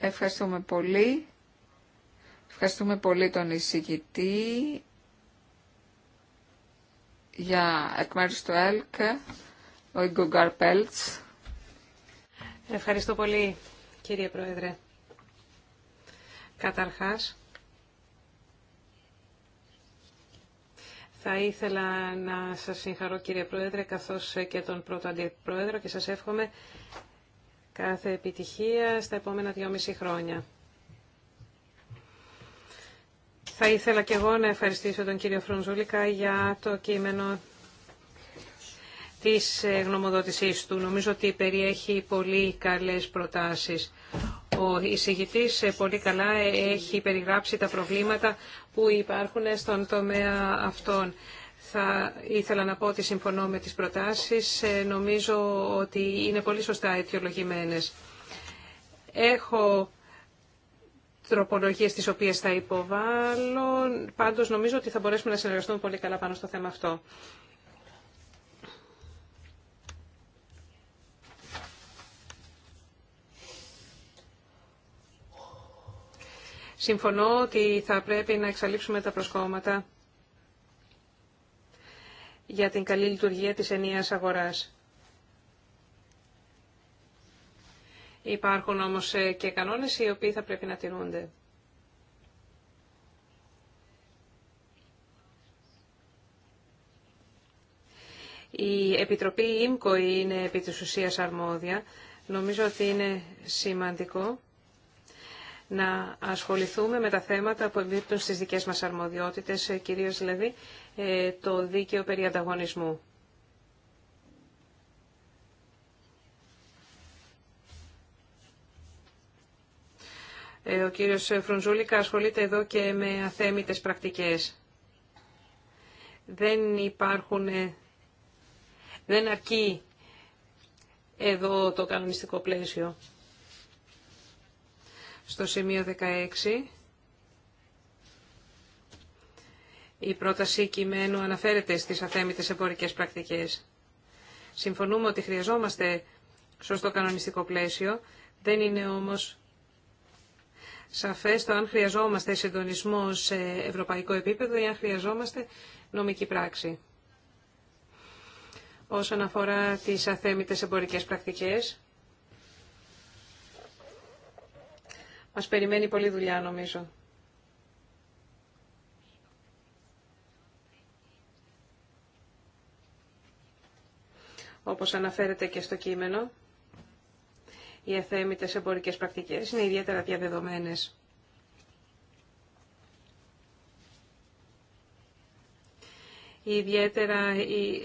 Ευχαριστούμε πολύ. Ευχαριστούμε πολύ τον εισηγητή για εκ μέρους του ΕΛΚ, ο Ιγκογκάρ Πέλτς. Ευχαριστώ πολύ, κύριε Πρόεδρε. Καταρχάς, Θα ήθελα να σας συγχαρώ κύριε Πρόεδρε, καθώς και τον πρώτο αντιπρόεδρο και σας εύχομαι κάθε επιτυχία στα επόμενα δυόμιση χρόνια. Θα ήθελα και εγώ να ευχαριστήσω τον κύριο Φρονζούλικα για το κείμενο της ε, γνωμοδότησής του. Νομίζω ότι περιέχει πολύ καλές προτάσεις. Ο εισηγητής ε, πολύ καλά έχει περιγράψει τα προβλήματα που υπάρχουν στον τομέα αυτών. Θα ήθελα να πω ότι συμφωνώ με τις προτάσεις. Ε, νομίζω ότι είναι πολύ σωστά αιτιολογημένες. Έχω τροπολογίες τις οποίες θα υποβάλλω. Πάντως νομίζω ότι θα μπορέσουμε να συνεργαστούμε πολύ καλά πάνω στο θέμα αυτό. Συμφωνώ ότι θα πρέπει να εξαλείψουμε τα προσκόμματα για την καλή λειτουργία της ενίας αγοράς. Υπάρχουν όμως ε, και κανόνες οι οποίοι θα πρέπει να τηρούνται. Η Επιτροπή ΙΜΚΟ είναι επί της ουσίας αρμόδια. Νομίζω ότι είναι σημαντικό να ασχοληθούμε με τα θέματα που εμπίπτουν στις δικές μας αρμοδιότητες, ε, κυρίως δηλαδή ε, το δίκαιο περί ανταγωνισμού. Ε, ο κύριος Φρουνζούλικα ασχολείται εδώ και με αθέμητες πρακτικές. Δεν υπάρχουν, ε, δεν αρκεί εδώ το κανονιστικό πλαίσιο. Στο σημείο 16... Η πρόταση κειμένου αναφέρεται στις αθέμητες εμπορικές πρακτικές. Συμφωνούμε ότι χρειαζόμαστε σωστό κανονιστικό πλαίσιο, δεν είναι όμως σαφές το αν χρειαζόμαστε συντονισμό σε ευρωπαϊκό επίπεδο ή αν χρειαζόμαστε νομική πράξη. Όσον αφορά τις αθέμητες εμπορικές πρακτικές, μας περιμένει πολλή δουλειά νομίζω. Όπως αναφέρεται και στο κείμενο, οι αθέμητες εμπορικές πρακτικές είναι ιδιαίτερα διαδεδομένες. Ιδιαίτερα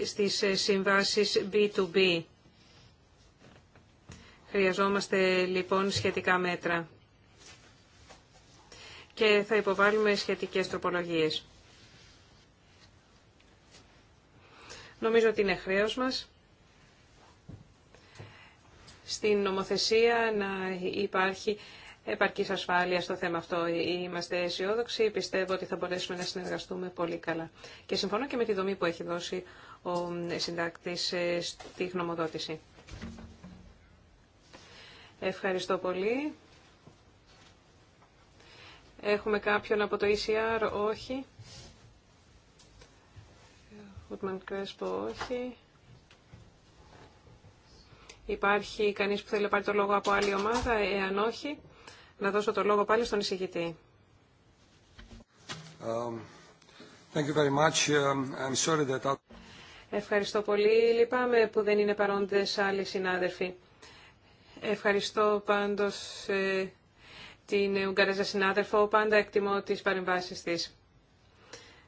στις συμβάσεις B2B. Χρειαζόμαστε λοιπόν σχετικά μέτρα και θα υποβάλουμε σχετικές τροπολογίες. Νομίζω ότι είναι χρέος μας στην νομοθεσία να υπάρχει επαρκής ασφάλεια στο θέμα αυτό. Είμαστε αισιόδοξοι, πιστεύω ότι θα μπορέσουμε να συνεργαστούμε πολύ καλά. Και συμφωνώ και με τη δομή που έχει δώσει ο συντάκτης ε, στη γνωμοδότηση. Ευχαριστώ πολύ. Έχουμε κάποιον από το ECR, όχι. Ούτμαν Κρέσπο, όχι. Υπάρχει κανείς που θέλει να πάρει το λόγο από άλλη ομάδα, εάν όχι, να δώσω το λόγο πάλι στον εισηγητή. Ευχαριστώ πολύ. Λυπάμαι που δεν είναι παρόντες άλλοι συνάδελφοι. Ευχαριστώ πάντως ε, την Ουγγαρέζα συνάδελφο. Πάντα εκτιμώ τις παρεμβάσεις της.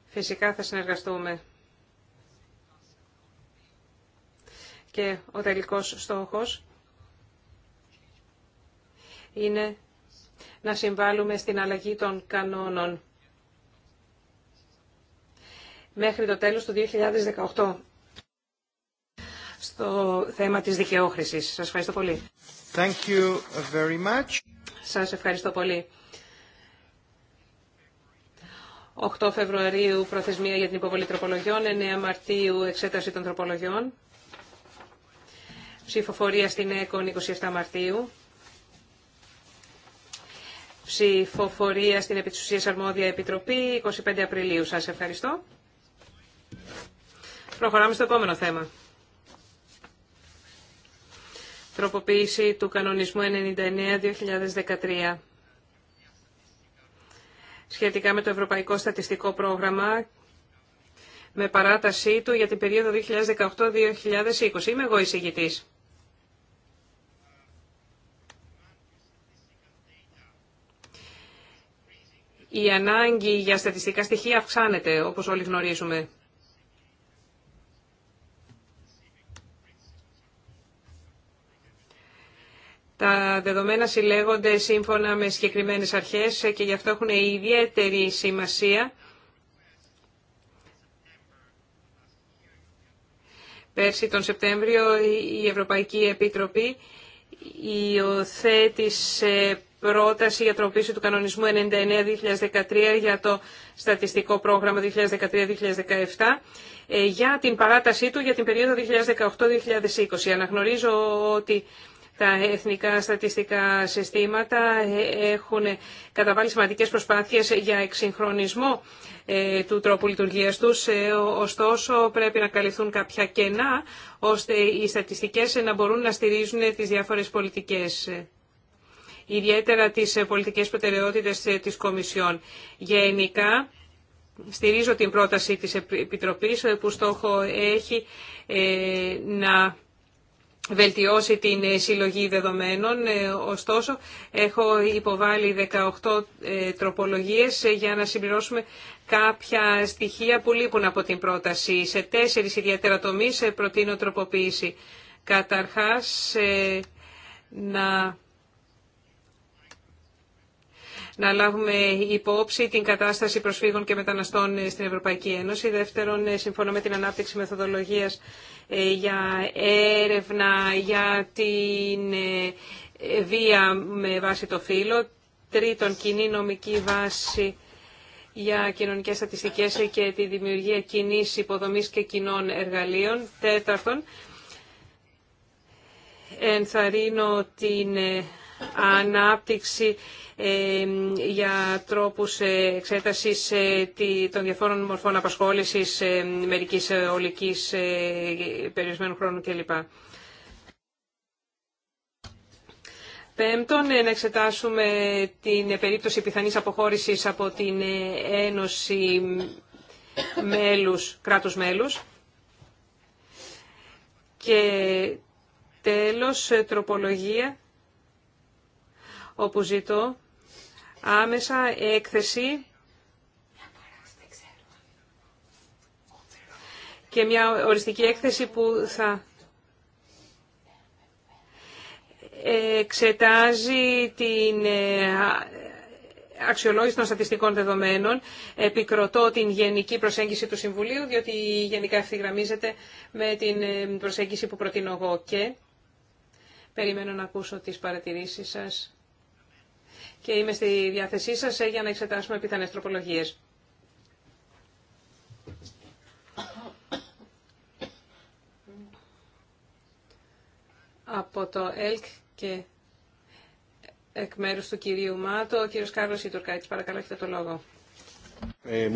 Φυσικά θα συνεργαστούμε. και ο τελικός στόχος είναι να συμβάλλουμε στην αλλαγή των κανόνων μέχρι το τέλος του 2018 στο θέμα της δικαιόχρησης. Σας ευχαριστώ πολύ. Thank you very much. Σας ευχαριστώ πολύ. 8 Φεβρουαρίου προθεσμία για την υποβολή τροπολογιών, 9 Μαρτίου εξέταση των τροπολογιών. Ψηφοφορία στην ΕΚΟΝ 27 Μαρτίου. Ψηφοφορία στην Επιτουσίας Αρμόδια Επιτροπή 25 Απριλίου. Σας ευχαριστώ. Προχωράμε στο επόμενο θέμα. Τροποποίηση του κανονισμού 99-2013 σχετικά με το Ευρωπαϊκό Στατιστικό Πρόγραμμα με παράτασή του για την περίοδο 2018-2020. Είμαι εγώ εισηγητής. Η ανάγκη για στατιστικά στοιχεία αυξάνεται, όπως όλοι γνωρίζουμε. Τα δεδομένα συλλέγονται σύμφωνα με συγκεκριμένες αρχές και γι' αυτό έχουν ιδιαίτερη σημασία. Πέρσι τον Σεπτέμβριο η Ευρωπαϊκή Επίτροπη υιοθέτησε πρόταση για τροποποίηση του κανονισμού 99-2013 για το στατιστικό πρόγραμμα 2013-2017 ε, για την παράτασή του για την περίοδο 2018-2020. Αναγνωρίζω ότι τα εθνικά στατιστικά συστήματα ε, έχουν καταβάλει σημαντικές προσπάθειες για εξυγχρονισμό ε, του τρόπου λειτουργίας τους. Ωστόσο, πρέπει να καλυφθούν κάποια κενά, ώστε οι στατιστικές να μπορούν να στηρίζουν τις διάφορες πολιτικές ιδιαίτερα τις ε, πολιτικές προτεραιότητες ε, της Κομισιόν. Γενικά, στηρίζω την πρόταση της Επιτροπής, ε, που στόχο έχει να βελτιώσει την συλλογή δεδομένων. Ωστόσο, έχω υποβάλει 18 τροπολογίες για να συμπληρώσουμε κάποια στοιχεία που λείπουν από την πρόταση. Σε τέσσερις ιδιαίτερα τομείς προτείνω τροποποίηση. Καταρχάς, να να λάβουμε υπόψη την κατάσταση προσφύγων και μεταναστών στην Ευρωπαϊκή Ένωση. Δεύτερον, ε, συμφωνώ με την ανάπτυξη μεθοδολογίας ε, για έρευνα, για την ε, βία με βάση το φύλλο. Τρίτον, κοινή νομική βάση για κοινωνικές στατιστικές και τη δημιουργία κοινή υποδομής και κοινών εργαλείων. Τέταρτον, ενθαρρύνω την ανάπτυξη για τρόπους ε, εξέτασης ε, των διαφόρων μορφών απασχόλησης, μερικής ολικής, ε, περιορισμένου χρόνου κλπ. Πέμπτον, να εξετάσουμε την περίπτωση πιθανής αποχώρησης από την Ένωση μέλους, κράτους μέλους. Και τέλος, τροπολογία όπου ζητώ άμεσα έκθεση και μια οριστική έκθεση που θα εξετάζει την ε, αξιολόγηση των στατιστικών δεδομένων. Επικροτώ την γενική προσέγγιση του Συμβουλίου, διότι γενικά ευθυγραμμίζεται με την ε, προσέγγιση που προτείνω εγώ και περιμένω να ακούσω τις παρατηρήσεις σας και είμαι στη διάθεσή σας ε, για να εξετάσουμε πιθανές τροπολογίες. Από το ΕΛΚ και εκ μέρους του κυρίου Μάτο, ο κύριος Κάρλος Ιτουρκάκης. Παρακαλώ, έχετε το λόγο. Ε,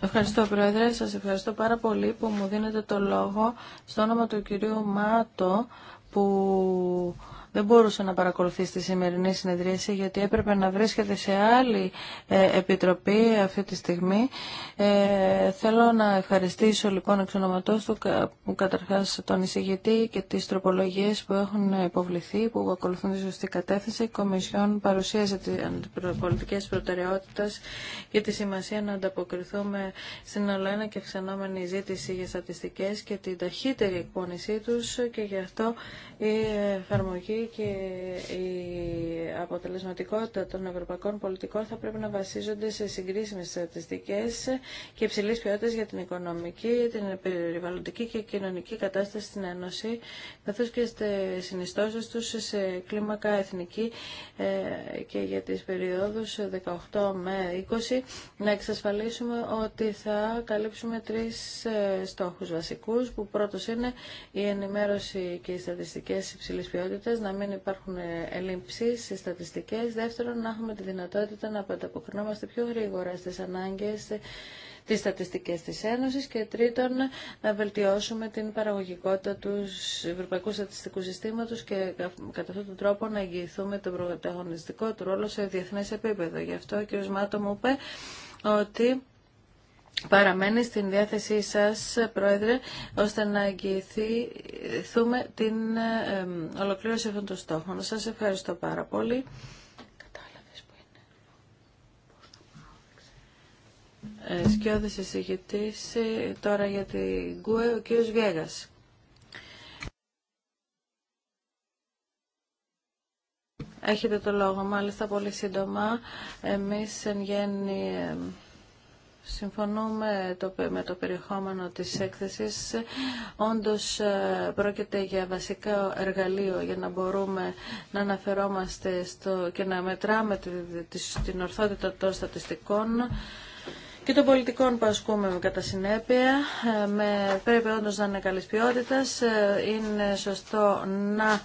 ευχαριστώ Πρόεδρε, σας ευχαριστώ πάρα πολύ που μου δίνετε το λόγο στο όνομα του κυρίου Μάτο που δεν μπορούσε να παρακολουθεί στη σημερινή συνεδρίαση γιατί έπρεπε να βρίσκεται σε άλλη ε, επιτροπή αυτή τη στιγμή. Ε, θέλω να ευχαριστήσω λοιπόν εξ ονοματός του καταρχάς τον εισηγητή και τις τροπολογίες που έχουν υποβληθεί, που ακολουθούν τη σωστή κατεύθυνση. Η Κομισιόν παρουσίασε τις πολιτικές προτεραιότητες και τη σημασία να ανταποκριθούμε στην ολοένα και ξενόμενη ζήτηση για στατιστικές και την ταχύτερη εκπόνησή τους και γι' αυτό η εφαρμογή και η αποτελεσματικότητα των ευρωπαϊκών πολιτικών θα πρέπει να βασίζονται σε συγκρίσιμες στατιστικές και υψηλής ποιότητας για την οικονομική, την περιβαλλοντική και κοινωνική κατάσταση στην Ένωση, καθώς και στις συνιστώσεις τους σε κλίμακα εθνική ε, και για τις περιόδους 18 με 20, να εξασφαλίσουμε ότι θα καλύψουμε τρεις ε, στόχους βασικούς, που πρώτος είναι η ενημέρωση και οι στατιστικές υψηλής ποιότητας, να μην υπάρχουν ελλείψεις στις στατιστικές. Δεύτερον, να έχουμε τη δυνατότητα να ανταποκρινόμαστε πιο γρήγορα στις ανάγκες τις στατιστικές της Ένωσης και τρίτον να βελτιώσουμε την παραγωγικότητα του Ευρωπαϊκού Στατιστικού Συστήματος και κατά αυτόν τον τρόπο να εγγυηθούμε τον πρωταγωνιστικό του ρόλο σε διεθνές επίπεδο. Γι' αυτό ο κ. Μάτο μου είπε ότι παραμένει στην διάθεσή σας, Πρόεδρε, ώστε να εγγυηθούμε την ολοκλήρωση αυτών των στόχων. Σας ευχαριστώ πάρα πολύ. Κατάλαβες που είναι. Ε, σκιώδης εισηγητής, ε, τώρα για την ΚΟΕ, ο κύριος Βιέγας. Έχετε το λόγο, μάλιστα πολύ σύντομα. Εμείς εν Συμφωνούμε με το περιεχόμενο της έκθεσης. Όντως ε, πρόκειται για βασικά εργαλείο για να μπορούμε να αναφερόμαστε στο και να μετράμε την ορθότητα των στατιστικών και των πολιτικών που ασκούμε κατά συνέπεια. Ε, με, πρέπει όντως να είναι καλής ποιότητας. Ε, είναι σωστό να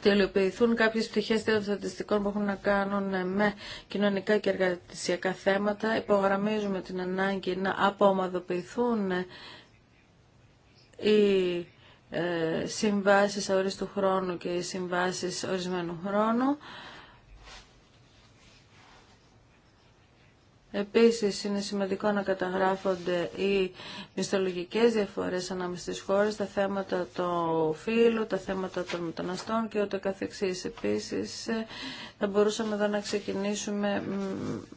τελειοποιηθούν κάποιε πτυχές των στατιστικών που έχουν να κάνουν με κοινωνικά και εργασιακά θέματα. Υπογραμμίζουμε την ανάγκη να απομαδοποιηθούν οι ε, συμβάσεις αορίστου χρόνου και οι συμβάσεις ορισμένου χρόνου. Επίσης, είναι σημαντικό να καταγράφονται οι μισθολογικές διαφορές ανάμεσα στις χώρες, τα θέματα του φύλου, τα θέματα των μεταναστών και ούτε καθεξής. Επίσης, θα μπορούσαμε εδώ να ξεκινήσουμε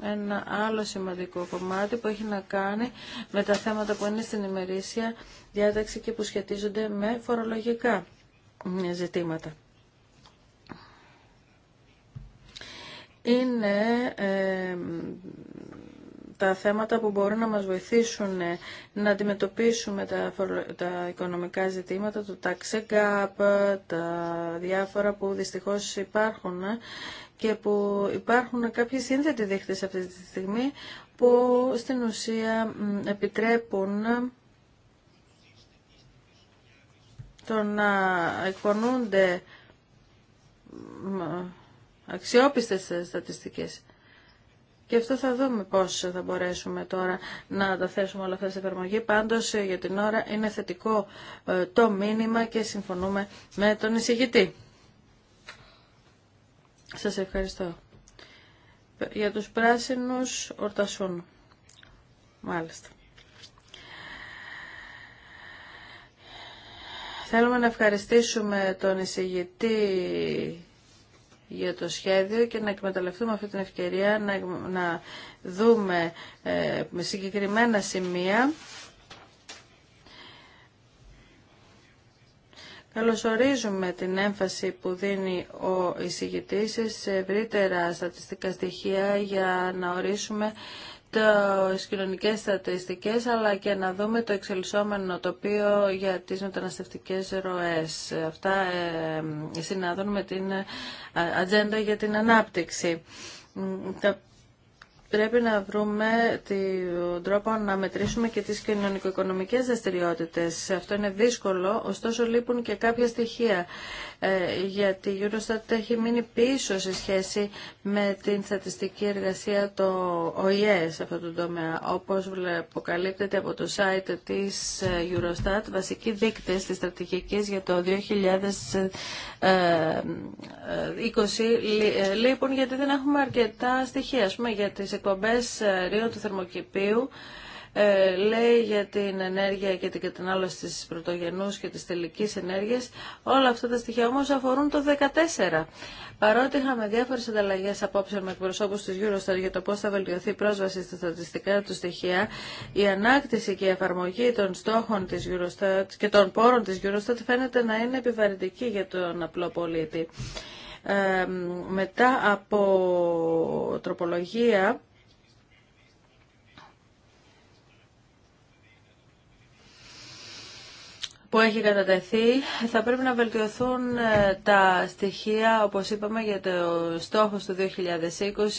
ένα άλλο σημαντικό κομμάτι που έχει να κάνει με τα θέματα που είναι στην ημερήσια διάταξη και που σχετίζονται με φορολογικά ζητήματα. Είναι ε, τα θέματα που μπορούν να μας βοηθήσουν ε, να αντιμετωπίσουμε τα, τα οικονομικά ζητήματα, το tax gap, τα διάφορα που δυστυχώς υπάρχουν ε, και που υπάρχουν κάποιοι σύνθετοι δείχτες αυτή τη στιγμή που στην ουσία επιτρέπουν ε, το να εκπονούνται αξιόπιστες στατιστικές. Και αυτό θα δούμε πώ θα μπορέσουμε τώρα να τα θέσουμε όλα αυτά σε εφαρμογή. πάντω. Ε, για την ώρα είναι θετικό ε, το μήνυμα και συμφωνούμε με τον εισηγητή. Σας ευχαριστώ. Για τους πράσινους ορτασούν. Μάλιστα. Θέλουμε να ευχαριστήσουμε τον εισηγητή για το σχέδιο και να εκμεταλλευτούμε αυτή την ευκαιρία να, να δούμε ε, με συγκεκριμένα σημεία. Καλωσορίζουμε την έμφαση που δίνει ο εισηγητής σε ευρύτερα στατιστικά στοιχεία για να ορίσουμε τι κοινωνικέ στατιστικές αλλά και να δούμε το εξελισσόμενο τοπίο για τις μεταναστευτικές ροές. Αυτά ε, συνάδουν με την ε, ατζέντα για την ανάπτυξη. Τα πρέπει να βρούμε τον τρόπο να μετρήσουμε και τις κοινωνικο-οικονομικές δραστηριότητες. Αυτό είναι δύσκολο, ωστόσο λείπουν και κάποια στοιχεία, ε, γιατί η Eurostat έχει μείνει πίσω σε σχέση με την στατιστική εργασία το ΟΗΕ σε αυτό το τομέα. Όπως αποκαλύπτεται από το site της ε, Eurostat, βασικοί δείκτες της στρατηγικής για το 2020 ε, λείπουν γιατί δεν έχουμε αρκετά στοιχεία, πούμε, για τις εκπομπές ε, ρίων του θερμοκηπίου ε, λέει για την ενέργεια και την κατανάλωση της πρωτογενούς και της τελικής ενέργειας. Όλα αυτά τα στοιχεία όμως αφορούν το 2014. Παρότι είχαμε διάφορες ανταλλαγές απόψε με εκπροσώπους της Eurostar για το πώς θα βελτιωθεί η πρόσβαση στα στατιστικά του στοιχεία, η ανάκτηση και η εφαρμογή των στόχων της Eurostat και των πόρων της Eurostat φαίνεται να είναι επιβαρυντική για τον απλό πολίτη. Ε, μετά από τροπολογία που έχει κατατεθεί. Θα πρέπει να βελτιωθούν ε, τα στοιχεία, όπως είπαμε, για το στόχο του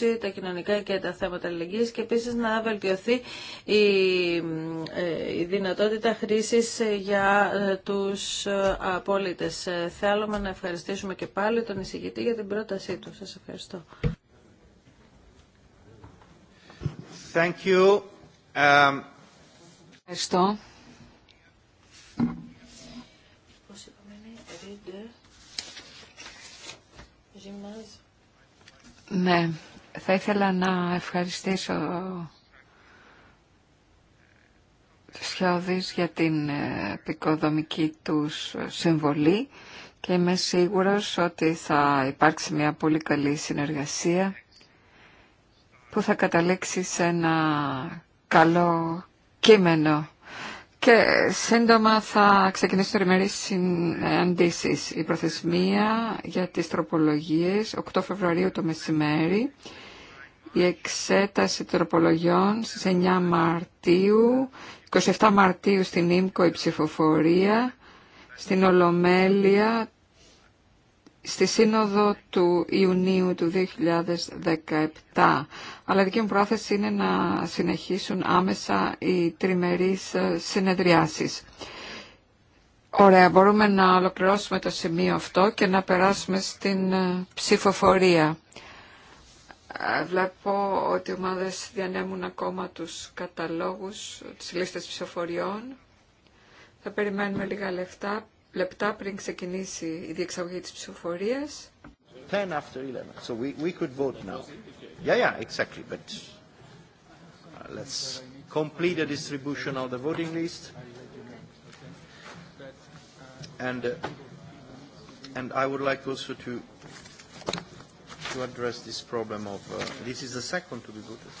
2020, τα κοινωνικά και τα θέματα αλληλεγγύης και επίσης να βελτιωθεί η, ε, δυνατότητα χρήσης ε, για τους απόλυτες. Θέλουμε να ευχαριστήσουμε και πάλι τον εισηγητή για την πρότασή του. Σας ευχαριστώ. Thank you. Um... Ευχαριστώ. Ναι, θα ήθελα να ευχαριστήσω τους Σιώδης για την ε, επικοδομική τους συμβολή και είμαι σίγουρος ότι θα υπάρξει μια πολύ καλή συνεργασία που θα καταλήξει σε ένα καλό κείμενο και σύντομα θα ξεκινήσει το τριμερείς συναντήσει. Η προθεσμία για τι τροπολογίε 8 Φεβρουαρίου το μεσημέρι, η εξέταση τροπολογιών στις 9 Μαρτίου, 27 Μαρτίου στην ΙΜΚΟ η ψηφοφορία, στην Ολομέλεια στη σύνοδο του Ιουνίου του 2017. Αλλά δική μου πρόθεση είναι να συνεχίσουν άμεσα οι τριμερείς ε, συνεδριάσεις. Ωραία, μπορούμε να ολοκληρώσουμε το σημείο αυτό και να περάσουμε στην ε, ψηφοφορία. Ε, βλέπω ότι οι ομάδες διανέμουν ακόμα τους καταλόγους, τις λίστες ψηφοφοριών. Θα περιμένουμε λίγα λεφτά λεπτά πριν ξεκινήσει η διεξαγωγή της ψηφοφορίας. 10 after 11. So we, we could vote now. Yeah, yeah, exactly. But let's complete the distribution of the voting list. And, and I would like also to, to address this problem of, uh, this is the second to be voted.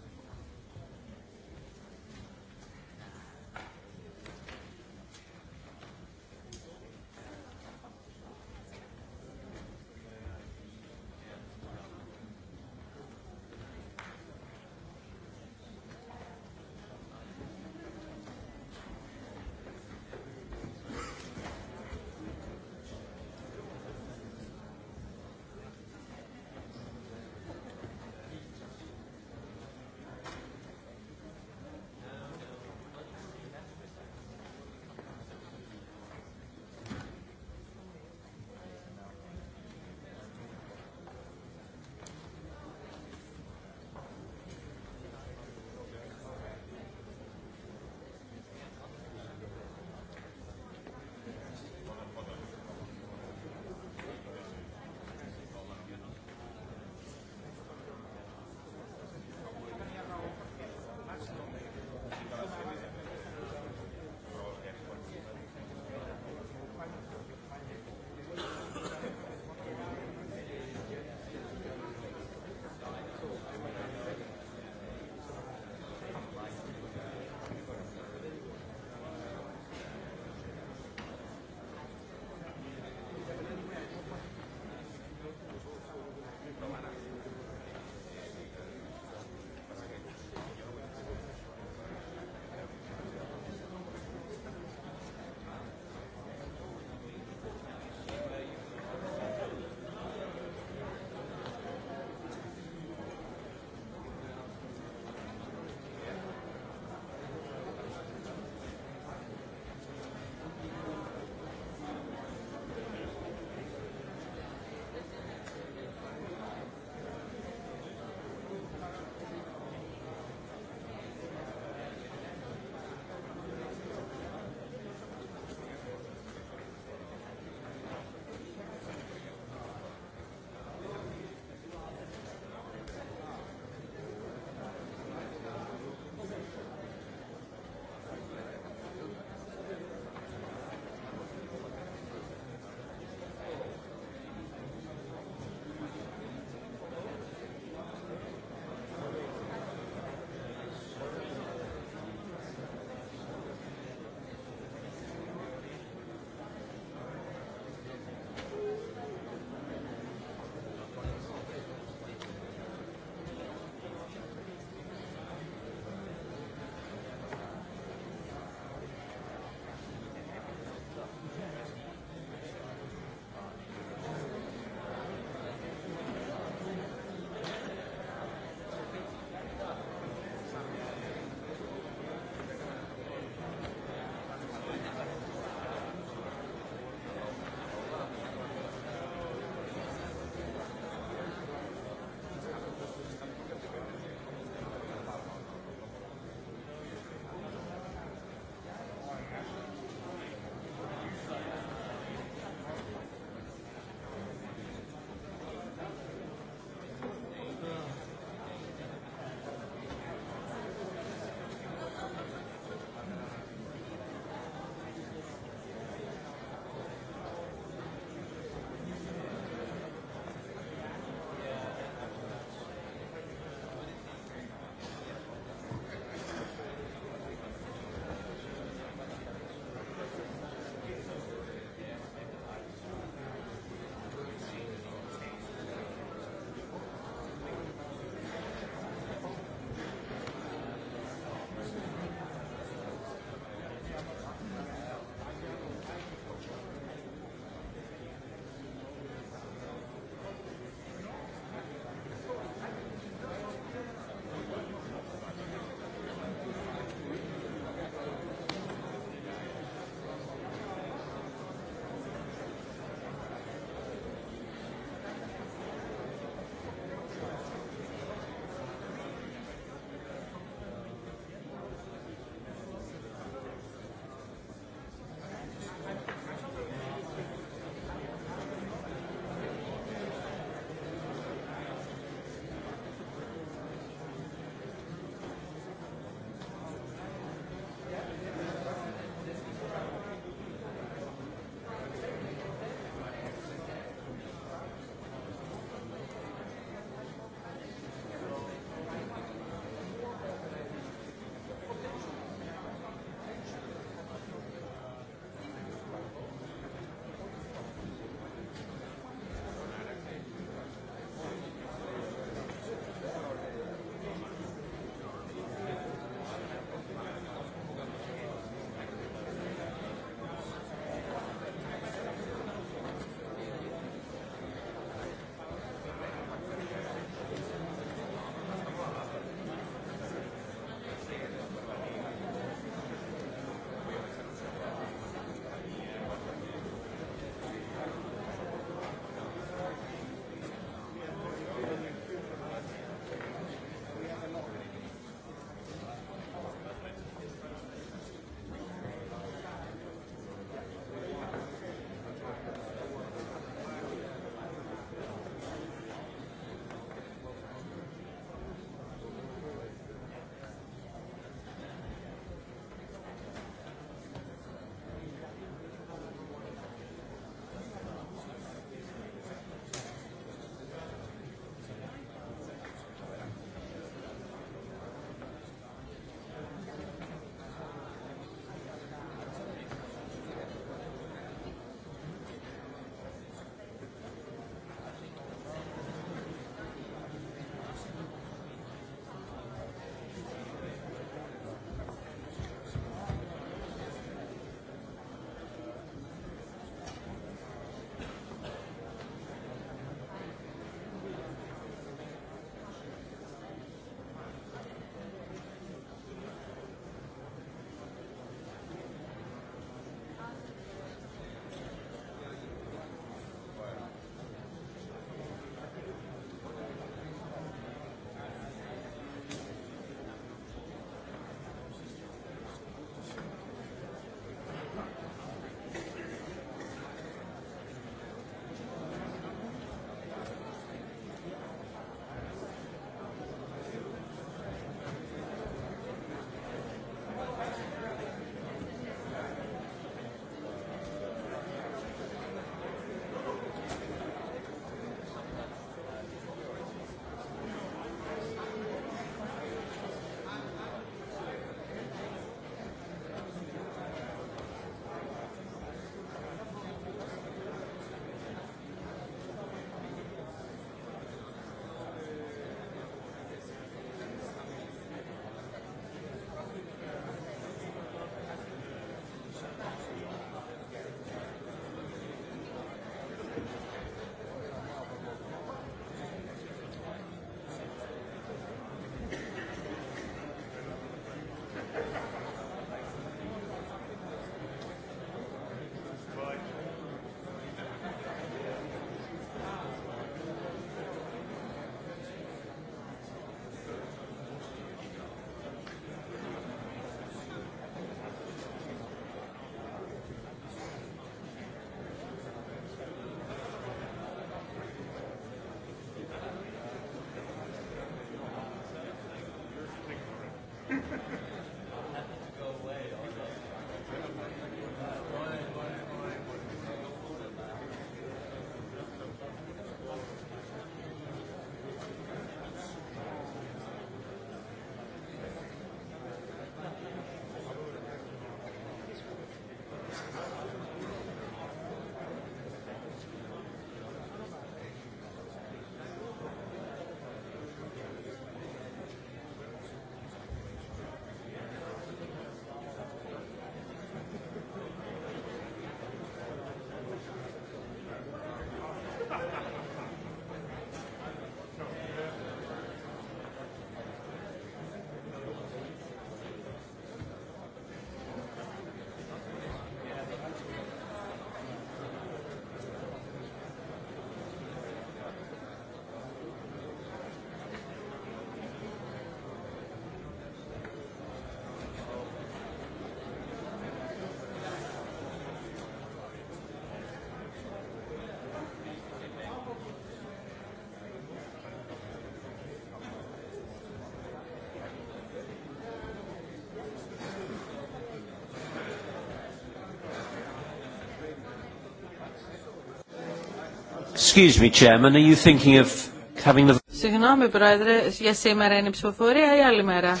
Συγγνώμη, Πρόεδρε, για σήμερα είναι η ψηφοφορία ή άλλη μέρα.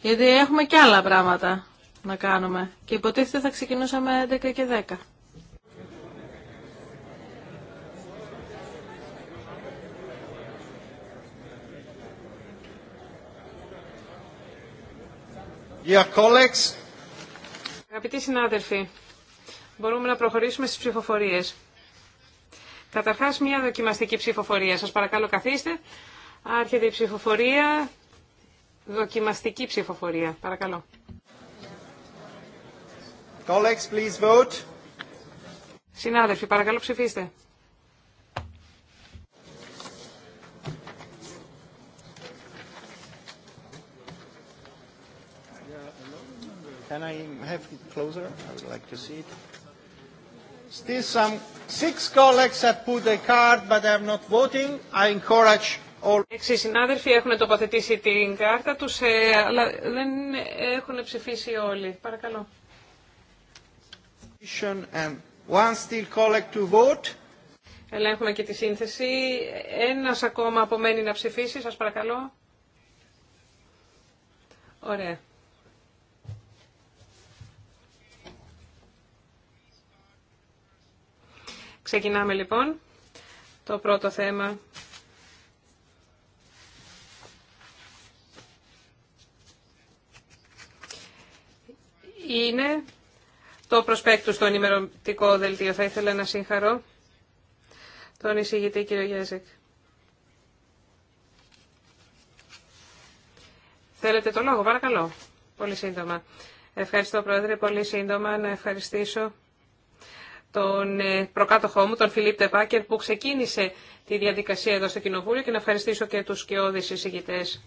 Γιατί έχουμε και άλλα πράγματα να κάνουμε. Και υποτίθεται θα ξεκινούσαμε 11 και 10. Αγαπητοί συνάδελφοι, μπορούμε να προχωρήσουμε στις ψηφοφορίες. Καταρχάς μια δοκιμαστική ψηφοφορία. Σας παρακαλώ καθίστε. Άρχεται η ψηφοφορία. Δοκιμαστική ψηφοφορία. Παρακαλώ. Colleagues, please vote. Συνάδελφοι, παρακαλώ ψηφίστε. Can I have it closer? I would like to see it. Still some six colleagues have put a card but they are not voting. I encourage all... Εξή συνάδελφοι έχουν τοποθετήσει την κάρτα τους ε, αλλά δεν έχουν ψηφίσει όλοι. Παρακαλώ. And one still colleague to vote. Ελέγχουμε και τη σύνθεση. Ένας ακόμα απομένει να ψηφίσει, σας παρακαλώ. Ωραία. Ξεκινάμε λοιπόν το πρώτο θέμα. Είναι το προσπέκτου στο ενημερωτικό δελτίο. Θα ήθελα να συγχαρώ τον εισηγητή κύριο Γέζεκ. Θέλετε το λόγο, παρακαλώ. Πολύ σύντομα. Ευχαριστώ, Πρόεδρε. Πολύ σύντομα να ευχαριστήσω τον ε, προκάτοχό μου, τον Φιλίπ Τεπάκερ, που ξεκίνησε τη διαδικασία εδώ στο Κοινοβούλιο και να ευχαριστήσω και τους σκιώδεις εισηγητές.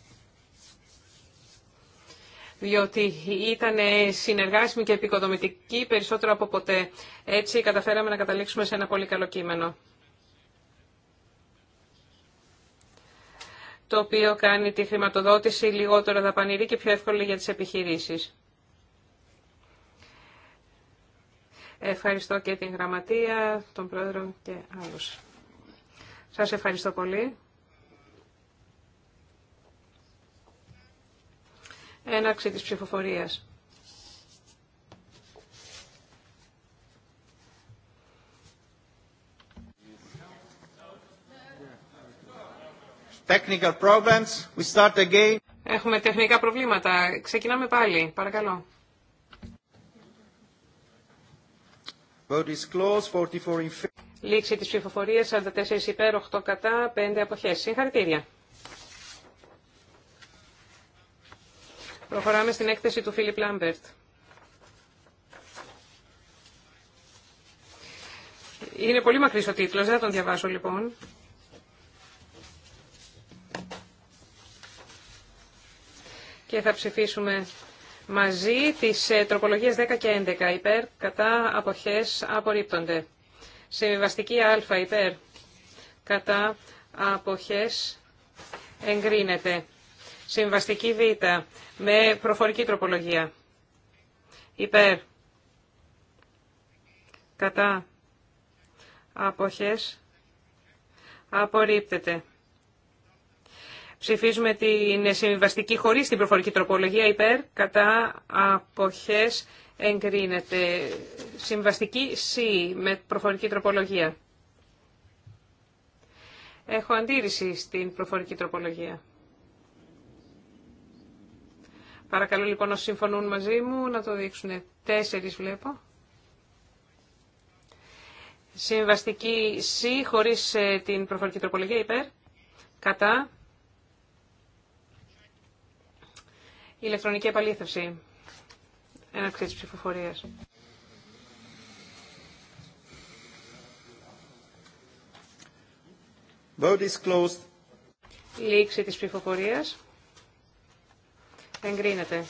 Διότι ήταν συνεργάσιμοι και επικοδομητικοί περισσότερο από ποτέ. Έτσι καταφέραμε να καταλήξουμε σε ένα πολύ καλό κείμενο. Το οποίο κάνει τη χρηματοδότηση λιγότερο δαπανηρή και πιο εύκολη για τις επιχειρήσεις. Ευχαριστώ και την Γραμματεία, τον Πρόεδρο και άλλους. Σας ευχαριστώ πολύ. Έναρξη της ψηφοφορίας. Technical problems. We start again. Έχουμε τεχνικά προβλήματα. Ξεκινάμε πάλι. Παρακαλώ. Λήξη της ψηφοφορίας 44 υπέρ, 8 κατά, 5 αποχές. Συγχαρητήρια. Προχωράμε στην έκθεση του Φίλιπ Λάμπερτ. Είναι πολύ μακρύς ο τίτλος, δεν θα τον διαβάσω λοιπόν. Και θα ψηφίσουμε μαζί τις ε, τροπολογίες 10 και 11 υπέρ κατά αποχές απορρίπτονται. Συμβιβαστική α υπέρ κατά αποχές εγκρίνεται. Συμβαστική β με προφορική τροπολογία υπέρ κατά αποχές απορρίπτεται. Ψηφίζουμε την συμβιβαστική χωρίς την προφορική τροπολογία υπέρ, κατά αποχές εγκρίνεται. Συμβαστική C με προφορική τροπολογία. Έχω αντίρρηση στην προφορική τροπολογία. Παρακαλώ λοιπόν όσοι συμφωνούν μαζί μου να το δείξουν. Τέσσερις βλέπω. Συμβαστική C χωρίς ε, την προφορική τροπολογία υπέρ. Κατά ηλεκτρονική επαλήθευση έναρξη της ψηφοφορίας. Vote is closed. Λήξη της ψηφοφορίας. Εγκρίνεται.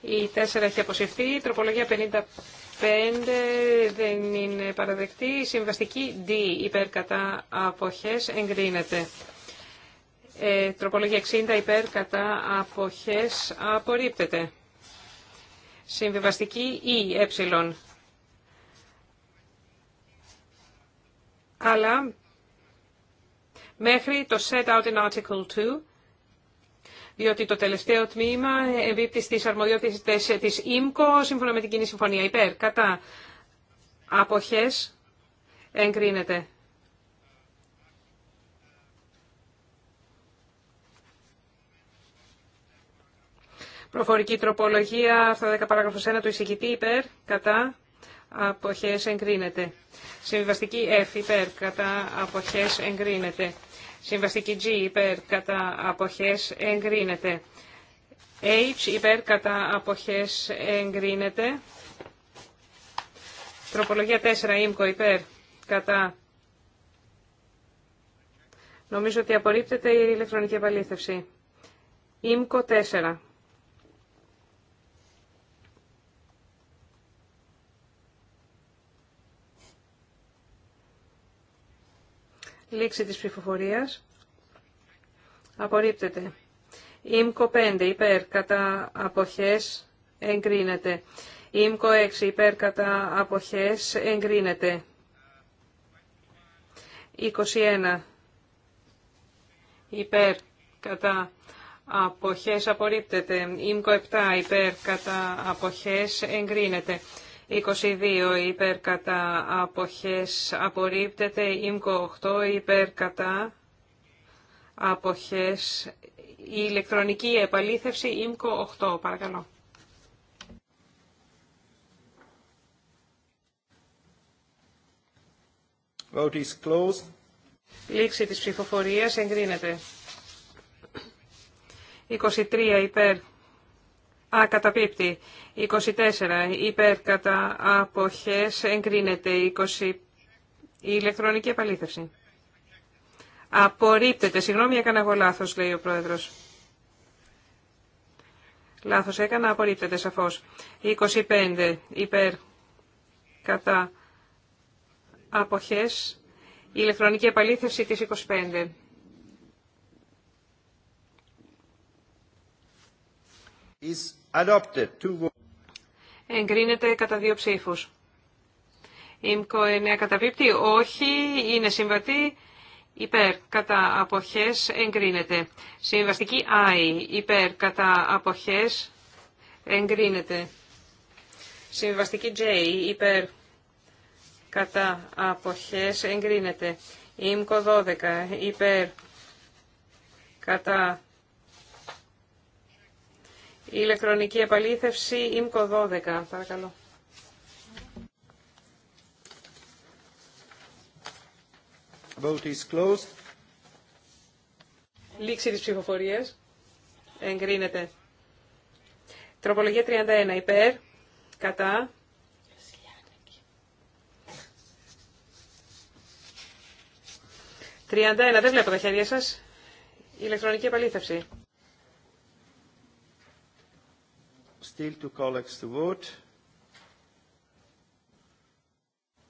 Η 4 έχει αποσυρθεί. Τροπολογία 50 δεν είναι παραδεκτή. Συμβαστική D υπέρ κατά αποχές εγκρίνεται. Ε, τροπολογία 60 υπέρ κατά αποχές απορρίπτεται. Συμβιβαστική e, ε. Αλλά μέχρι το set out in article 2 διότι το τελευταίο τμήμα εμπίπτει στις αρμοδιότητες της ΙΜΚΟ, σύμφωνα με την κοινή συμφωνία. Υπέρ, κατά, αποχές, εγκρίνεται. Προφορική τροπολογία, αυτά 10 παράγραφος 1 του εισηγητή, υπέρ, κατά, αποχές εγκρίνεται. Συμβιβαστική F, υπέρ, κατά, αποχές εγκρίνεται. Συμβαστική G υπέρ κατά αποχές εγκρίνεται. H υπέρ κατά αποχές εγκρίνεται. Τροπολογία 4 ΙΜΚΟ υπέρ κατά. Νομίζω ότι απορρίπτεται η ηλεκτρονική επαλήθευση. ΙΜΚΟ 4. Λήξη της ψηφοφορίας. Απορρίπτεται. ΙΜΚΟ 5 υπέρ κατά αποχές εγκρίνεται. ΙΜΚΟ 6 υπέρ κατά αποχές εγκρίνεται. 21 υπέρ κατά αποχές απορρίπτεται. Ήμκο 7 υπέρ κατά αποχές εγκρίνεται. 22 υπέρ κατά αποχές απορρίπτεται. ΙΜΚΟ 8 υπέρ κατά αποχές. Η ηλεκτρονική επαλήθευση Ήμκο 8. Παρακαλώ. Λήξη της ψηφοφορίας εγκρίνεται. 23 υπέρ. Α, καταπίπτει. 24. Υπέρ κατά αποχές εγκρίνεται. 20. Η ηλεκτρονική επαλήθευση. Απορρίπτεται. Συγγνώμη, έκανα εγώ λάθος, λέει ο πρόεδρος. Λάθος έκανα, απορρίπτεται σαφώς. 25. Υπέρ κατά αποχές. Η ηλεκτρονική επαλήθευση της 25. Is adopted εγκρίνεται κατά δύο ψήφους. Η 9 καταπίπτει, όχι, είναι συμβατή, υπέρ κατά αποχές εγκρίνεται. Συμβαστική I, υπέρ κατά αποχές εγκρίνεται. Συμβαστική J, υπέρ κατά αποχές εγκρίνεται. ΥΜΚΟ 12, υπέρ κατά Ηλεκτρονική επαλήθευση, ΙΜΚΟ 12, παρακαλώ. Vote is closed. Λήξη της ψηφοφορίας. Εγκρίνεται. Τροπολογία 31. Υπέρ. Κατά. 31, δεν βλέπω τα χέρια σας. Ηλεκτρονική επαλήθευση. Still two colleagues to vote.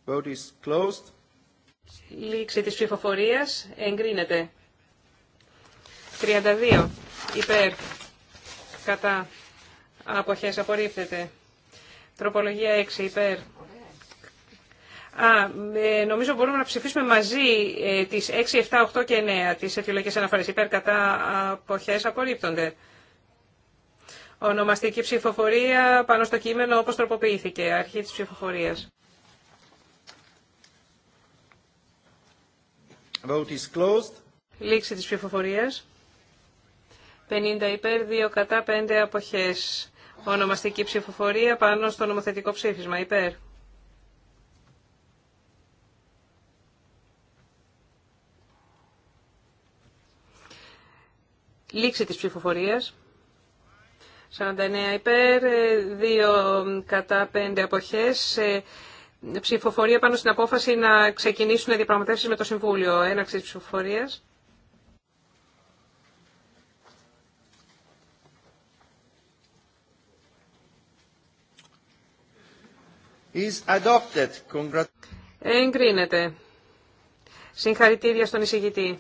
Vote is closed. Λήξη της ψηφοφορίας εγκρίνεται. 32 υπέρ κατά αποχές απορρίπτεται. Τροπολογία 6 υπέρ. Α, ε, νομίζω μπορούμε να ψηφίσουμε μαζί ε, τις 6, 7, 8 και 9 τις επιλογές αναφορές υπέρ κατά αποχές απορρίπτονται. Ονομαστική ψηφοφορία πάνω στο κείμενο όπως τροποποιήθηκε. Αρχή της ψηφοφορίας. Vote is closed. Λήξη της ψηφοφορίας. 50 υπέρ, 2 κατά, 5 αποχές. Ονομαστική ψηφοφορία πάνω στο νομοθετικό ψήφισμα. Υπέρ. Λήξη της ψηφοφορίας. 49 υπέρ, 2 ε, κατά 5 αποχές. Ε, ψηφοφορία πάνω στην απόφαση να ξεκινήσουν οι διαπραγματεύσεις με το Συμβούλιο. Έναξη της ψηφοφορίας. Is adopted. Εγκρίνεται. Συγχαρητήρια στον εισηγητή.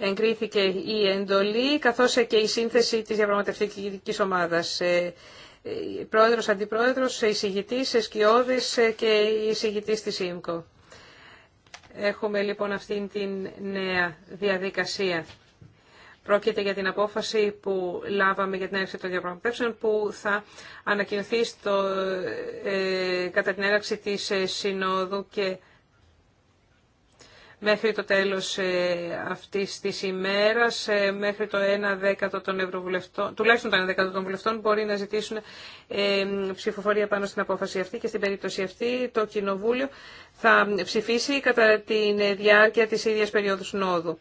εγκρίθηκε η εντολή, καθώς και η σύνθεση της διαπραγματευτικής ομάδας. Ε, ε, πρόεδρος, αντιπρόεδρος, εισηγητής, εσκιώδης ε, και εισηγητής της ΙΜΚΟ. Έχουμε λοιπόν αυτήν την νέα διαδικασία. Πρόκειται για την απόφαση που λάβαμε για την ένταξη των διαπραγματεύσεων που θα ανακοινωθεί στο, κατά την ένταξη της Συνόδου και μέχρι το τέλος ε, αυτής της ημέρας, ε, μέχρι το 1 δέκατο των ευρωβουλευτών, τουλάχιστον το 1 δέκατο των βουλευτών μπορεί να ζητήσουν ε, ψηφοφορία πάνω στην απόφαση αυτή και στην περίπτωση αυτή το Κοινοβούλιο θα ψηφίσει κατά τη διάρκεια της ίδιας περίοδου νόδου.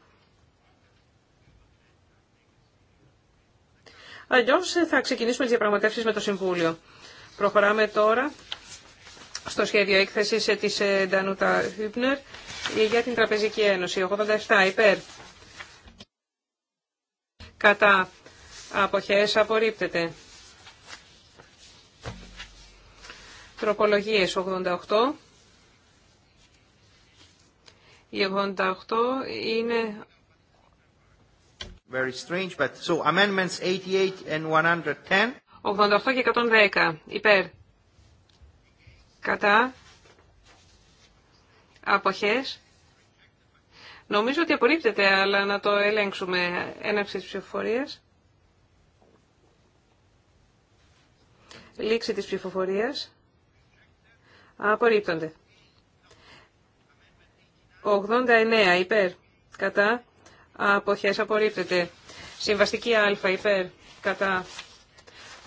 Αλλιώ θα ξεκινήσουμε τι διαπραγματεύσει με το Συμβούλιο. Προχωράμε τώρα στο σχέδιο έκθεση τη Ντανούτα Χούπνερ. Ε, για την Τραπεζική Ένωση. 87 υπέρ. Κατά. Αποχές απορρίπτεται. Τροπολογίες 88. Η 88 είναι... Very strange, but so amendments 88 and 110. 88 και 110. Υπέρ. Κατά. Αποχές. Νομίζω ότι απορρίπτεται, αλλά να το ελέγξουμε έναρξη της ψηφοφορίας. Λήξη της ψηφοφορίας. Απορρίπτονται. 89 υπέρ. Κατά. Αποχές απορρίπτεται. Συμβαστική α υπέρ. Κατά.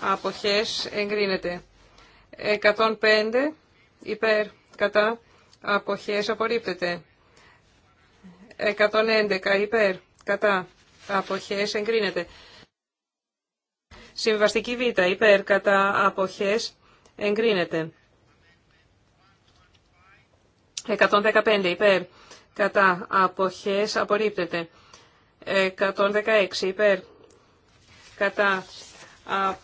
Αποχές εγκρίνεται. 105 υπέρ. Κατά αποχές απορρίπτεται. 111 υπέρ, κατά, αποχές εγκρίνεται. Συμβαστική Β υπέρ, κατά, αποχές εγκρίνεται. 115 υπέρ, κατά, αποχές απορρίπτεται. 116 υπέρ, κατά, αποχές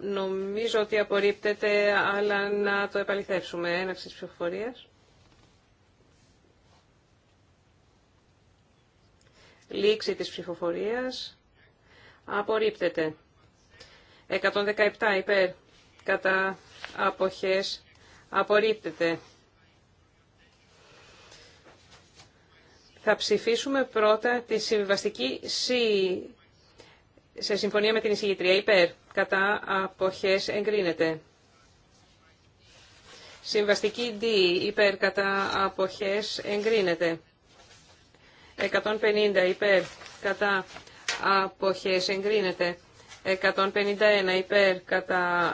Νομίζω ότι απορρίπτεται, αλλά να το επαληθεύσουμε. έναρξη της ψηφοφορίας. Λήξη της ψηφοφορίας. Απορρίπτεται. 117 υπέρ. Κατά αποχές. Απορρίπτεται. Θα ψηφίσουμε πρώτα τη συμβιβαστική C σε συμφωνία με την εισηγητρία υπέρ κατά αποχές εγκρίνεται. Συμβαστική D υπέρ κατά αποχές εγκρίνεται. 150 υπέρ κατά αποχές εγκρίνεται. 151 υπέρ κατά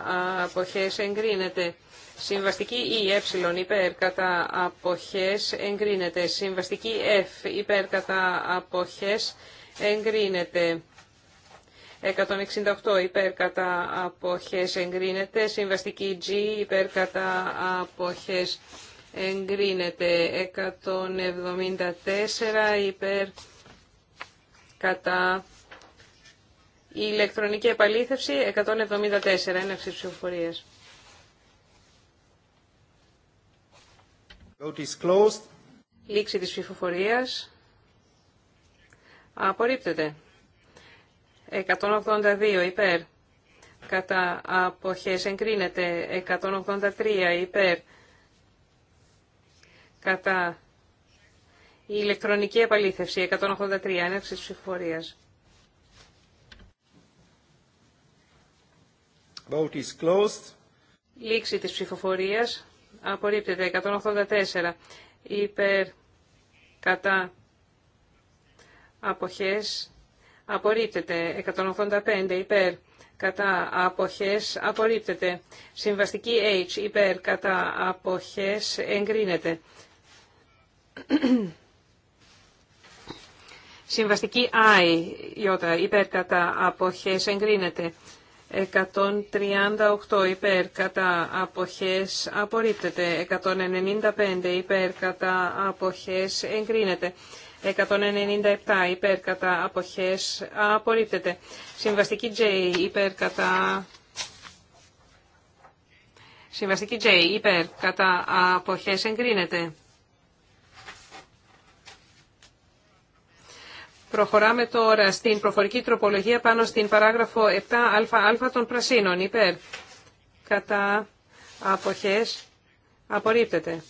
αποχές εγκρίνεται. Συμβαστική Ι, e, ε, υπέρ κατά αποχές εγκρίνεται. Συμβαστική F, υπέρ κατά αποχές εγκρίνεται. 168 υπέρ κατά αποχές εγκρίνεται. Συμβαστική G υπέρ κατά αποχές εγκρίνεται. 174 υπέρ κατά η ηλεκτρονική επαλήθευση 174 έναξη ψηφοφορίας. Vote Λήξη της ψηφοφορίας. Απορρίπτεται. 182 υπέρ. Κατά αποχές εγκρίνεται 183 υπέρ. Κατά η ηλεκτρονική επαλήθευση 183 ένευση ψηφοφορίας. Vote Λήξη της ψηφοφορίας. Απορρίπτεται 184 υπέρ κατά αποχές απορρίπτεται. 185 υπέρ κατά αποχές απορρίπτεται. Συμβαστική H υπέρ κατά αποχές εγκρίνεται. Συμβαστική I υπέρ κατά αποχές εγκρίνεται. 138 υπέρ κατά αποχές απορρίπτεται. 195 υπέρ κατά αποχές εγκρίνεται. 197 υπέρ κατά αποχές απορρίπτεται. Συμβαστική J υπέρ κατά... Συμβαστική J υπέρ κατά αποχές εγκρίνεται. Προχωράμε τώρα στην προφορική τροπολογία πάνω στην παράγραφο 7α των πρασίνων υπέρ κατά αποχές απορρίπτεται.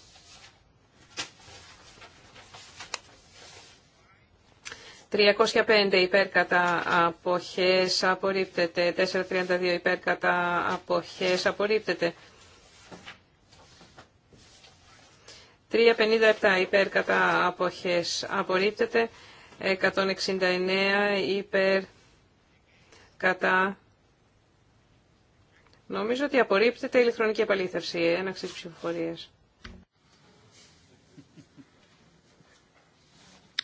305 υπέρ κατά αποχές απορρίπτεται. 432 υπέρ κατά αποχές απορρίπτεται. 357 υπέρ κατά αποχές απορρίπτεται. 169 υπέρ κατά... Νομίζω ότι απορρίπτεται η ηλεκτρονική επαλήθευση ε, έναξη ψηφοφορία.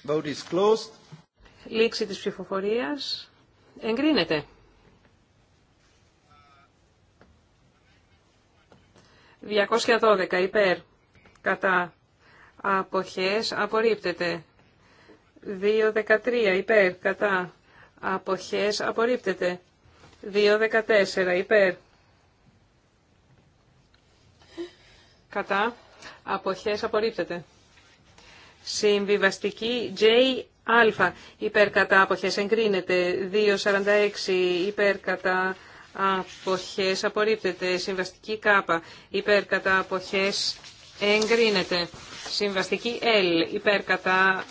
Vote is closed. Λήξη της ψηφοφορίας. Εγκρίνεται. 212 υπέρ κατά αποχές απορρίπτεται. 2.13 υπέρ κατά αποχές απορρίπτεται. 2.14 υπέρ κατά αποχές απορρίπτεται. Συμβιβαστική J α υπερκατά κατά αποχές εγκρίνεται, 2.46 υπερκατά κατά αποχές απορρίπτεται, συμβαστική Κ. υπερκατά αποχές εγκρίνεται, συμβαστική Λ υπέρ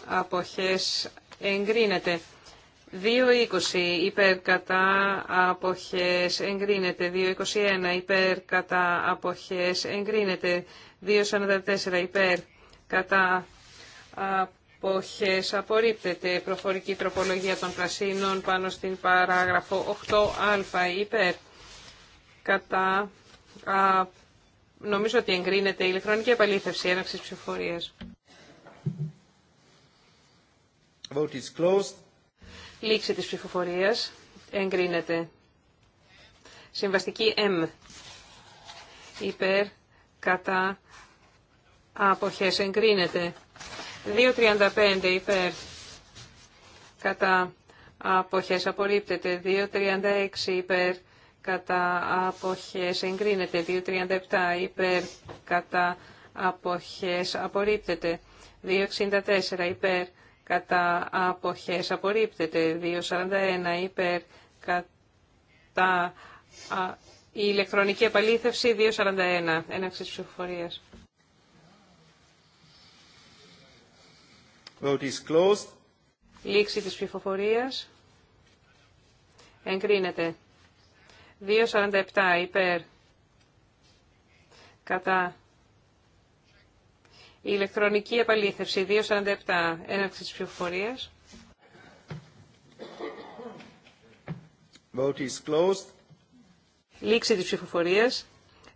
αποχές εγκρίνεται. 2.20 υπέρ κατά αποχές εγκρίνεται, 2.21 υπέρ κατά αποχές εγκρίνεται, 2.44 υπέρ κατά αποχές απορρίπτεται. Προφορική τροπολογία των πρασίνων πάνω στην παράγραφο 8α υπέρ. Κατά. Α, νομίζω ότι εγκρίνεται η ηλεκτρονική επαλήθευση έναξης ψηφορίας. Vote is closed. Λήξη της ψηφοφορίας. Εγκρίνεται. Συμβαστική M. Υπέρ. Κατά. Αποχές εγκρίνεται. 2.35 υπέρ κατά αποχές απορρίπτεται. 2.36 υπέρ κατά αποχές εγκρίνεται. 2.37 υπέρ κατά αποχές απορρίπτεται. 2.64 υπέρ κατά αποχές απορρίπτεται. 2.41 υπέρ κατά η ηλεκτρονική επαλήθευση 2.41 τη ψηφοφορίας. Vote is closed. Λήξη της ψηφοφορίας. Εγκρίνεται. 2.47 υπέρ. Κατά. Η ηλεκτρονική επαλήθευση 2.47 έναρξη της ψηφοφορίας. Vote is closed. Λήξη της ψηφοφορίας.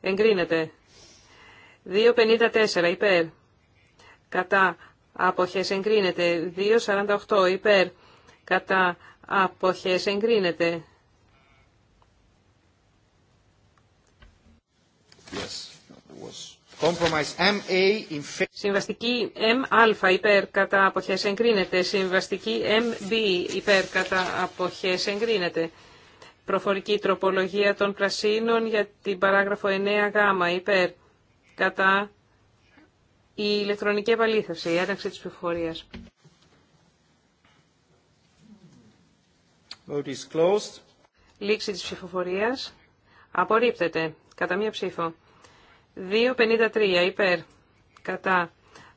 Εγκρίνεται. 2.54 υπέρ. Κατά αποχές εγκρίνεται. 2.48 υπέρ κατά αποχές εγκρίνεται. Yes, was. Compromise MA in... Συμβαστική MA υπέρ κατά αποχές εγκρίνεται. Συμβαστική MB υπέρ κατά αποχές εγκρίνεται. Προφορική τροπολογία των πρασίνων για την παράγραφο 9 γ υπέρ κατά η ηλεκτρονική επαλήθευση, η ένταξη της ψηφοφορίας. Λήξη της ψηφοφορίας. Απορρίπτεται. Κατά μία ψήφο. 2.53 υπέρ. Κατά.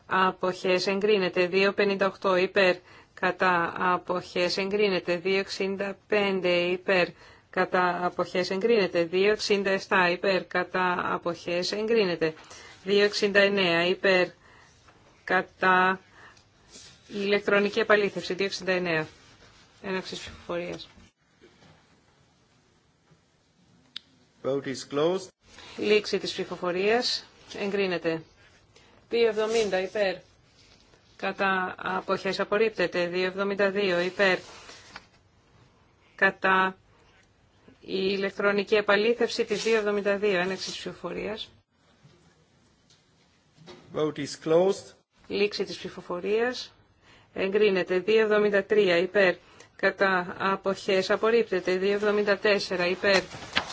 Αποχές εγκρίνεται. 2.58 υπέρ. Κατά. Αποχές εγκρίνεται. 2.65 υπέρ. Κατά. Αποχές εγκρίνεται. 2.67 υπέρ. Κατά. Αποχές εγκρίνεται. 269 υπέρ κατά η ηλεκτρονική επαλήθευση 269 Έναξης ψηφοφορίας. Λήξη της ψηφοφορίας εγκρίνεται. 270 υπέρ κατά αποχές απορρίπτεται. 272 υπέρ κατά η ηλεκτρονική επαλήθευση της 272 Έναξης ψηφοφορίας. Λήξη της ψηφοφορίας. Εγκρίνεται 2,73 υπέρ κατά αποχές. Απορρίπτεται 2,74 υπέρ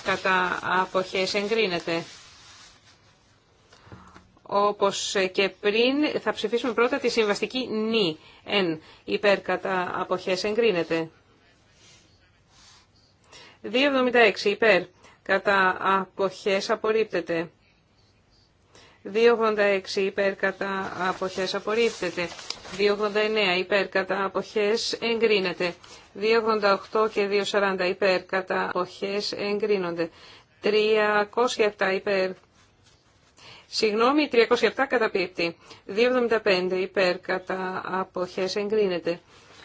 κατά αποχές. Εγκρίνεται. Όπως και πριν θα ψηφίσουμε πρώτα τη συμβαστική νη. Εν υπέρ κατά αποχές. Εγκρίνεται. 2,76 υπέρ κατά αποχές. Απορρίπτεται. 286 υπέρ κατά αποχές απορρίπτεται. 289 υπέρ κατά αποχές εγκρίνεται. 288 και 240 υπέρ κατά αποχές εγκρίνονται. 307 υπέρ. Συγγνώμη, 307 καταπίπτει. 275 υπέρ κατά αποχές εγκρίνεται.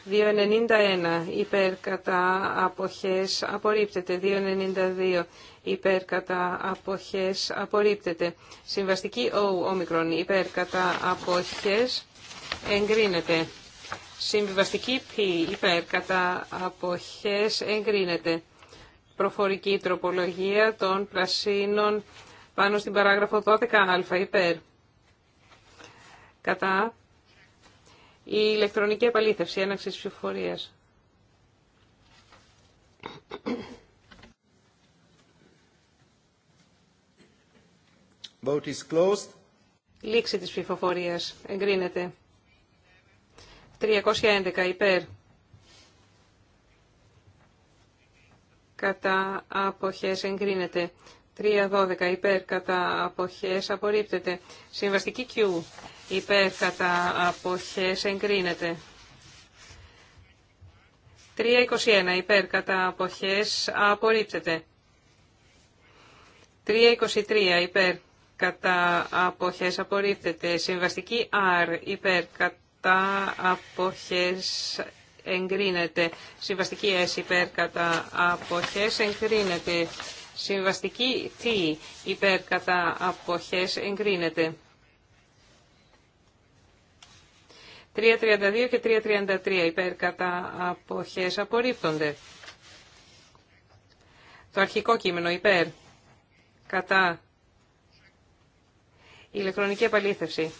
2.91 υπέρ κατά αποχές απορρίπτεται. 2.92 υπέρ κατά αποχές απορρίπτεται. Συμβαστική Ω όμικρον υπέρ κατά αποχές εγκρίνεται. Συμβιβαστική π, υπέρ κατά αποχές εγκρίνεται. Προφορική τροπολογία των πρασίνων πάνω στην παράγραφο 12α υπέρ. Κατά η ηλεκτρονική επαλήθευση έναξη της ψηφοφορίας. Vote is closed. Λήξη της ψηφοφορίας. Εγκρίνεται. 311 υπέρ. Κατά αποχές εγκρίνεται. 312 υπέρ κατά αποχές απορρίπτεται. Συμβαστική Q υπέρ κατά αποχές εγκρίνεται. 3.21 υπέρ κατά αποχές απορρίπτεται. 3.23 υπέρ κατά αποχές απορρίπτεται. Συμβαστική R υπέρ κατά αποχές εγκρίνεται. Συμβαστική S υπέρ κατά αποχές εγκρίνεται. Συμβαστική T υπέρ κατά αποχές εγκρίνεται. 3.32 και 3.33 υπέρ κατά αποχές απορρίπτονται. Το αρχικό κείμενο υπέρ κατά ηλεκτρονική επαλήθευση.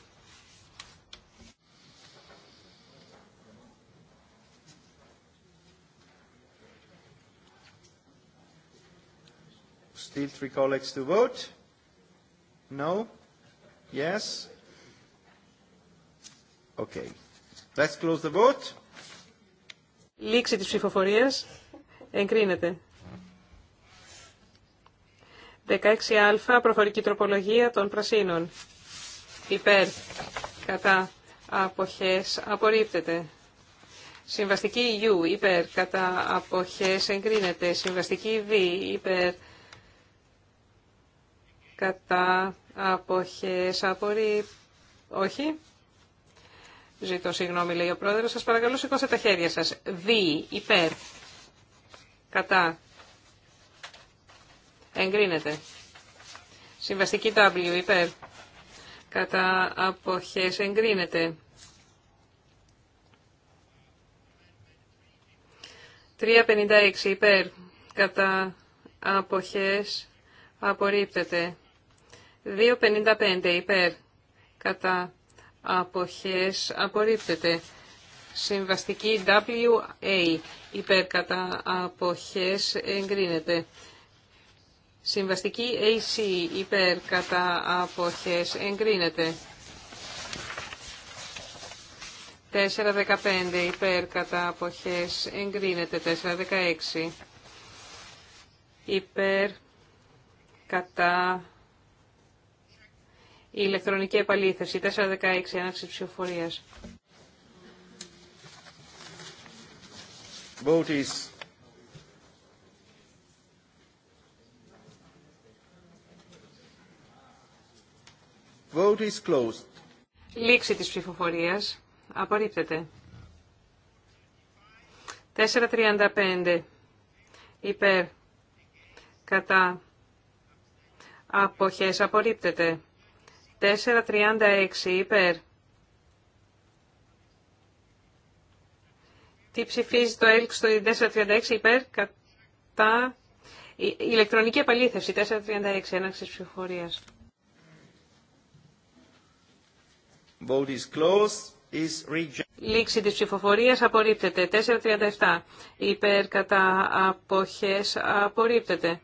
Still three colleagues to vote. No? Yes? Okay. Let's close the vote. Λήξη της ψηφοφορίας. Εγκρίνεται. 16α, προφορική τροπολογία των πρασίνων. Υπέρ, κατά, αποχές, απορρίπτεται. Συμβαστική U, υπέρ, κατά, αποχές, εγκρίνεται. Συμβαστική V. υπέρ, κατά, αποχές, απορρίπτεται. Όχι. Ζητώ συγγνώμη, λέει ο πρόεδρος. Σας παρακαλώ, σηκώστε τα χέρια σας. Δι, υπέρ, κατά, εγκρίνεται. Συμβαστική W, υπέρ, κατά αποχές, εγκρίνεται. 356, υπέρ, κατά αποχές, απορρίπτεται. 255, υπέρ, κατά αποχές απορρίπτεται. Συμβαστική WA υπέρκατα αποχές εγκρίνεται. Συμβαστική AC υπέρκατα αποχές εγκρίνεται. 4.15 υπέρκατα αποχές εγκρίνεται. 4.16 υπέρ κατά η ηλεκτρονική επαλήθευση 416 έναρξη ψηφοφορία. Vote is Vote is closed. Λήξη της ψηφοφορίας. Απορρίπτεται. 4.35. Υπέρ. Κατά. Αποχές. Απορρίπτεται. 4.36 υπέρ. Τι ψηφίζει το ΕΛΚ στο 4.36 υπέρ κατά η ηλεκτρονική επαλήθευση 4.36 έναξης ψηφοφορίας. Vote is closed. Is Λήξη της ψηφοφορίας απορρίπτεται. 4.37 υπέρ κατά αποχές απορρίπτεται.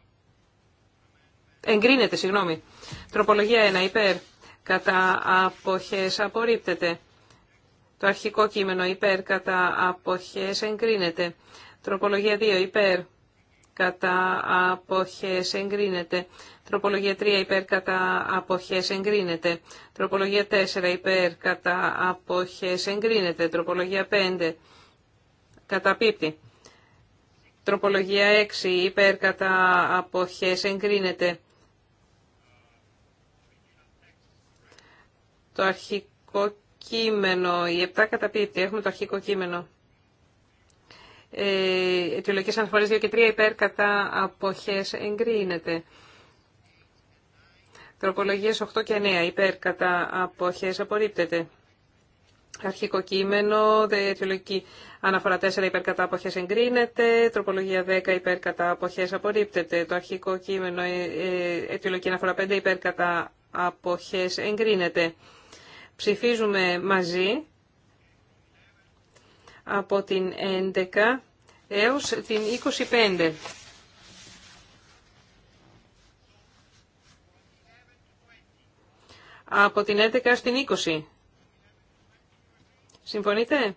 Εγκρίνεται, συγγνώμη. Τροπολογία 1 υπέρ κατά αποχές απορρίπτεται. Το αρχικό κείμενο υπέρ κατά αποχές εγκρίνεται. Τροπολογία 2 υπέρ κατά αποχές εγκρίνεται. Τροπολογία 3 υπέρ κατά αποχές εγκρίνεται. Τροπολογία 4 υπέρ κατά αποχές εγκρίνεται. Τροπολογία 5 καταπίπτει. Τροπολογία 6 υπέρ κατά αποχές εγκρίνεται. το αρχικό κείμενο. Οι 7 καταπίπτει. Έχουμε το αρχικό κείμενο. Ε, αιτιολογικές αναφορές 2 και 3 υπέρ κατά αποχές εγκρίνεται. Τροπολογίες 8 και 9 υπέρ κατά αποχές απορρίπτεται. Αρχικό κείμενο, αιτιολογική αναφορά 4 υπέρ κατά αποχές εγκρίνεται, τροπολογία 10 υπέρ κατά αποχές απορρίπτεται, το αρχικό κείμενο, ε, ε, αιτιολογική αναφορά 5 υπέρ κατά αποχές εγκρίνεται ψηφίζουμε μαζί από την 11 έως την 25. Από την 11 στην 20. Συμφωνείτε?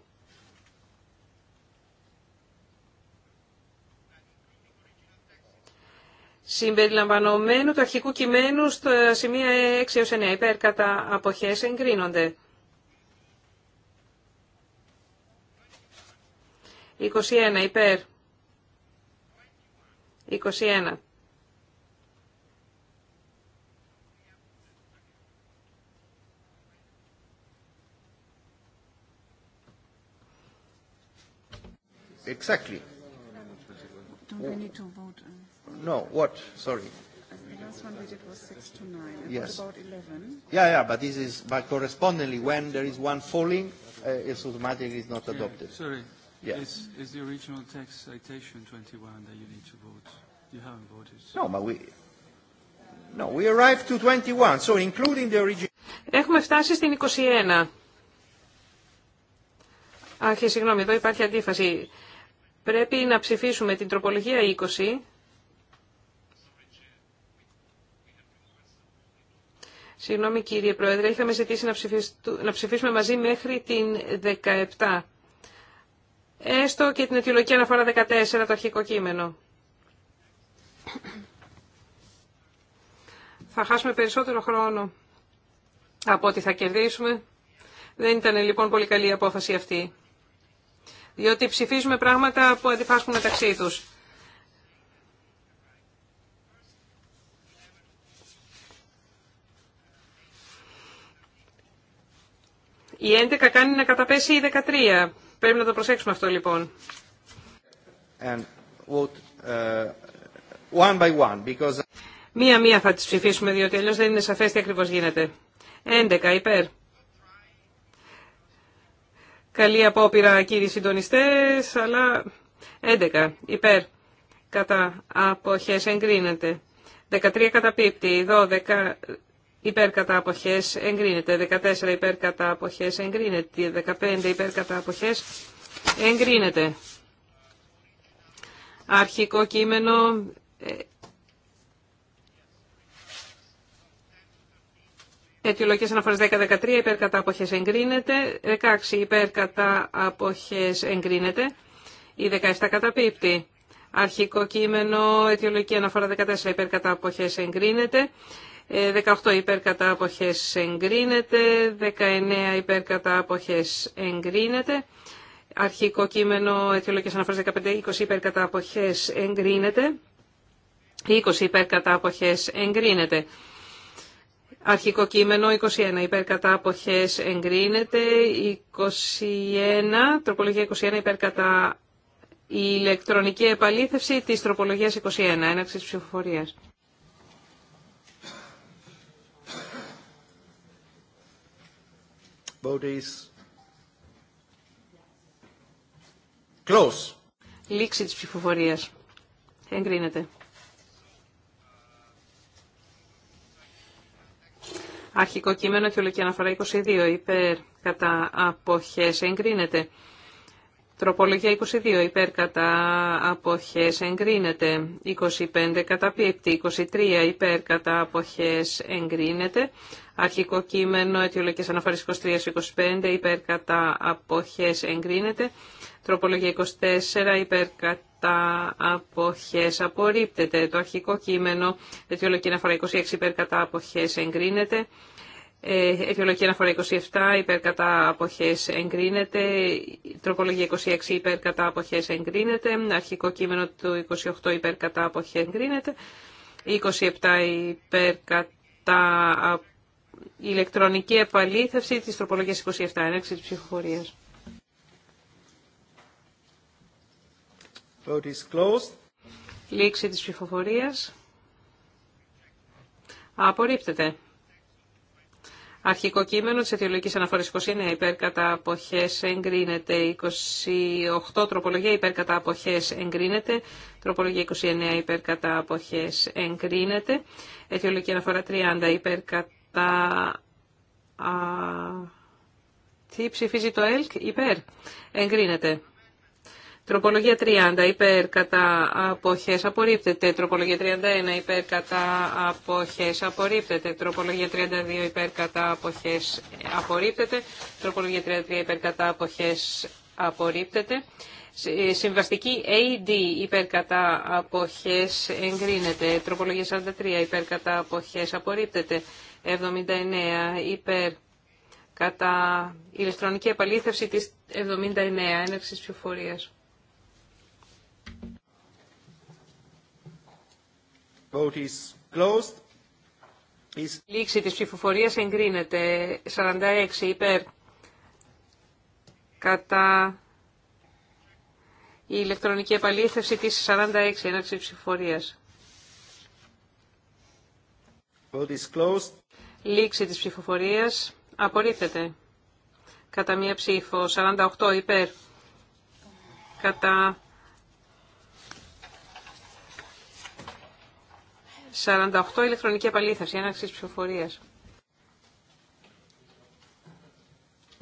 συμπεριλαμβανομένου του αρχικού κειμένου στο σημείο 6 έως 9 υπέρ κατά αποχές εγκρίνονται. 21 υπέρ. 21. Exactly. Don't need to No, what? Sorry. The last one we did was 6 to 9. And yes. about 11? Yeah, yeah, but this is, but correspondingly, when there is one falling, uh, it's automatically is not adopted. sorry. Yes. It's, it's the original text citation 21 that you need to vote. You haven't voted. No, but we... No, we arrived to 21, so including the original... Έχουμε φτάσει στην 21. Αχ, συγγνώμη, εδώ υπάρχει αντίφαση. Πρέπει να ψηφίσουμε την τροπολογία 20 Συγγνώμη κύριε Πρόεδρε, είχαμε ζητήσει να ψηφίσουμε μαζί μέχρι την 17. Έστω και την αιτιολογική αναφορά 14, το αρχικό κείμενο. Θα χάσουμε περισσότερο χρόνο από ό,τι θα κερδίσουμε. Δεν ήταν λοιπόν πολύ καλή η απόφαση αυτή. Διότι ψηφίζουμε πράγματα που αντιφάσκουν μεταξύ τους. Η 11 κάνει να καταπέσει η 13. Πρέπει να το προσέξουμε αυτό λοιπόν. Uh, Μία-μία θα τις ψηφίσουμε, διότι αλλιώς δεν είναι σαφές τι ακριβώς γίνεται. 11 υπέρ. Καλή απόπειρα κύριοι συντονιστές, αλλά 11 υπέρ. Κατά αποχές εγκρίνεται. 13 καταπίπτει, 12 υπέρ εγκρίνεται, 14 υπέρ εγκρίνεται, 15 υπερ αποχές εγκρίνεται. Αρχικό κείμενο ε, Αιτιολογικές αναφορές 10-13 υπέρ εγκρίνεται, 16 υπέρ κατά αποχές εγκρίνεται, η 17 καταπίπτει. Αρχικό κείμενο, αιτιολογική αναφορά 14 υπέρ κατά εγκρίνεται, 18 υπέρ κατά εγκρίνεται, 19 υπέρ κατά εγκρίνεται, αρχικό κείμενο αιτιολογικές αναφορές 15, 20 υπέρ αποχές εγκρίνεται, 20 υπέρ εγκρίνεται. Αρχικό κείμενο 21 υπέρ κατά εγκρίνεται, 21, τροπολογία 21 υπέρ κατά η ηλεκτρονική επαλήθευση της τροπολογίας 21, έναξης ψηφοφορίας. bodies. Λήξη της ψηφοφορίας. Εγκρίνεται. Αρχικό κείμενο και αναφορά 22 υπέρ κατά αποχές εγκρίνεται. Τροπολογία 22 υπέρ κατά αποχές εγκρίνεται. 25 κατά 23 υπέρ κατά αποχές εγκρίνεται. Αρχικό κείμενο, αιτιολογικές αναφορές 23-25, υπέρ κατά αποχές εγκρίνεται. Τροπολογία 24, υπερκατά κατά αποχές απορρίπτεται. Το αρχικό κείμενο, αιτιολογική αναφορά 26, υπέρ κατά αποχές εγκρίνεται. Ε, αιτιολογική αναφορά 27, υπέρ κατά αποχές εγκρίνεται. Τροπολογία 26, υπέρ κατά αποχές εγκρίνεται. Αρχικό κείμενο του 28, υπέρ κατά αποχές εγκρίνεται. 27 υπέρ ηλεκτρονική επαλήθευση της τροπολογίας 27, έναρξη της ψηφοφορίας. Vote is closed. Λήξη της ψηφοφορίας. Απορρίπτεται. Αρχικό κείμενο της αιτιολογικής αναφορής 29 υπέρ κατά αποχές εγκρίνεται. 28 τροπολογία υπέρ κατά αποχές εγκρίνεται. Τροπολογία 29 υπέρ κατά αποχές εγκρίνεται. Αιτιολογική αναφορά 30 υπέρ κατά τα... Α... Τι ψηφίζει το ΕΛΚ υπέρ. Εγκρίνεται. Τροπολογία 30 υπέρ κατά αποχές απορρίπτεται. Τροπολογία 31 υπέρ κατά αποχές απορρίπτεται. Τροπολογία 32 υπέρ κατά αποχές απορρίπτεται. Τροπολογία 33 υπέρ κατά αποχές απορρίπτεται. Ε, συμβαστική AD υπερκατα κατά αποχές εγκρίνεται. Τροπολογία 43 υπέρ κατά αποχές απορρίπτεται. 79 υπέρ κατά ηλεκτρονική επαλήθευση της 79 έναρξης ψηφοφορίας. Vote is closed. Λήξη της ψηφοφορίας εγκρίνεται. 46 υπέρ κατά η ηλεκτρονική επαλήθευση της 46 έναρξη ψηφοφορίας. Λήξη της ψηφοφορίας απορρίπτεται. Κατά μία ψήφο 48 υπέρ. Κατά 48 ηλεκτρονική επαλήθευση έναρξη ψηφοφορίας.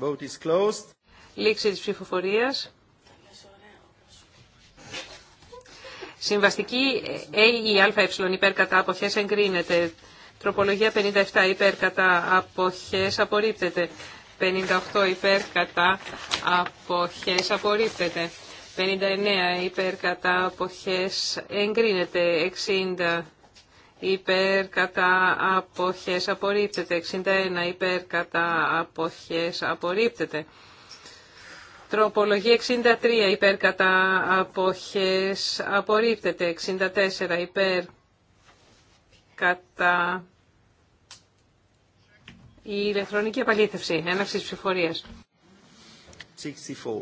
is closed. Λήξη της ψηφοφορίας. Συμβαστική ΑΕ υπέρ κατά αποχές εγκρίνεται. Τροπολογία 57 υπέρ κατά αποχές απορρίπτεται. 58 υπέρ κατά αποχές απορρίπτεται. 59 υπέρ κατά αποχές εγκρίνεται. 60 υπέρ κατά αποχές απορρίπτεται. 61 υπέρ κατά αποχές απορρίπτεται. Τροπολογία 63 υπέρ κατά αποχές απορρίπτεται. 64 υπέρ κατά η ηλεκτρονική επαλήθευση, έναρξη της ψηφορίας. 64.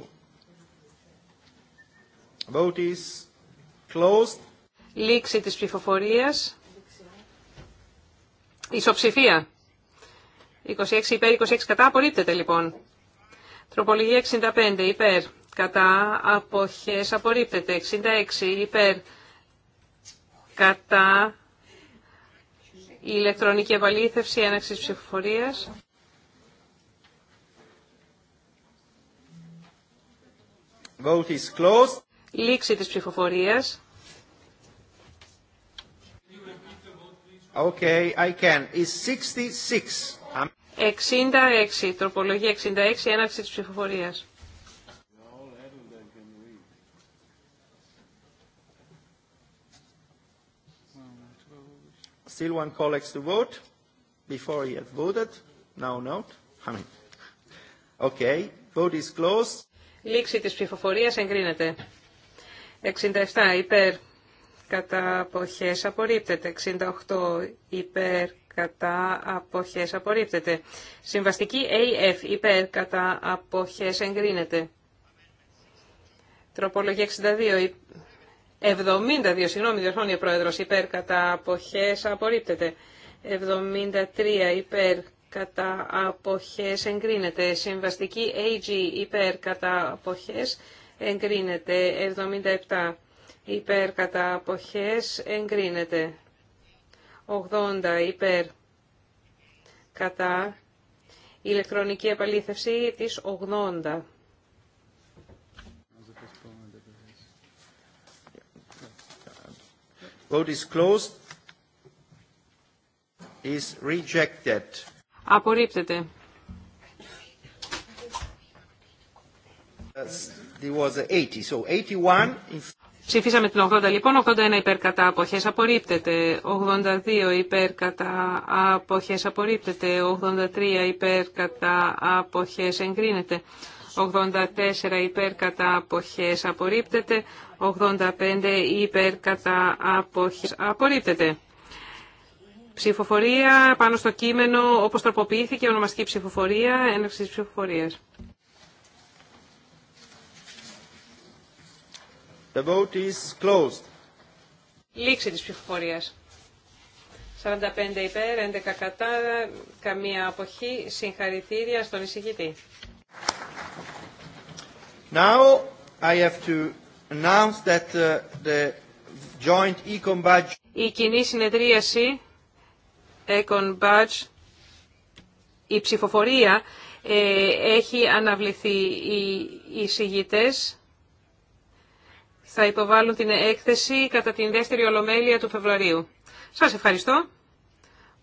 Λήξη της ψηφοφορίας. Ισοψηφία. 26 υπέρ, 26 κατά. Απορρίπτεται λοιπόν. Τροπολογία 65 υπέρ. Κατά αποχές απορρίπτεται. 66 υπέρ. Κατά ηλεκτρονική επαλήθευση έναξη ψηφοφορία. Vote is closed. Λήξη της ψηφοφορίας. Okay, I can. Is 66. 66, τροπολογία 66, έναρξη της ψηφοφορίας. Still one colleague to vote. Before he had voted. Now not. I Okay. Vote is closed. Λήξη της ψηφοφορίας εγκρίνεται. 67 υπέρ. Κατά ποχές απορρίπτεται. 68 υπέρ κατά αποχές απορρίπτεται. Συμβαστική AF υπέρ κατά αποχές εγκρίνεται. Τροπολογία 62, 72, συγγνώμη, διορθώνει ο Πρόεδρος, υπέρ κατά αποχές απορρίπτεται. 73 υπέρ κατά αποχές εγκρίνεται. Συμβαστική AG υπέρ κατά αποχές εγκρίνεται. 77 υπέρ κατά αποχές εγκρίνεται. 80 υπέρ κατά ηλεκτρονική επαλήθευση της 80. Vote is closed. Is rejected. Απορρίπτεται. There was 80, so 81. Ψηφίσαμε την 80 λοιπόν, 81 υπέρ κατά αποχές απορρίπτεται, 82 υπέρ κατά αποχές απορρίπτεται, 83 υπέρ κατά αποχές εγκρίνεται, 84 υπέρ κατά αποχές απορρίπτεται, 85 υπέρ κατά αποχές απορρίπτεται. Ψηφοφορία πάνω στο κείμενο όπως τροποποιήθηκε ονομαστική ψηφοφορία, έναρξη ψηφοφορίας. The vote is closed. Λήξη της ψηφοφορίας. 45 υπέρ, 11 κατά, καμία αποχή. Συγχαρητήρια στον εισηγητή. Now I have to announce that uh, the joint Econ Badge... Η κοινή συνεδρίαση Econ Badge, η ψηφοφορία ε, έχει αναβληθεί οι εισηγητές θα υποβάλουν την έκθεση κατά την δεύτερη ολομέλεια του Φεβρουαρίου. Σας ευχαριστώ.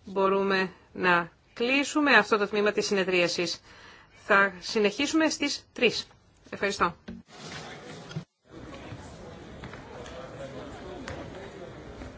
Μπορούμε να κλείσουμε αυτό το τμήμα της συνεδρίασης. Θα συνεχίσουμε στις 3. Ευχαριστώ.